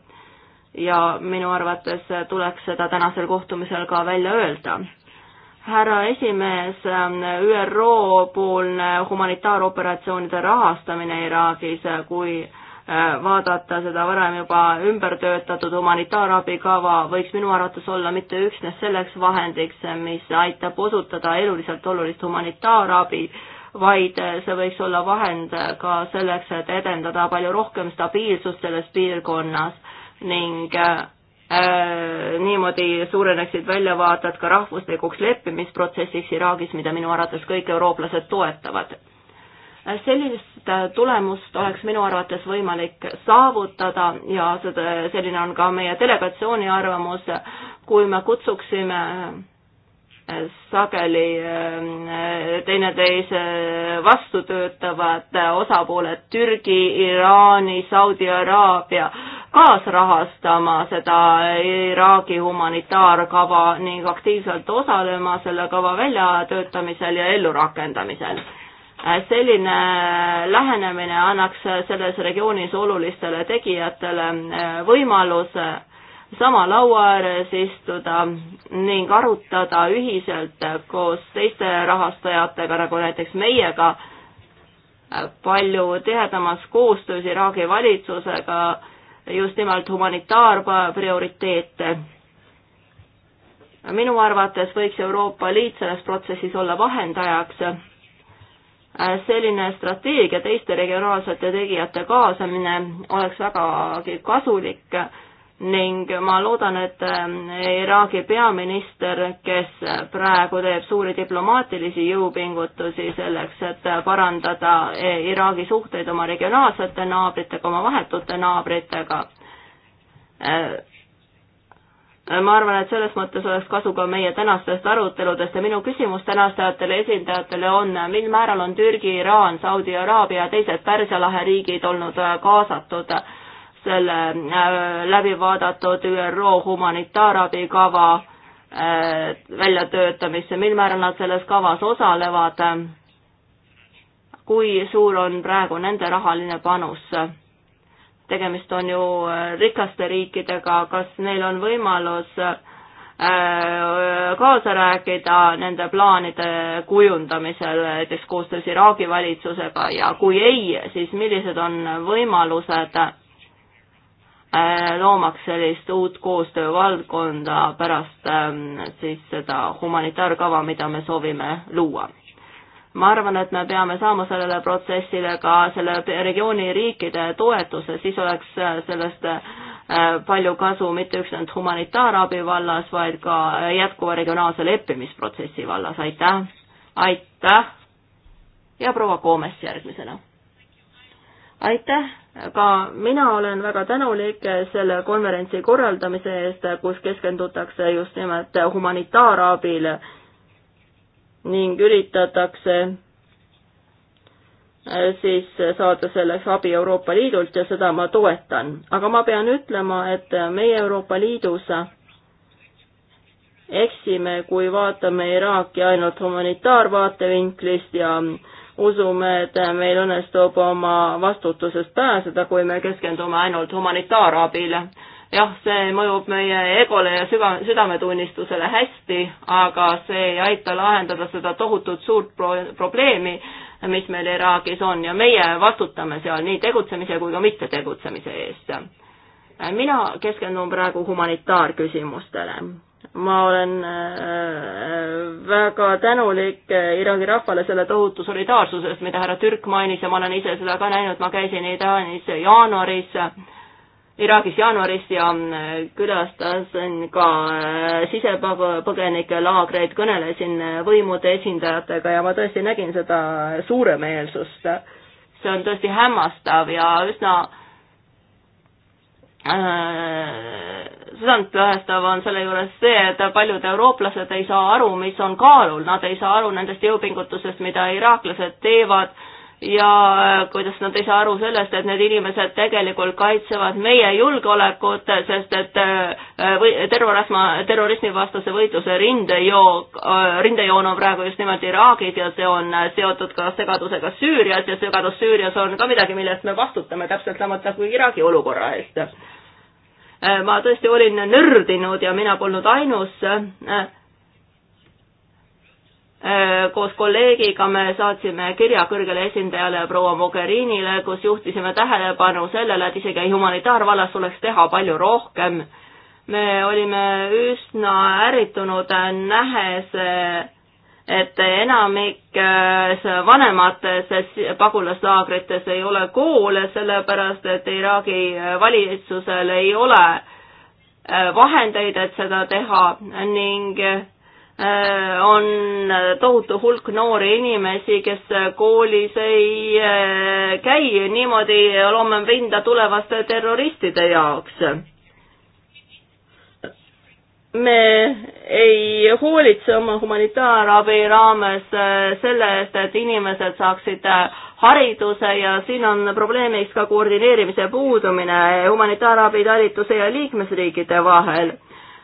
ja minu arvates tuleks seda tänasel kohtumisel ka välja öelda härra esimees, ähm, ÜRO poolne humanitaaroperatsioonide rahastamine Iraagis, kui äh, vaadata seda varem juba ümber töötatud humanitaarabikava, võiks minu arvates olla mitte üksnes selleks vahendiks, mis aitab osutada eluliselt olulist humanitaarabi, vaid see võiks olla vahend ka selleks, et edendada palju rohkem stabiilsust selles piirkonnas ning äh, Äh, niimoodi suureneksid väljavaated ka rahvuslikuks leppimisprotsessiks Iraagis, mida minu arvates kõik eurooplased toetavad. Äh, sellist äh, tulemust oleks minu arvates võimalik saavutada ja seda, selline on ka meie delegatsiooni arvamus, kui me kutsuksime sageli teineteise vastu töötavad osapooled Türgi, Iraani, Saudi Araabia äh, kaasrahastama seda Iraagi humanitaarkava ning aktiivselt osalema selle kava väljatöötamisel ja ellurakendamisel. selline lähenemine annaks selles regioonis olulistele tegijatele eh, võimaluse sama laua ääres istuda ning arutada ühiselt koos teiste rahastajatega, nagu näiteks meiega, palju tihedamas koostöös Iraagi valitsusega just nimelt humanitaarprioriteete. minu arvates võiks Euroopa Liit selles protsessis olla vahendajaks. selline strateegia teiste regionaalsete tegijate kaasamine oleks vägagi kasulik ning ma loodan, et ähm, Iraagi peaminister, kes praegu teeb suuri diplomaatilisi jõupingutusi selleks, et parandada e, Iraagi suhteid oma regionaalsete naabritega, oma vahetute naabritega, äh, ma arvan, et selles mõttes oleks kasu ka meie tänastest aruteludest ja minu küsimus tänastajatele esindajatele on, mil määral on Türgi, Iraan, Saudi Araabia ja teised Pärsia lahe riigid olnud äh, kaasatud selle äh, läbi vaadatud ÜRO humanitaarabikava äh, väljatöötamisse, mil määral nad selles kavas osalevad, kui suur on praegu nende rahaline panus? tegemist on ju äh, rikaste riikidega, kas neil on võimalus kaasa rääkida nende plaanide kujundamisel näiteks koostöös Iraagi valitsusega ja kui ei, siis millised on võimalused Äh, loomaks sellist uut koostöövaldkonda pärast ähm, siis seda humanitaarkava, mida me soovime luua. ma arvan, et me peame saama sellele protsessile ka selle regiooni riikide toetuse, siis oleks äh, sellest äh, palju kasu mitte üksnes humanitaarabi vallas, vaid ka jätkuva regionaalse leppimisprotsessi vallas, aitäh! aitäh! ja proua Koomes järgmisena aitäh, ka mina olen väga tänulik selle konverentsi korraldamise eest, kus keskendutakse just nimelt humanitaarabile ning üritatakse äh, siis saada selleks abi Euroopa Liidult ja seda ma toetan. aga ma pean ütlema, et meie Euroopa Liidus eksime, kui vaatame Iraaki ainult humanitaarvaatevinklist ja äh, usume, et meil õnnestub oma vastutusest pääseda, kui me keskendume ainult humanitaarabile. jah, see mõjub meie egole ja süga-, südametunnistusele hästi, aga see ei aita lahendada seda tohutut suurt pro-, probleemi, mis meil Iraagis on ja meie vastutame seal nii tegutsemise kui ka mittetegutsemise eest mina keskendun praegu humanitaarküsimustele ma olen äh, äh, väga tänulik äh, Iraagi rahvale selle tohutu solidaarsuse eest, mida härra Türk mainis ja ma olen ise seda ka näinud, ma käisin Iraanis jaanuaris, Iraagis jaanuaris ja külastasin ka sisepõgenike laagreid, kõnelesin võimude esindajatega ja ma tõesti nägin seda suuremeelsust. see on tõesti hämmastav ja üsna Äh, südantlõhestav on selle juures see, et paljud eurooplased ei saa aru, mis on kaalul, nad ei saa aru nendest jõupingutusest, mida iraaklased teevad ja äh, kuidas nad ei saa aru sellest, et need inimesed tegelikult kaitsevad meie julgeolekut, sest et äh, või terrorismi, terrorismivastase võitluse rindejoo, rindejoon on praegu just nimelt Iraagis ja see on seotud ka segadusega Süürias ja segadus Süürias on ka midagi, mille eest me vastutame täpselt samuti nagu Iraagi olukorra eest Äh, ma tõesti olin nördinud ja mina polnud ainus. Äh, äh, koos kolleegiga me saatsime kirja kõrgele esindajale proua Mogherinile, kus juhtisime tähelepanu sellele, et isegi humanitaarvallas tuleks teha palju rohkem. me olime üsna ärritunud, nähes et enamikes äh, vanemates pagulaslaagrites ei ole koole, sellepärast et Iraagi äh, valitsusel ei ole äh, vahendeid, et seda teha ning on tohutu hulk noori inimesi, kes koolis ei käi, niimoodi loome rinda tulevaste terroristide jaoks me ei hoolitse oma humanitaarabi raames äh, selle eest, et inimesed saaksid äh, hariduse ja siin on probleemiks ka koordineerimise puudumine humanitaarabi talituse ja liikmesriikide vahel.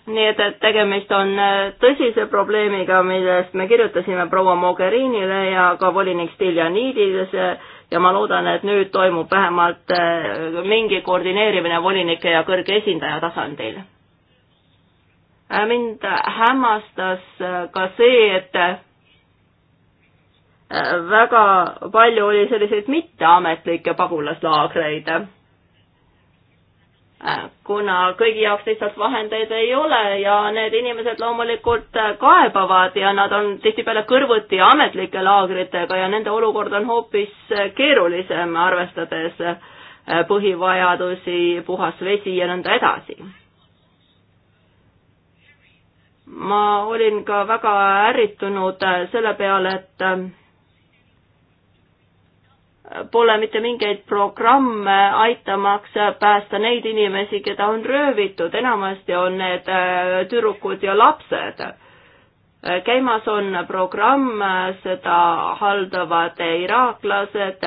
nii et, et tegemist on äh, tõsise probleemiga, millest me kirjutasime proua Mogherinile ja ka volinik Stiljanidile ja ma loodan, et nüüd toimub vähemalt mingi koordineerimine volinike ja kõrge esindaja tasandil Äh, mind hämmastas äh, ka see, et äh, väga palju oli selliseid mitteametlikke pagulaslaagreid. kuna kõigi jaoks lihtsalt vahendeid ei ole ja need inimesed loomulikult kaebavad ja nad on tihtipeale kõrvuti ametlike laagritega ja nende olukord on hoopis keerulisem, arvestades põhivajadusi, puhas vesi ja nõnda edasi ma olin ka väga ärritunud selle peale, et pole mitte mingeid programme aitamaks päästa neid inimesi, keda on röövitud, enamasti on need äh, tüdrukud ja lapsed. käimas on programm, seda haldavad iraaklased,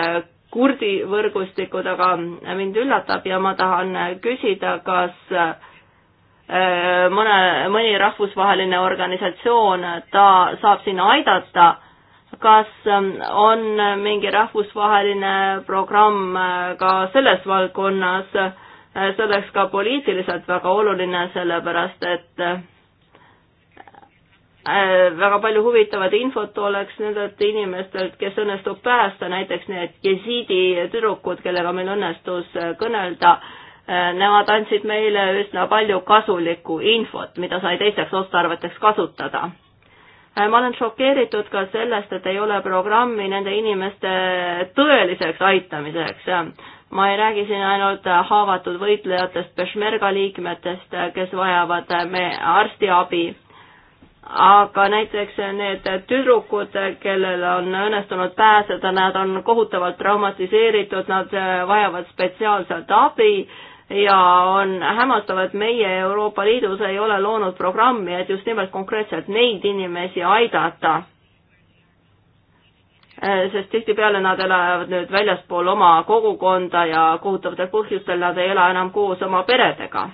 kurdi võrgustikud, aga mind üllatab ja ma tahan küsida, kas Äh, mõne, mõni rahvusvaheline organisatsioon, ta saab sinna aidata, kas ähm, on mingi rahvusvaheline programm äh, ka selles valdkonnas, äh, see oleks ka poliitiliselt väga oluline, sellepärast et väga palju huvitavat infot oleks nendelt inimestelt, kes õnnestub päästa, näiteks need jesiidi tüdrukud, kellega meil õnnestus kõnelda äh, Äh, nemad andsid meile üsna palju kasulikku infot, mida sai teisteks otstarveteks kasutada. Äh, ma olen šokeeritud ka sellest, et ei ole programmi nende inimeste tõeliseks aitamiseks ma ei räägi siin ainult haavatud võitlejatest, Peshmerga liikmetest, kes vajavad arstiabi, aga näiteks need tüdrukud, kellel on õnnestunud pääseda, nad on kohutavalt traumatiseeritud, nad vajavad spetsiaalset abi ja on hämmastav, et meie Euroopa Liidus ei ole loonud programmi, et just nimelt konkreetselt neid inimesi aidata. Äh, sest tihtipeale nad elavad nüüd väljaspool oma kogukonda ja kohutavatel põhjustel nad ei ela enam koos oma peredega.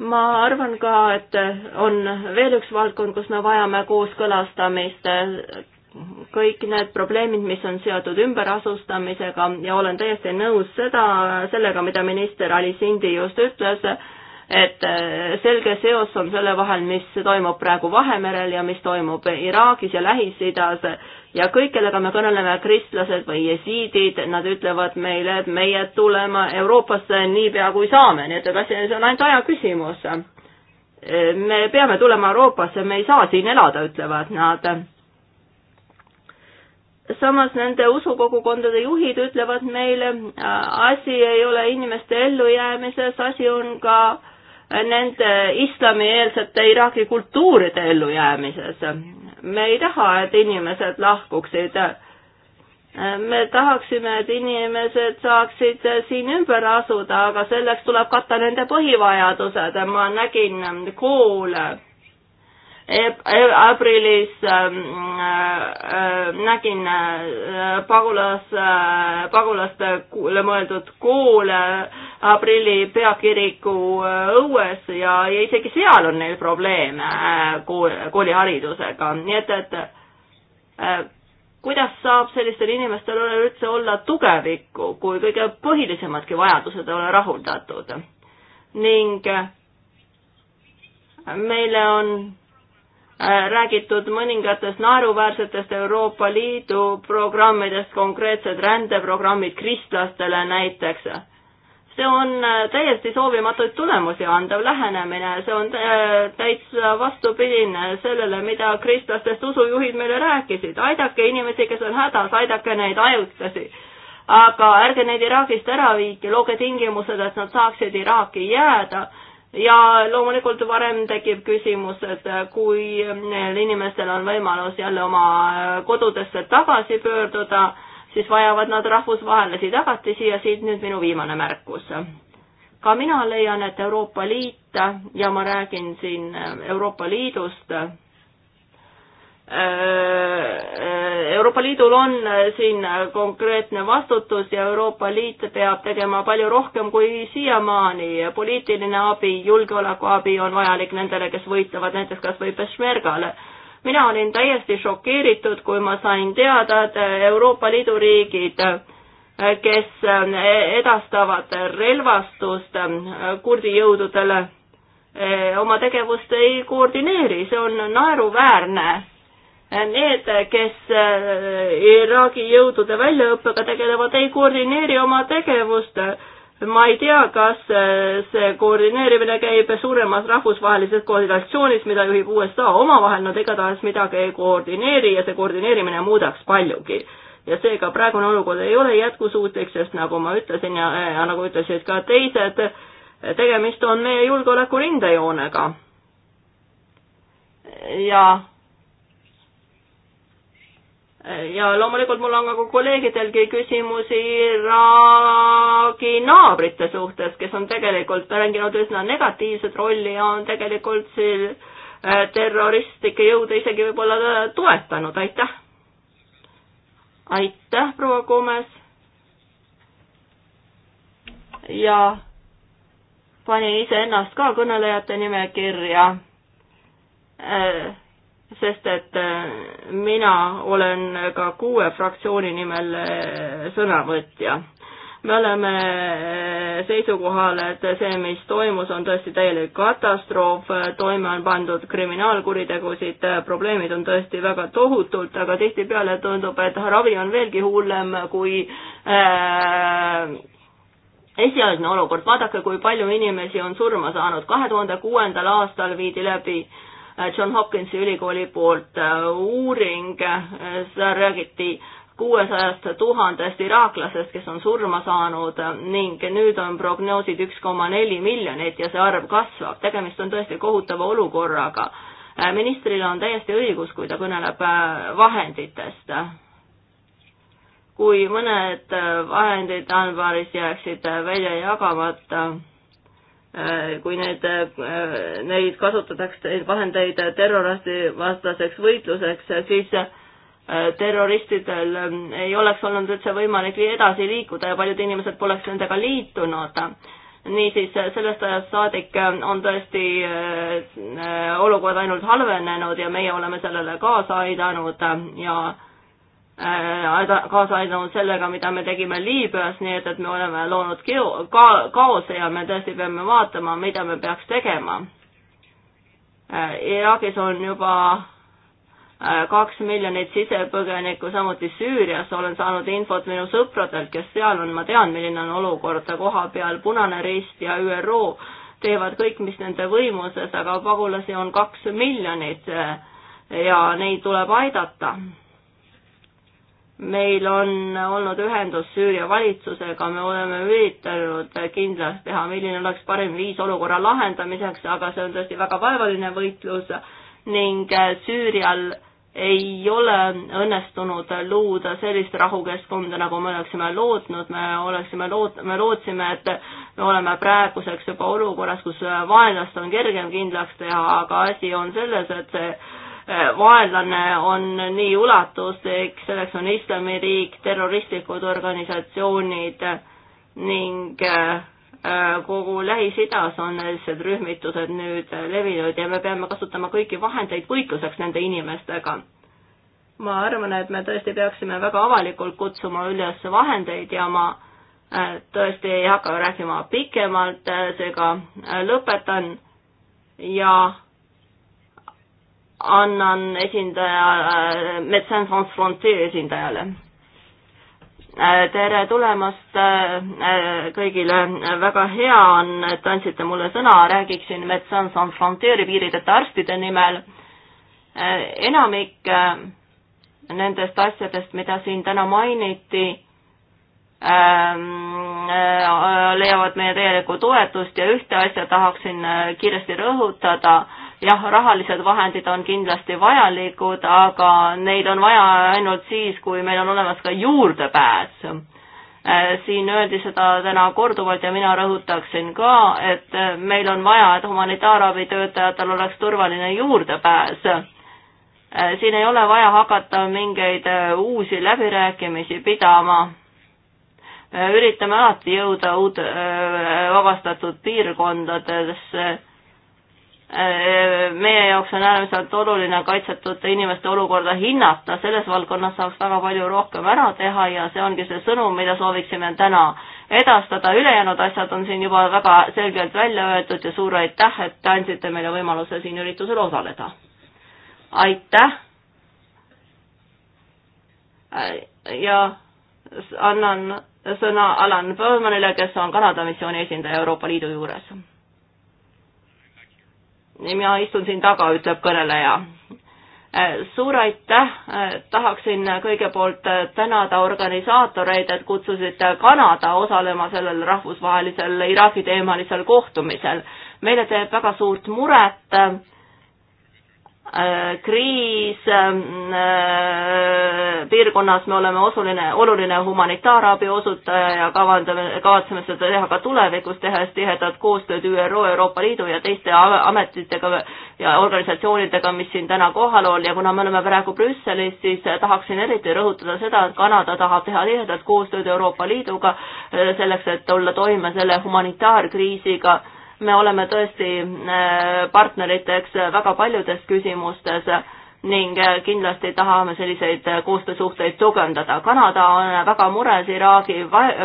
ma arvan ka, et on veel üks valdkond, kus me vajame kooskõlastamist kõik need probleemid, mis on seotud ümberasustamisega ja olen täiesti nõus seda, sellega, mida minister Ali Sindi just ütles, et äh, selge seos on selle vahel, mis toimub praegu Vahemerel ja mis toimub Iraagis ja Lähis-Idas ja kõik, kellega me kõneleme, kristlased või jesiidid, nad ütlevad meile, et meie tuleme Euroopasse niipea, kui saame, nii et ega see on ainult aja küsimus. Äh, me peame tulema Euroopasse, me ei saa siin elada, ütlevad nad samas nende usukogukondade juhid ütlevad meile, äh, asi ei ole inimeste ellujäämises, asi on ka nende islamieelsete Iraagi kultuuride ellujäämises. me ei taha, et inimesed lahkuksid. me tahaksime, et inimesed saaksid siin ümber asuda, aga selleks tuleb katta nende põhivajadused. ma nägin koole aprillis ähm, äh, äh, nägin äh, pagulas, pagulastele mõeldud koole aprilli peakiriku õues ja, ja isegi seal on neil probleeme kool, kooliharidusega, nii et, et kuidas saab sellistel inimestel üleüldse olla tulevikku, kui kõige põhilisemadki vajadused ei ole rahuldatud? ning meile on Äh, räägitud mõningatest naeruväärsetest Euroopa Liidu programmidest, konkreetsed rändeprogrammid kristlastele näiteks. see on äh, täiesti soovimatuid tulemusi andev lähenemine, see on äh, täitsa vastupidine sellele, mida kristlastest usujuhid meile rääkisid, aidake inimesi, kes on hädas, aidake neid ajutlasi aga ärge neid Iraagist ära viige, looge tingimused, et nad saaksid Iraaki jääda ja loomulikult varem tekib küsimus, et kui neil inimestel on võimalus jälle oma kodudesse tagasi pöörduda, siis vajavad nad rahvusvahelisi tagatisi ja siit nüüd minu viimane märkus. ka mina leian, et Euroopa Liit ja ma räägin siin Euroopa Liidust Äh, äh, Euroopa Liidul on äh, siin konkreetne vastutus ja Euroopa Liit peab tegema palju rohkem kui siiamaani. poliitiline abi, julgeolekuabi on vajalik nendele, kes võitlevad näiteks kas või Peshmergale. mina olin täiesti šokeeritud, kui ma sain teada, et Euroopa Liidu riigid kes edastavad relvastust kurdi jõududele, oma tegevust ei koordineeri, see on naeruväärne Need, kes äh, Iraagi jõudude väljaõppega tegelevad, ei koordineeri oma tegevust. ma ei tea, kas äh, see koordineerimine käib suuremas rahvusvahelises koordinatsioonis, mida juhib USA omavahel, nad igatahes midagi ei koordineeri ja see koordineerimine muudaks paljugi ja seega praegune olukord ei ole jätkusuutlik, sest nagu ma ütlesin ja, ja nagu ütlesid ka teised, tegemist on meie julgeoleku rindejoonega. ja ja loomulikult mul on nagu kolleegidelgi küsimusi Iraagi naabrite suhtes, kes on tegelikult mänginud üsna negatiivset rolli ja on tegelikult siin äh, terroristlikke jõude isegi võib-olla äh, toetanud, aitäh. aitäh, proua Kumes. ja panin iseennast ka kõnelejate nimekirja äh, sest et äh, mina olen ka kuue fraktsiooni nimel äh, sõnavõtja. me oleme äh, seisukohal, et see, mis toimus, on tõesti täielik katastroof, toime on pandud kriminaalkuritegusid, probleemid on tõesti väga tohutult, aga tihtipeale tundub, et ravi on veelgi hullem kui äh, esialgne olukord, vaadake, kui palju inimesi on surma saanud, kahe tuhande kuuendal aastal viidi läbi äh, Äh, John Hopkinsi ülikooli poolt äh, uuring, äh, seal räägiti kuuesajast tuhandest iraaklasest, kes on surma saanud ning nüüd on prognoosid üks koma neli miljonit ja see arv kasvab. tegemist on tõesti kohutava olukorraga. ministril on täiesti õigus, kui ta kõneleb vahenditest. kui mõned vahendid Anvaris jääksid välja jagamata Äh, kui need, äh, neid kasutatakse, neid vahendeid terrorivastaseks võitluseks, siis äh, terroristidel ähm, ei oleks olnud üldse võimalik edasi liikuda ja paljud inimesed poleks nendega liitunud. niisiis, sellest ajast saadik on tõesti olukord ainult halvenenud ja meie oleme sellele kaasa aidanud ja Äh, aida-, kaasa aidanud sellega, mida me tegime Liibüas, nii et, et me oleme loonud keo-, ka-, kaose ja me tõesti peame vaatama, mida me peaks tegema. Äh, Iraagis on juba äh, kaks miljonit sisepõgenikku, samuti Süürias olen saanud infot minu sõpradelt, kes seal on, ma tean, milline on olukord koha peal, Punane Rist ja ÜRO teevad kõik, mis nende võimuses, aga pagulasi on kaks miljonit ja neid tuleb aidata meil on olnud ühendus Süüria valitsusega, me oleme üritanud kindlaks teha, milline oleks parim viis olukorra lahendamiseks, aga see on tõesti väga vaevaline võitlus ning äh, Süürial ei ole õnnestunud luuda sellist rahukeskkonda, nagu me oleksime lootnud, me oleksime loot-, me lootsime, et me oleme praeguseks juba olukorras, kus vaenlast on kergem kindlaks teha, aga asi on selles, et see Eh, vaenlane on nii ulatuslik, selleks on islamiriik, terroristlikud organisatsioonid ning eh, eh, kogu Lähis-Idas on sellised rühmitused nüüd levinud ja me peame kasutama kõiki vahendeid võitluseks nende inimestega. ma arvan, et me tõesti peaksime väga avalikult kutsuma üles vahendeid ja ma tõesti ei hakka rääkima pikemalt, seega lõpetan ja annan esindaja, äh, Medecins Sans Frontier esindajale. Äh, tere tulemast äh, kõigile, väga hea on, et andsite mulle sõna, räägiksin Medecins Sans Frontieri piirideta arstide nimel. enamik nendest asjadest, mida siin täna mainiti, ähm, leiavad meie täielikku toetust ja ühte asja tahaksin kiiresti rõhutada jah, rahalised vahendid on kindlasti vajalikud, aga neid on vaja ainult siis, kui meil on olemas ka juurdepääs. Äh, siin öeldi seda täna korduvalt ja mina rõhutaksin ka, et äh, meil on vaja, et humanitaarabitöötajatel oleks turvaline juurdepääs äh, siin ei ole vaja hakata mingeid uusi läbirääkimisi pidama. üritame alati jõuda uut, vabastatud piirkondadesse Äh, meie jaoks on äärmiselt oluline kaitsetute inimeste olukorda hinnata, selles valdkonnas saaks väga palju rohkem ära teha ja see ongi see sõnum, mida sooviksime täna edastada, ülejäänud asjad on siin juba väga selgelt välja öeldud ja suur aitäh, et te andsite meile võimaluse siin üritusel osaleda. aitäh! Äh, ja annan sõna Alan Bowmanile, kes on Kanada missiooni esindaja Euroopa Liidu juures mina istun siin taga, ütleb kõneleja. Äh, suur aitäh, äh, tahaksin kõigepealt äh, tänada organisaatoreid, et kutsusite Kanada osalema sellel rahvusvahelisel Iraagi teemalisel kohtumisel. meile teeb väga suurt muret Äh, kriis ähm, äh, piirkonnas, me oleme osuline, oluline humanitaarabi osutaja ja kavandame, kavatseme seda teha ka tulevikus, tehes tihedat koostööd ÜRO, Euroopa Liidu ja teiste ametitega ja organisatsioonidega, mis siin täna kohal on ja kuna me oleme praegu Brüsselis, siis äh, tahaksin eriti rõhutada seda, et Kanada tahab teha tihedat koostööd Euroopa Liiduga selleks, et olla toime selle humanitaarkriisiga me oleme tõesti äh, partneriteks väga paljudes küsimustes ning äh, kindlasti tahame selliseid äh, koostöösuhteid tugevdada. Kanada on väga mures Iraagi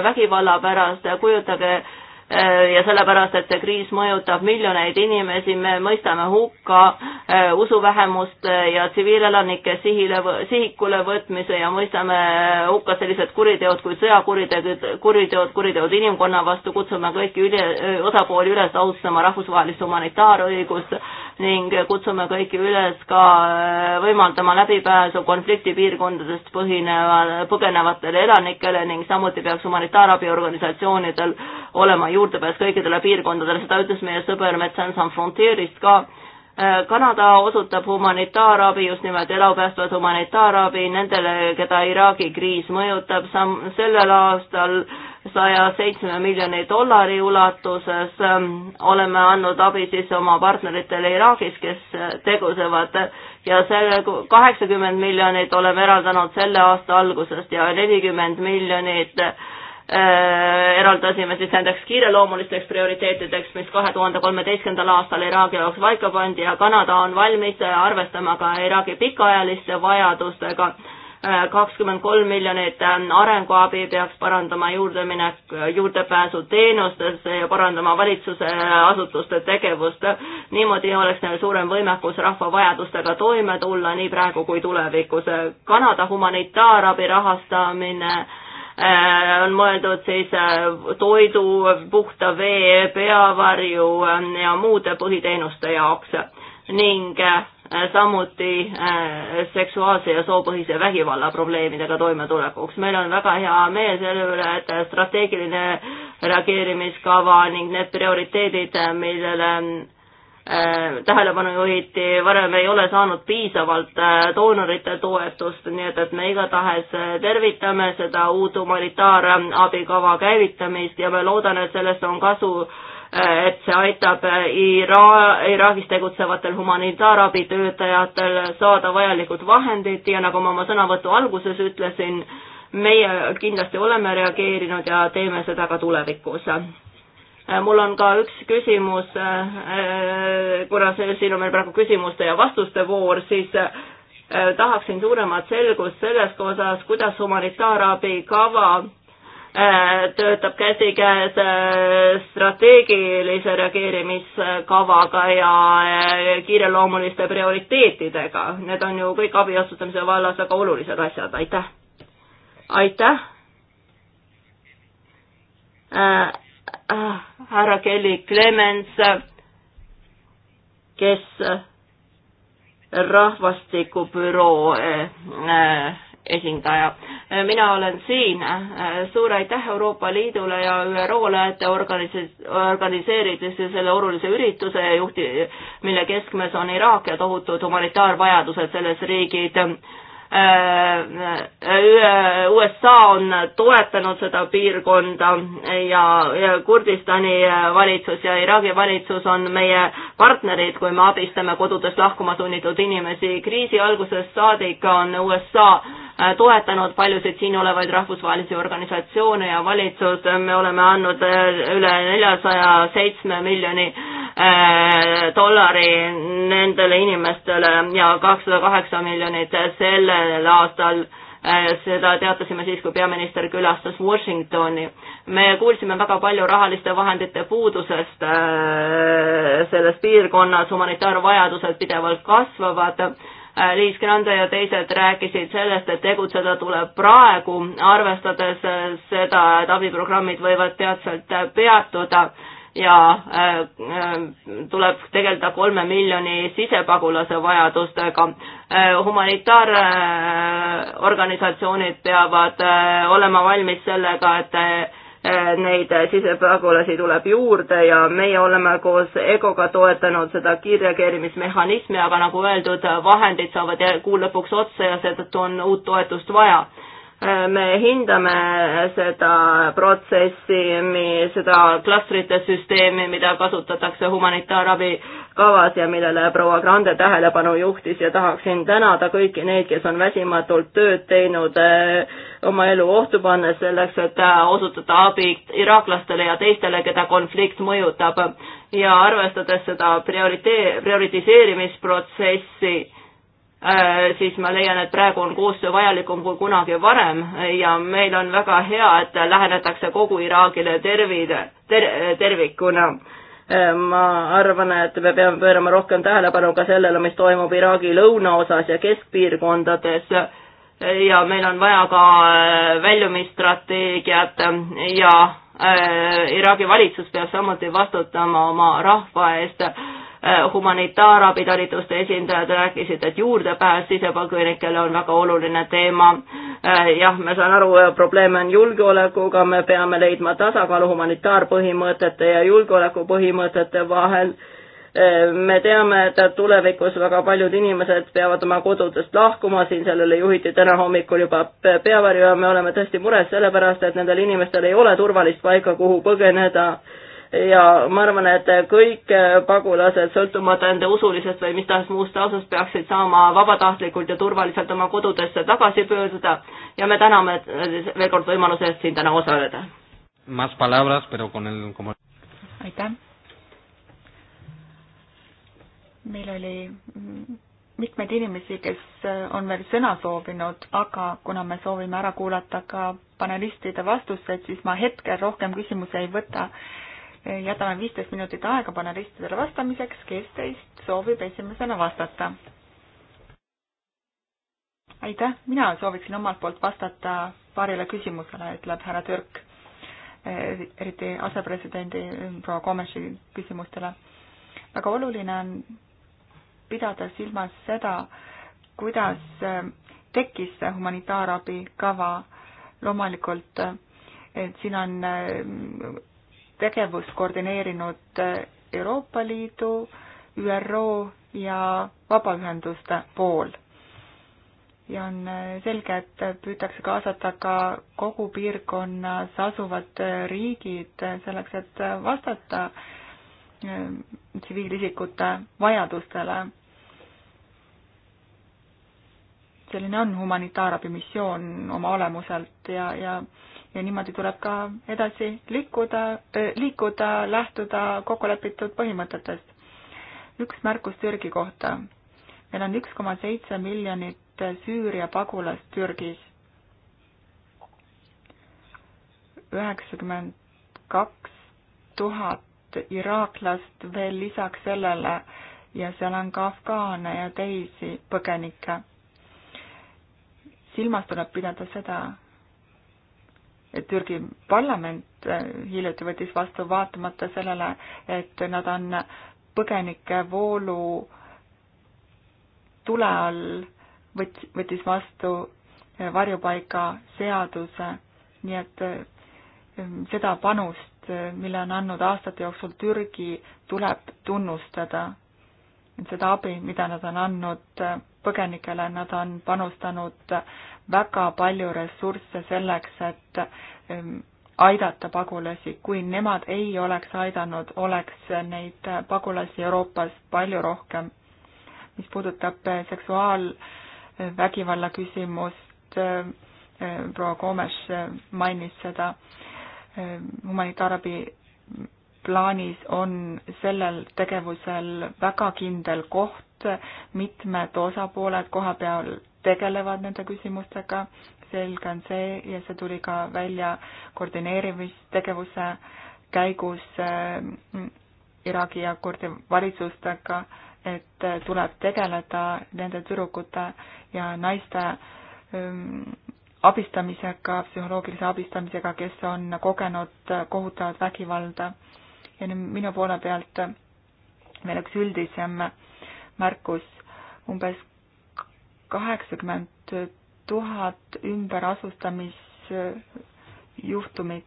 vägivalla pärast, kujutage Äh, ja sellepärast, et see kriis mõjutab miljoneid inimesi, me mõistame hukka äh, usuvähemuste ja tsiviilelanike sihile, sihikule võtmise ja mõistame hukka sellised kuriteod kui sõjakuriteod, kuriteod, kuriteod inimkonna vastu, kutsume kõiki üle, osapooli üles austama rahvusvahelist humanitaarõigust ning kutsume kõiki üles ka äh, võimaldama läbipääsu konfliktipiirkondadest põhineva, põgenevatele elanikele ning samuti peaks humanitaarabiorganisatsioonidel olema juurdepääs kõikidele piirkondadele, seda ütles meie sõber Metsan San Frontierist ka Äh, Kanada osutab humanitaarabi, just nimelt elupäästvat humanitaarabi nendele, keda Iraagi kriis mõjutab, sam-, sellel aastal saja seitsme miljoni dollari ulatuses ähm, oleme andnud abi siis oma partneritele Iraagis, kes äh, tegutsevad ja selle kaheksakümmend miljonit oleme eraldanud selle aasta algusest ja nelikümmend miljonit äh, Äh, eraldasime siis nendeks kiireloomulisteks prioriteetideks, mis kahe tuhande kolmeteistkümnendal aastal Iraagi jaoks paika pandi ja Kanada on valmis äh, arvestama ka Iraagi pikaajaliste vajadustega. Äh, kakskümmend kolm miljonit arenguabi peaks parandama juurdeminek, juurdepääsu teenustesse ja parandama valitsuse asutuste tegevust. niimoodi oleks neil suurem võimekus rahva vajadustega toime tulla nii praegu kui tulevikus. Kanada humanitaarabi rahastamine Äh, on mõeldud siis äh, toidu, puhta vee, peavarju ähm, ja muude põhiteenuste jaoks ning äh, samuti seksuaalse ja soopõhise vägivalla probleemidega toimetulekuks. meil on väga hea meel selle üle, et strateegiline reageerimiskava ning need prioriteedid, millele Äh, tähelepanu juhiti, varem ei ole saanud piisavalt äh, doonorite toetust, nii et, et me igatahes äh, tervitame seda uut humanitaarabikava käivitamist ja ma loodan, et sellest on kasu, et see aitab Ira-, Iraagis tegutsevatel humanitaarabitöötajatel saada vajalikud vahendid ja nagu ma oma sõnavõtu alguses ütlesin, meie kindlasti oleme reageerinud ja teeme seda ka tulevikus Äh, mul on ka üks küsimus, äh, äh, kuna see, siin on meil praegu küsimuste ja vastuste voor, siis tahaksin suuremat selgust selles osas, kuidas humanitaarabi kava töötab käsikäes strateegilise reageerimiskavaga ja kiireloomuliste prioriteetidega. Need on ju kõik abi osutamise vallas väga olulised asjad, aitäh! aitäh! Ah, härra Kelly Clemens, kes äh, rahvastikubüroo äh, äh, esindaja. mina olen siin, suur aitäh Euroopa Liidule ja ÜRO-le, et te organise-, organiseerisite selle olulise ürituse ja juhti, mille keskmes on Iraak ja tohutud humanitaarvajadused selles riigid Äh, äh, äh, USA on toetanud seda piirkonda ja, ja Kurdistani valitsus ja Iraagi valitsus on meie partnerid, kui me abistame kodudest lahkuma sunnitud inimesi. kriisi algusest saadik on USA toetanud paljusid siin olevaid rahvusvahelisi organisatsioone ja valitsus, me oleme andnud üle neljasaja seitsme miljoni Äh, dollari nendele inimestele ja kakssada kaheksa miljonit sellel aastal äh, seda teatasime siis, kui peaminister külastas Washingtoni. me kuulsime väga palju rahaliste vahendite puudusest äh, selles piirkonnas, humanitaarvajadused pidevalt kasvavad. Liis Grande ja teised rääkisid sellest, et tegutseda tuleb praegu, arvestades seda, et abiprogrammid võivad peatselt peatuda ja äh, äh, tuleb tegeleda kolme miljoni sisepagulase vajadustega. Äh, humanitaarorganisatsioonid peavad olema valmis sellega, et neid sisepagulasi tuleb juurde ja meie oleme koos EGOga toetanud seda kiirreageerimismehhanismi, aga nagu öeldud, vahendid saavad kuu lõpuks otsa ja seetõttu on uut toetust vaja me hindame seda protsessi, seda klastrite süsteemi, mida kasutatakse humanitaarabi kavas ja millele proua Grande tähelepanu juhtis ja tahaksin tänada kõiki neid, kes on väsimatult tööd teinud, eh, oma elu ohtu pannes selleks, et eh, osutada abi iraaklastele ja teistele, keda konflikt mõjutab ja arvestades seda prioritee-, prioritiseerimisprotsessi Äh, siis ma leian, et praegu on koostöö vajalikum kui kunagi varem ja meil on väga hea, et lähenetakse kogu Iraagile tervi- ter,, tervikuna. Äh, ma arvan, et me peame pöörama rohkem tähelepanu ka sellele, mis toimub Iraagi lõunaosas ja keskpiirkondades ja meil on vaja ka äh, väljumisstrateegiat ja Iraagi valitsus peab samuti vastutama oma rahva eest Äh, humanitaarabitalituste esindajad rääkisid, et juurdepääs sisepõgenikele on väga oluline teema. Äh, jah, ma saan aru, äh, probleeme on julgeolekuga, me peame leidma tasakaalu humanitaarpõhimõtete ja julgeolekupõhimõtete vahel me teame, et tulevikus väga paljud inimesed peavad oma kodudest lahkuma, siin sellele juhiti täna hommikul juba peavarju ja me oleme tõesti mures sellepärast, et nendel inimestel ei ole turvalist paika, kuhu põgeneda ja ma arvan, et kõik äh, pagulased, sõltumata nende usulisest või mis tahes muust taustast, peaksid saama vabatahtlikult ja turvaliselt oma kodudesse tagasi pöörduda ja me täname äh, veel kord võimaluse eest siin täna osaleda. aitäh. meil oli mm, mitmeid inimesi, kes äh, on veel sõna soovinud, aga kuna me soovime ära kuulata ka panelistide vastuseid, siis ma hetkel rohkem küsimusi ei võta jätame viisteist minutit aega panelistidele vastamiseks, kes teist soovib esimesena vastata? aitäh, mina sooviksin omalt poolt vastata paarile küsimusele, ütleb härra Türk, eh, eriti asepresidendi eh, proua Komeši küsimustele. väga oluline on pidada silmas seda, kuidas eh, tekkis see humanitaarabi kava. loomulikult, et siin on tegevust koordineerinud Euroopa Liidu, ÜRO ja vabaühenduste pool. ja on selge, et püütakse kaasata ka kogu piirkonnas asuvad riigid selleks, et vastata eh, tsiviilisikute vajadustele. selline on humanitaarabi missioon oma olemuselt ja, ja ja niimoodi tuleb ka edasi liikuda, äh, liikuda, lähtuda kokkulepitud põhimõtetest. üks märkus Türgi kohta. meil on üks koma seitse miljonit Süüria pagulast Türgis. üheksakümmend kaks tuhat iraaklast veel lisaks sellele ja seal on ka afgaane ja teisi põgenikke. silmas tuleb pidada seda, Türgi parlament äh, hiljuti võttis vastu vaatamata sellele, et nad on põgenikevoolu tule all, võt-, võttis vastu äh, varjupaigaseaduse, nii et äh, seda panust, mille on andnud aastate jooksul Türgi, tuleb tunnustada. et seda abi, mida nad on andnud põgenikele, nad on panustanud väga palju ressursse selleks, et ehm, aidata pagulasi, kui nemad ei oleks aidanud, oleks neid pagulasi Euroopas palju rohkem. mis puudutab eh, seksuaalvägivalla küsimust, ehm, eh, proua Koomes eh, mainis seda, ehm, humanitaarabi plaanis on sellel tegevusel väga kindel koht, mitmed osapooled koha peal tegelevad nende küsimustega, selge on see ja see tuli ka välja koordineerimistegevuse käigus äh, Iraagi ja kurdi valitsustega, et äh, tuleb tegeleda nende tüdrukute ja naiste ähm, abistamisega, psühholoogilise abistamisega, kes on kogenud kohutavat vägivalda ja nüüd minu poole pealt veel üks üldisem märkus, umbes kaheksakümmend tuhat ümberasustamisjuhtumit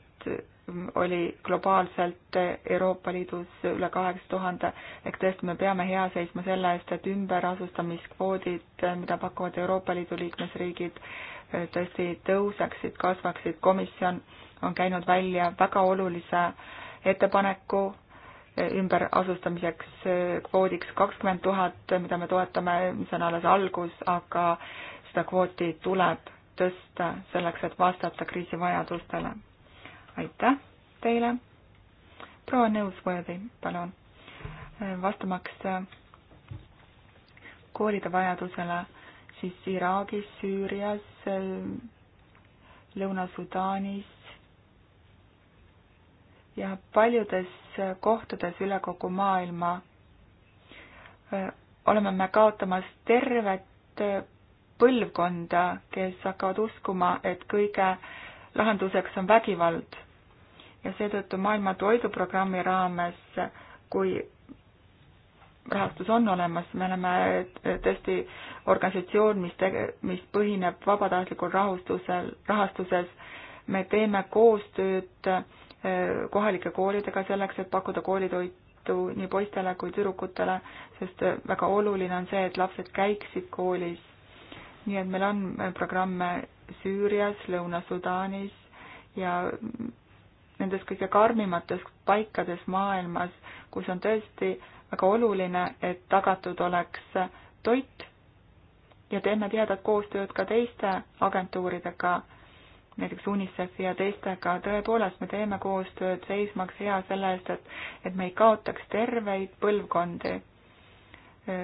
oli globaalselt Euroopa Liidus üle kaheksa tuhande, ehk tõesti me peame hea seisma selle eest, et ümberasustamiskvoodid, mida pakuvad Euroopa Liidu liikmesriigid, tõesti tõuseksid, kasvaksid, komisjon on käinud välja väga olulise äh, ettepaneku ümberasustamiseks eh, kvoodiks kakskümmend tuhat, mida me toetame, mis on alles algus, aga seda kvooti tuleb tõsta selleks, et vastata kriisi vajadustele. aitäh teile. proua Nõusvõõdi, palun, eh, vastamaks eh, koolide vajadusele siis Iraagis, Süürias, Lõuna-Sudaanis, ja paljudes kohtades üle kogu maailma oleme me kaotamas tervet põlvkonda, kes hakkavad uskuma, et kõige lahenduseks on vägivald. ja seetõttu Maailma Toiduprogrammi raames, kui rahastus on olemas, me oleme tõesti organisatsioon, mis tege-, mis põhineb vabatahtlikul rahustusel, rahastuses, me teeme koostööd kohalike koolidega selleks, et pakkuda koolitoitu nii poistele kui tüdrukutele, sest äh, väga oluline on see, et lapsed käiksid koolis. nii et meil on äh, programme Süürias, Lõuna-Sudaanis ja mm, nendes kõige karmimates paikades maailmas, kus on tõesti väga oluline, et tagatud oleks äh, toit ja teeme tihedat koostööd ka teiste agentuuridega näiteks UNICEF-i ja teistega, tõepoolest me teeme koostööd, seismaks hea selle eest, et, et me ei kaotaks terveid põlvkondi.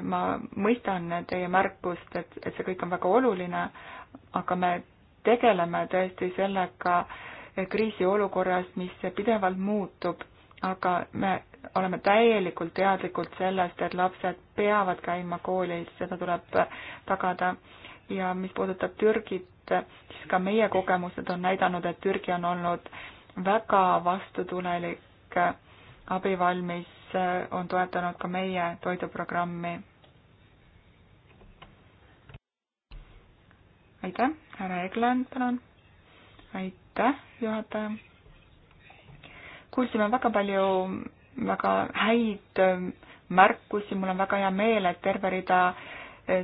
ma mõistan teie märkust, et, et see kõik on väga oluline, aga me tegeleme tõesti sellega kriisiolukorras, mis pidevalt muutub, aga me oleme täielikult teadlikud sellest, et lapsed peavad käima koolis, seda tuleb tagada ja mis puudutab Türgit, siis ka meie kogemused on näidanud, et Türgi on olnud väga vastutulelik, abivalmis, on toetanud ka meie toiduprogrammi. aitäh, härra Eglan, palun. aitäh, juhataja. kuulsime väga palju väga häid ähm, märkusi, mul on väga hea meel, et terve rida äh,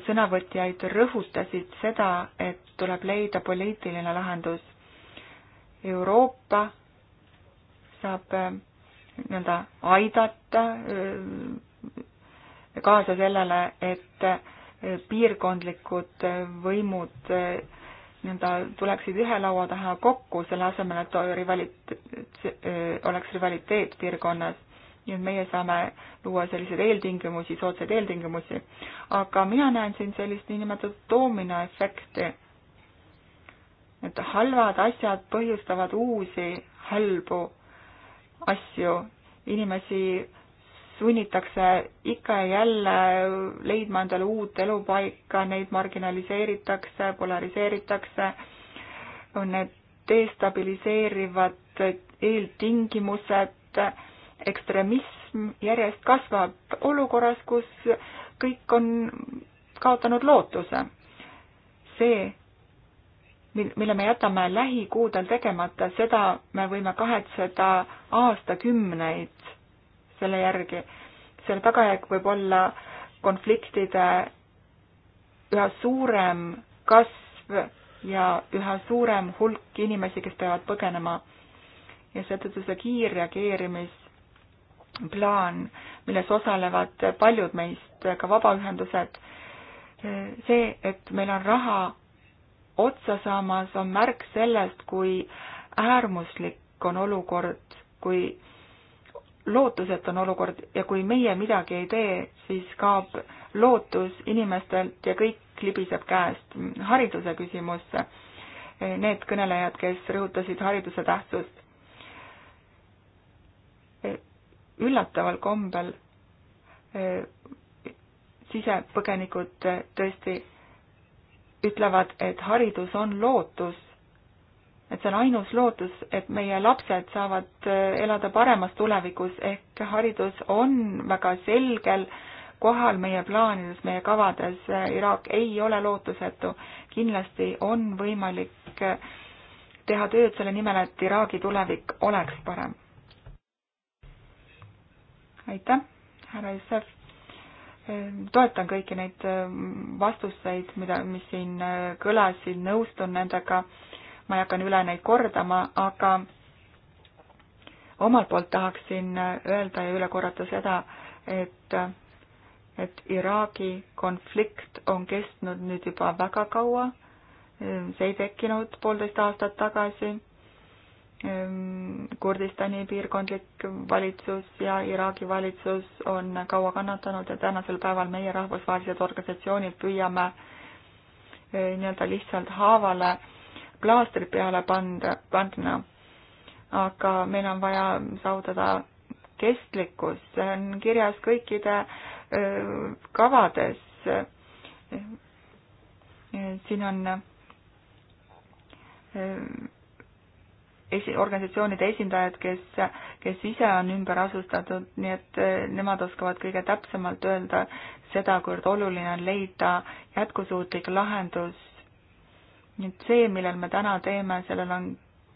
sõnavõtjaid rõhutasid seda, et tuleb leida poliitiline lahendus. Euroopa saab äh, nii-öelda aidata äh, kaasa sellele, et äh, piirkondlikud võimud nii-öelda tuleksid ühe laua taha kokku, selle asemel, et rivalit-, oleks rivaliteet piirkonnas nii et meie saame luua selliseid eeltingimusi, soodsaid eeltingimusi. aga mina näen siin sellist niinimetatud doominoefekti. et halvad asjad põhjustavad uusi halbu asju, inimesi sunnitakse ikka ja jälle leidma endale uut elupaika, neid marginaliseeritakse, polariseeritakse, on need destabiliseerivad eeltingimused, ekstremism järjest kasvab olukorras, kus kõik on kaotanud lootuse. see, mille me jätame lähikuudel tegemata, seda me võime kahetseda aastakümneid selle järgi. selle tagajärg võib olla konfliktide üha suurem kasv ja üha suurem hulk inimesi, kes peavad põgenema. ja seetõttu see kiirreageerimis plaan, milles osalevad paljud meist, ka vabaühendused. see, et meil on raha otsa saamas, on märk sellest, kui äärmuslik on olukord, kui lootusetu on olukord ja kui meie midagi ei tee, siis kaob lootus inimestelt ja kõik libiseb käest. hariduse küsimus, need kõnelejad, kes rõhutasid hariduse tähtsust, üllataval kombel eh, sisepõgenikud eh, tõesti ütlevad, et haridus on lootus, et see on ainus lootus, et meie lapsed saavad eh, elada paremas tulevikus, ehk haridus on väga selgel kohal meie plaanides, meie kavades, Iraak ei ole lootusetu. kindlasti on võimalik teha tööd selle nimel, et Iraagi tulevik oleks parem aitäh, härra Jussef. Ehm, toetan kõiki neid ehm, vastuseid, mida, mis siin ehm, kõlasid, nõustun nendega. ma ei hakka üle neid kordama, aga omalt poolt tahaksin öelda ja üle korrata seda, et, et Iraagi konflikt on kestnud nüüd juba väga kaua. see ei tekkinud poolteist aastat tagasi Ehm, Kurdistani piirkondlik valitsus ja Iraagi valitsus on kaua kannatanud ja tänasel päeval meie rahvusvahelised organisatsioonid püüame eh, nii-öelda lihtsalt haavale plaastrid peale panda, panna. aga meil on vaja saavutada kestlikkus, see on kirjas kõikide eh, kavades. Eh, siin on esi-, organisatsioonide esindajad, kes, kes ise on ümber asustatud, nii et eh, nemad oskavad kõige täpsemalt öelda seda, kuivõrd oluline on leida jätkusuutlik lahendus. nüüd see, millel me täna teeme, sellel on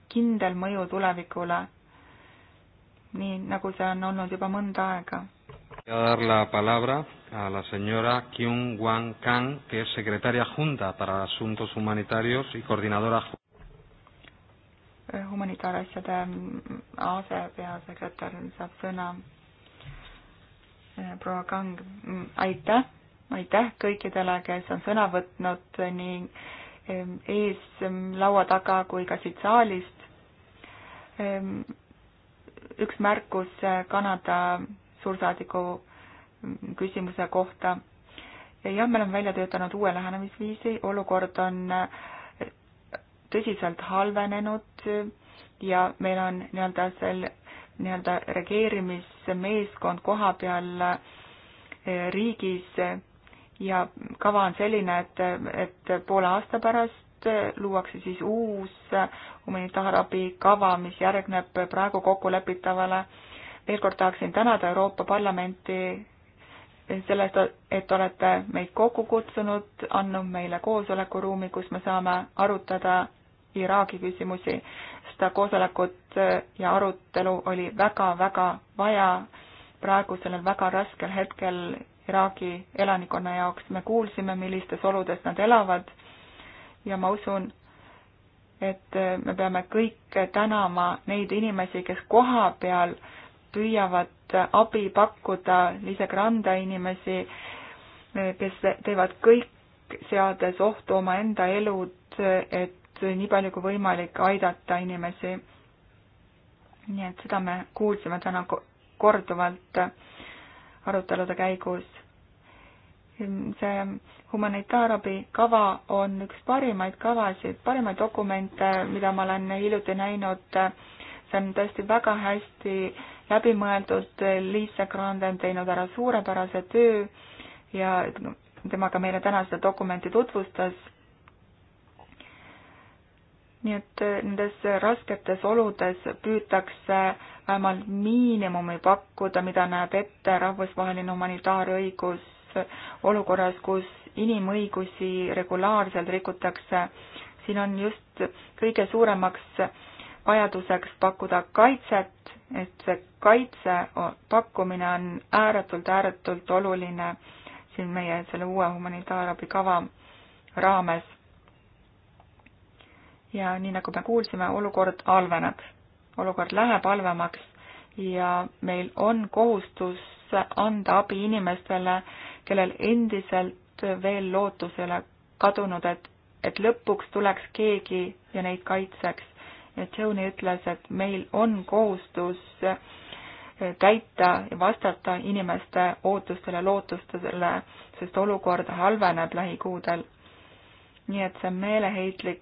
kindel mõju tulevikule. nii, nagu see on olnud juba mõnda aega. Voy a dar la palabra a la señora Kyung Wang Kang, que es secretaria junta para asuntos humanitarios y coordinadora humanitaarasjade asepeasekretär saab sõna. Äh, proua Kang, mm, aitäh, aitäh kõikidele, kes on sõna võtnud nii ähm, ees ähm, laua taga kui ka siit saalist. Ähm, üks märkus äh, Kanada suursaadiku mm, küsimuse kohta. jah, me oleme välja töötanud uue lähenemisviisi, olukord on äh, tõsiselt halvenenud ja meil on nii-öelda seal nii-öelda reageerimismeeskond koha peal eh, riigis ja kava on selline, et, et poole aasta pärast luuakse siis uus humanitaarabikava, mis järgneb praegu kokkulepitavale. veel kord tahaksin tänada Euroopa Parlamenti selle eest, et olete meid kokku kutsunud, andnud meile koosolekuruumi, kus me saame arutada Iraagi küsimusi. seda koosolekut eh, ja arutelu oli väga-väga vaja praegu sellel väga raskel hetkel Iraagi elanikkonna jaoks. me kuulsime, millistes oludes nad elavad ja ma usun, et eh, me peame kõik tänama neid inimesi, kes koha peal püüavad abi pakkuda, Lise Granda inimesi, eh, kes teevad kõik, seades ohtu omaenda elud, et nii palju kui võimalik aidata inimesi. nii et seda me kuulsime täna korduvalt arutelude käigus. see humanitaarabi kava on üks parimaid kavasid, parimaid dokumente, mida ma olen hiljuti näinud. see on tõesti väga hästi läbimõeldud, Liisa Grande on teinud ära suurepärase töö ja temaga meile täna seda dokumenti tutvustas nii et äh, nendes rasketes oludes püütakse vähemalt miinimumi pakkuda, mida näeb ette rahvusvaheline humanitaarõigus äh, olukorras, kus inimõigusi regulaarselt rikutakse. siin on just kõige suuremaks vajaduseks pakkuda kaitset, et see kaitse pakkumine on ääretult, ääretult oluline siin meie selle uue humanitaarabikava raames ja nii nagu me kuulsime, olukord halveneb. olukord läheb halvemaks ja meil on kohustus anda abi inimestele, kellel endiselt veel lootus ei ole kadunud, et, et lõpuks tuleks keegi ja neid kaitseks. ja Tony ütles, et meil on kohustus täita ja vastata inimeste ootustele, lootustele, sest olukord halveneb lähikuudel. nii et see meeleheitlik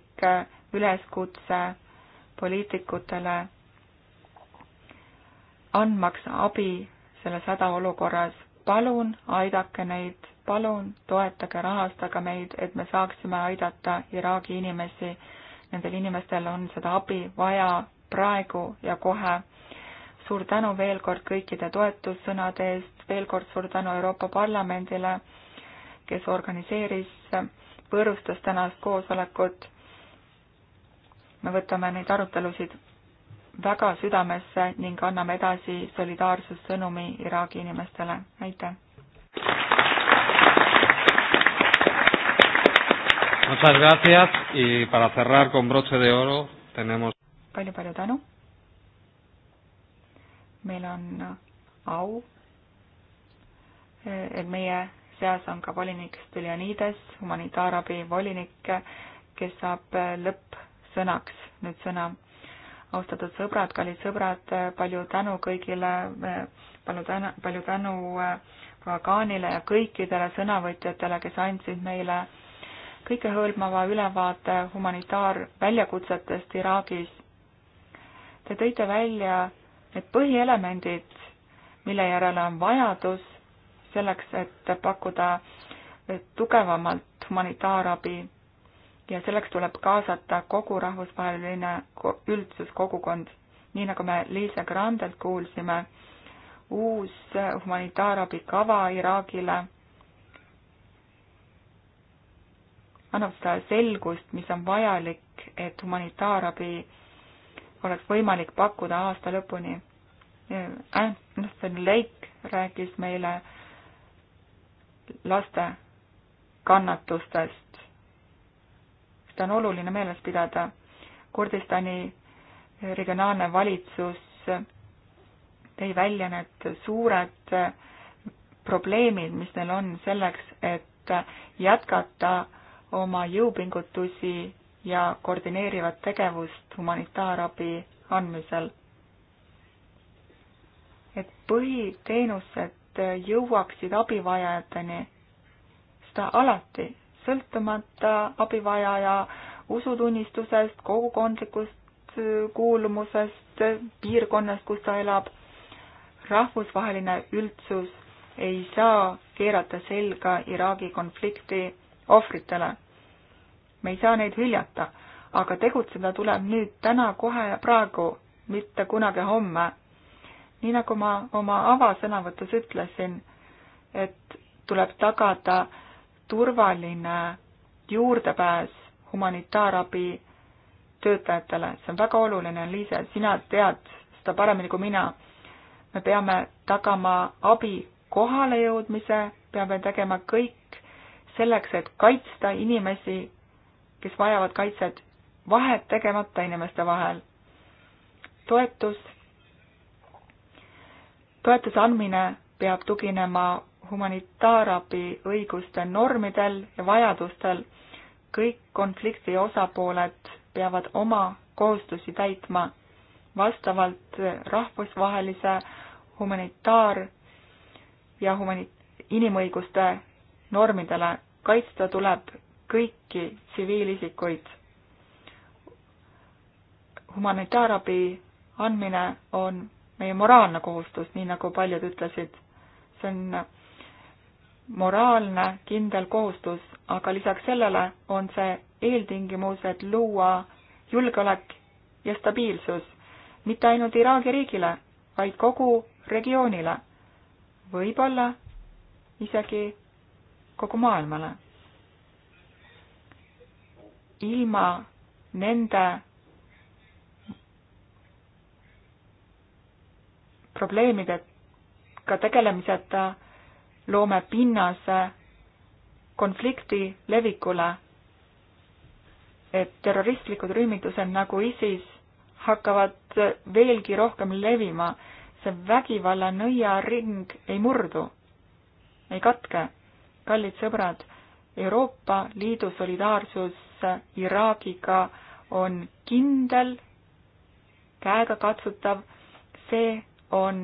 üleskutse poliitikutele andmaks abi selles hädaolukorras. palun aidake neid, palun toetage, rahastage meid, et me saaksime aidata Iraagi inimesi. Nendel inimestel on seda abi vaja praegu ja kohe. suur tänu veel kord kõikide toetussõnade eest, veel kord suur tänu Euroopa Parlamendile, kes organiseeris, võõrustas tänast koosolekut me võtame neid arutelusid väga südamesse ning anname edasi solidaarsussõnumi Iraagi inimestele. aitäh! Muchas gracias y para cerrar con broche de oro tenemos palju, palju tänu. meil on au, et meie seas on ka volinik Stylianides, humanitaarabi volinik, kes saab lõpp sõnaks nüüd sõna. austatud sõbrad, kallid sõbrad, palju tänu kõigile, palju tänu, palju tänu äh, proua Kaanile ja kõikidele sõnavõtjatele, kes andsid meile kõikehõlmava ülevaate humanitaarväljakutsetest Iraagis. Te tõite välja need põhielemendid, mille järele on vajadus selleks, et pakkuda tugevamalt humanitaarabi ja selleks tuleb kaasata kogu rahvusvaheline üldsus, kogukond. nii nagu me Liisa Grandelt kuulsime, uus humanitaarabikava Iraagile annab seda selgust, mis on vajalik, et humanitaarabi oleks võimalik pakkuda aasta lõpuni. Äh, Anthony Lake rääkis meile laste kannatustest seda on oluline meeles pidada. Kurdistani regionaalne valitsus tõi välja need suured probleemid, mis neil on selleks, et jätkata oma jõupingutusi ja koordineerivat tegevust humanitaarabi andmisel. et põhiteenused jõuaksid abivajajateni, seda alati sõltumata abivajaja usutunnistusest, kogukondlikust äh, kuulumusest, piirkonnast, kus ta elab. rahvusvaheline üldsus ei saa keerata selga Iraagi konflikti ohvritele. me ei saa neid hüljata, aga tegutseda tuleb nüüd täna, kohe ja praegu, mitte kunagi homme. nii nagu ma oma avasõnavõtus ütlesin, et tuleb tagada turvaline juurdepääs humanitaarabi töötajatele, see on väga oluline, Liise, sina tead seda paremini kui mina. me peame tagama abi kohale jõudmise, peame tegema kõik selleks, et kaitsta inimesi, kes vajavad kaitset, vahet tegemata inimeste vahel. toetus, toetuse andmine peab tuginema humanitaarabi õiguste normidel ja vajadustel. kõik konflikti osapooled peavad oma kohustusi täitma vastavalt rahvusvahelise humanitaar- ja humani-, inimõiguste normidele. kaitsta tuleb kõiki tsiviilisikuid. humanitaarabi andmine on meie moraalne kohustus, nii nagu paljud ütlesid. see on moraalne kindel kohustus, aga lisaks sellele on see eeltingimus, et luua julgeolek ja stabiilsus mitte ainult Iraagi riigile, vaid kogu regioonile, võib-olla isegi kogu maailmale. ilma nende probleemidega tegelemiseta loome pinnase konflikti levikule, et terroristlikud rühmitused nagu ISIS hakkavad veelgi rohkem levima, see vägivalla nõiaring ei murdu, ei katke. kallid sõbrad, Euroopa Liidu solidaarsus Iraagiga on kindel, käegakatsutav, see on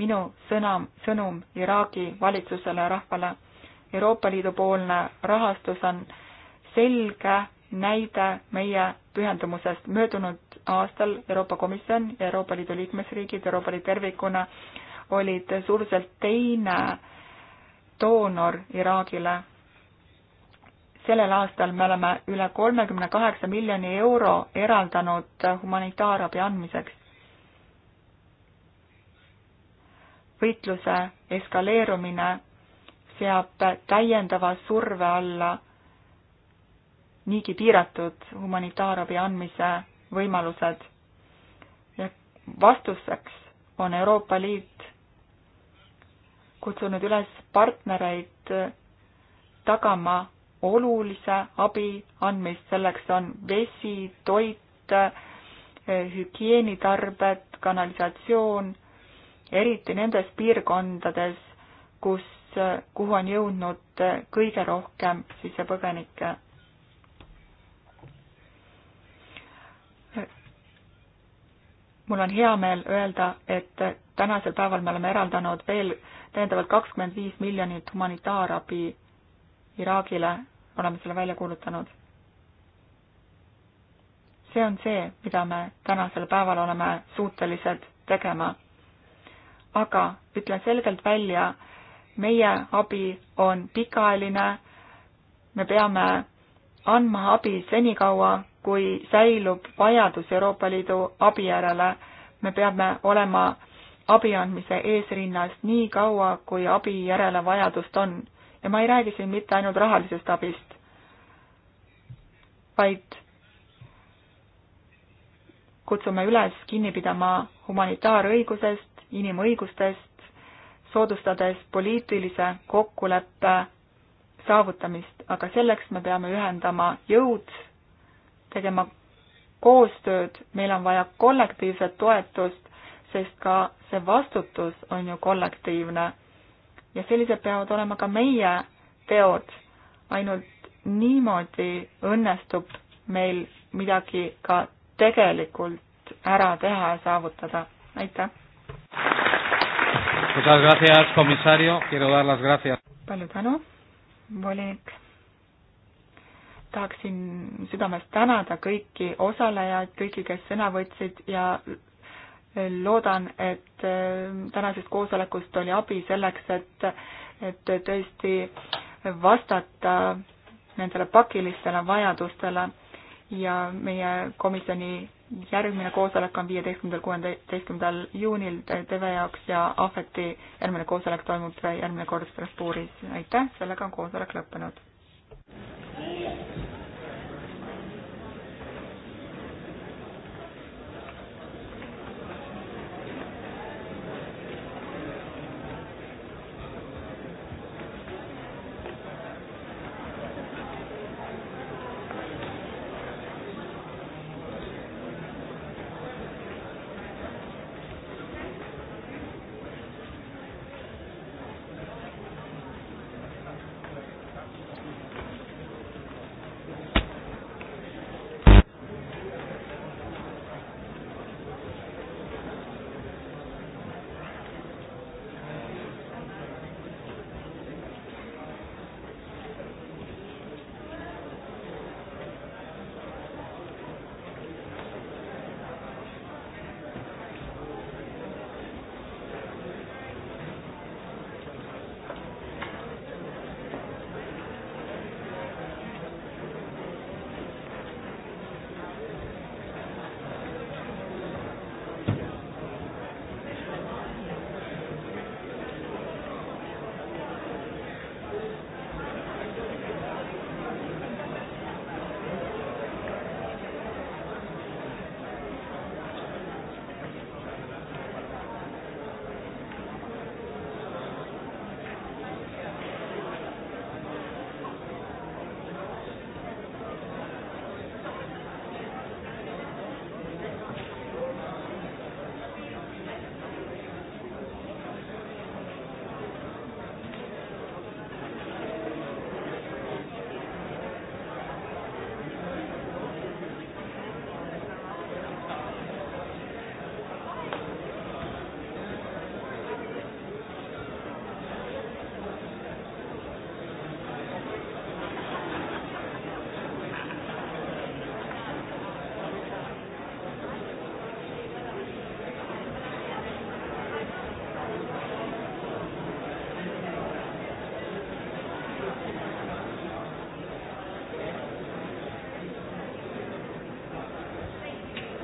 minu sõnam, sõnum Iraagi valitsusele ja rahvale. Euroopa Liidu poolne rahastus on selge näide meie pühendumusest. möödunud aastal Euroopa Komisjon ja Euroopa Liidu liikmesriigid, Euroopa Liit tervikuna olid suuruselt teine doonor Iraagile. sellel aastal me oleme üle kolmekümne kaheksa miljoni euro eraldanud humanitaarabi andmiseks võitluse eskaleerumine seab täiendava surve alla niigi piiratud humanitaarabi andmise võimalused. ja vastuseks on Euroopa Liit kutsunud üles partnereid tagama olulise abi andmist, selleks on vesi, toit, hügieenitarbed, kanalisatsioon eriti nendes piirkondades, kus, kuhu on jõudnud kõige rohkem sissepõgenikke. mul on hea meel öelda, et tänasel päeval me oleme eraldanud veel täiendavalt kakskümmend viis miljonit humanitaarabi Iraagile, oleme selle välja kuulutanud see on see, mida me tänasel päeval oleme suutelised tegema aga ütlen selgelt välja, meie abi on pikaajaline, me peame andma abi senikaua, kui säilub vajadus Euroopa Liidu abi järele. me peame olema abi andmise eesrinnas nii kaua, kui abi järele vajadust on. ja ma ei räägi siin mitte ainult rahalisest abist, vaid kutsume üles kinni pidama humanitaarõigusest, inimõigustest, soodustades poliitilise kokkuleppe saavutamist, aga selleks me peame ühendama jõud, tegema koostööd, meil on vaja kollektiivset toetust, sest ka see vastutus on ju kollektiivne. ja sellised peavad olema ka meie teod. ainult niimoodi õnnestub meil midagi ka tegelikult ära teha ja saavutada. aitäh! Muchas gracias, komissario. Quiero dar las gracias. palju tänu, volinik. tahaksin südamest tänada kõiki osalejaid, kõiki, kes sõna võtsid ja loodan, et äh, tänasest koosolekust oli abi selleks, et, et tõesti vastata nendele pakilistele vajadustele ja meie komisjoni järgmine koosolek on viieteistkümnendal, kuueteistkümnendal juunil TV jaoks ja Ahveti järgmine koosolek toimub järgmine kord Strasbourgis. aitäh, sellega on koosolek lõppenud.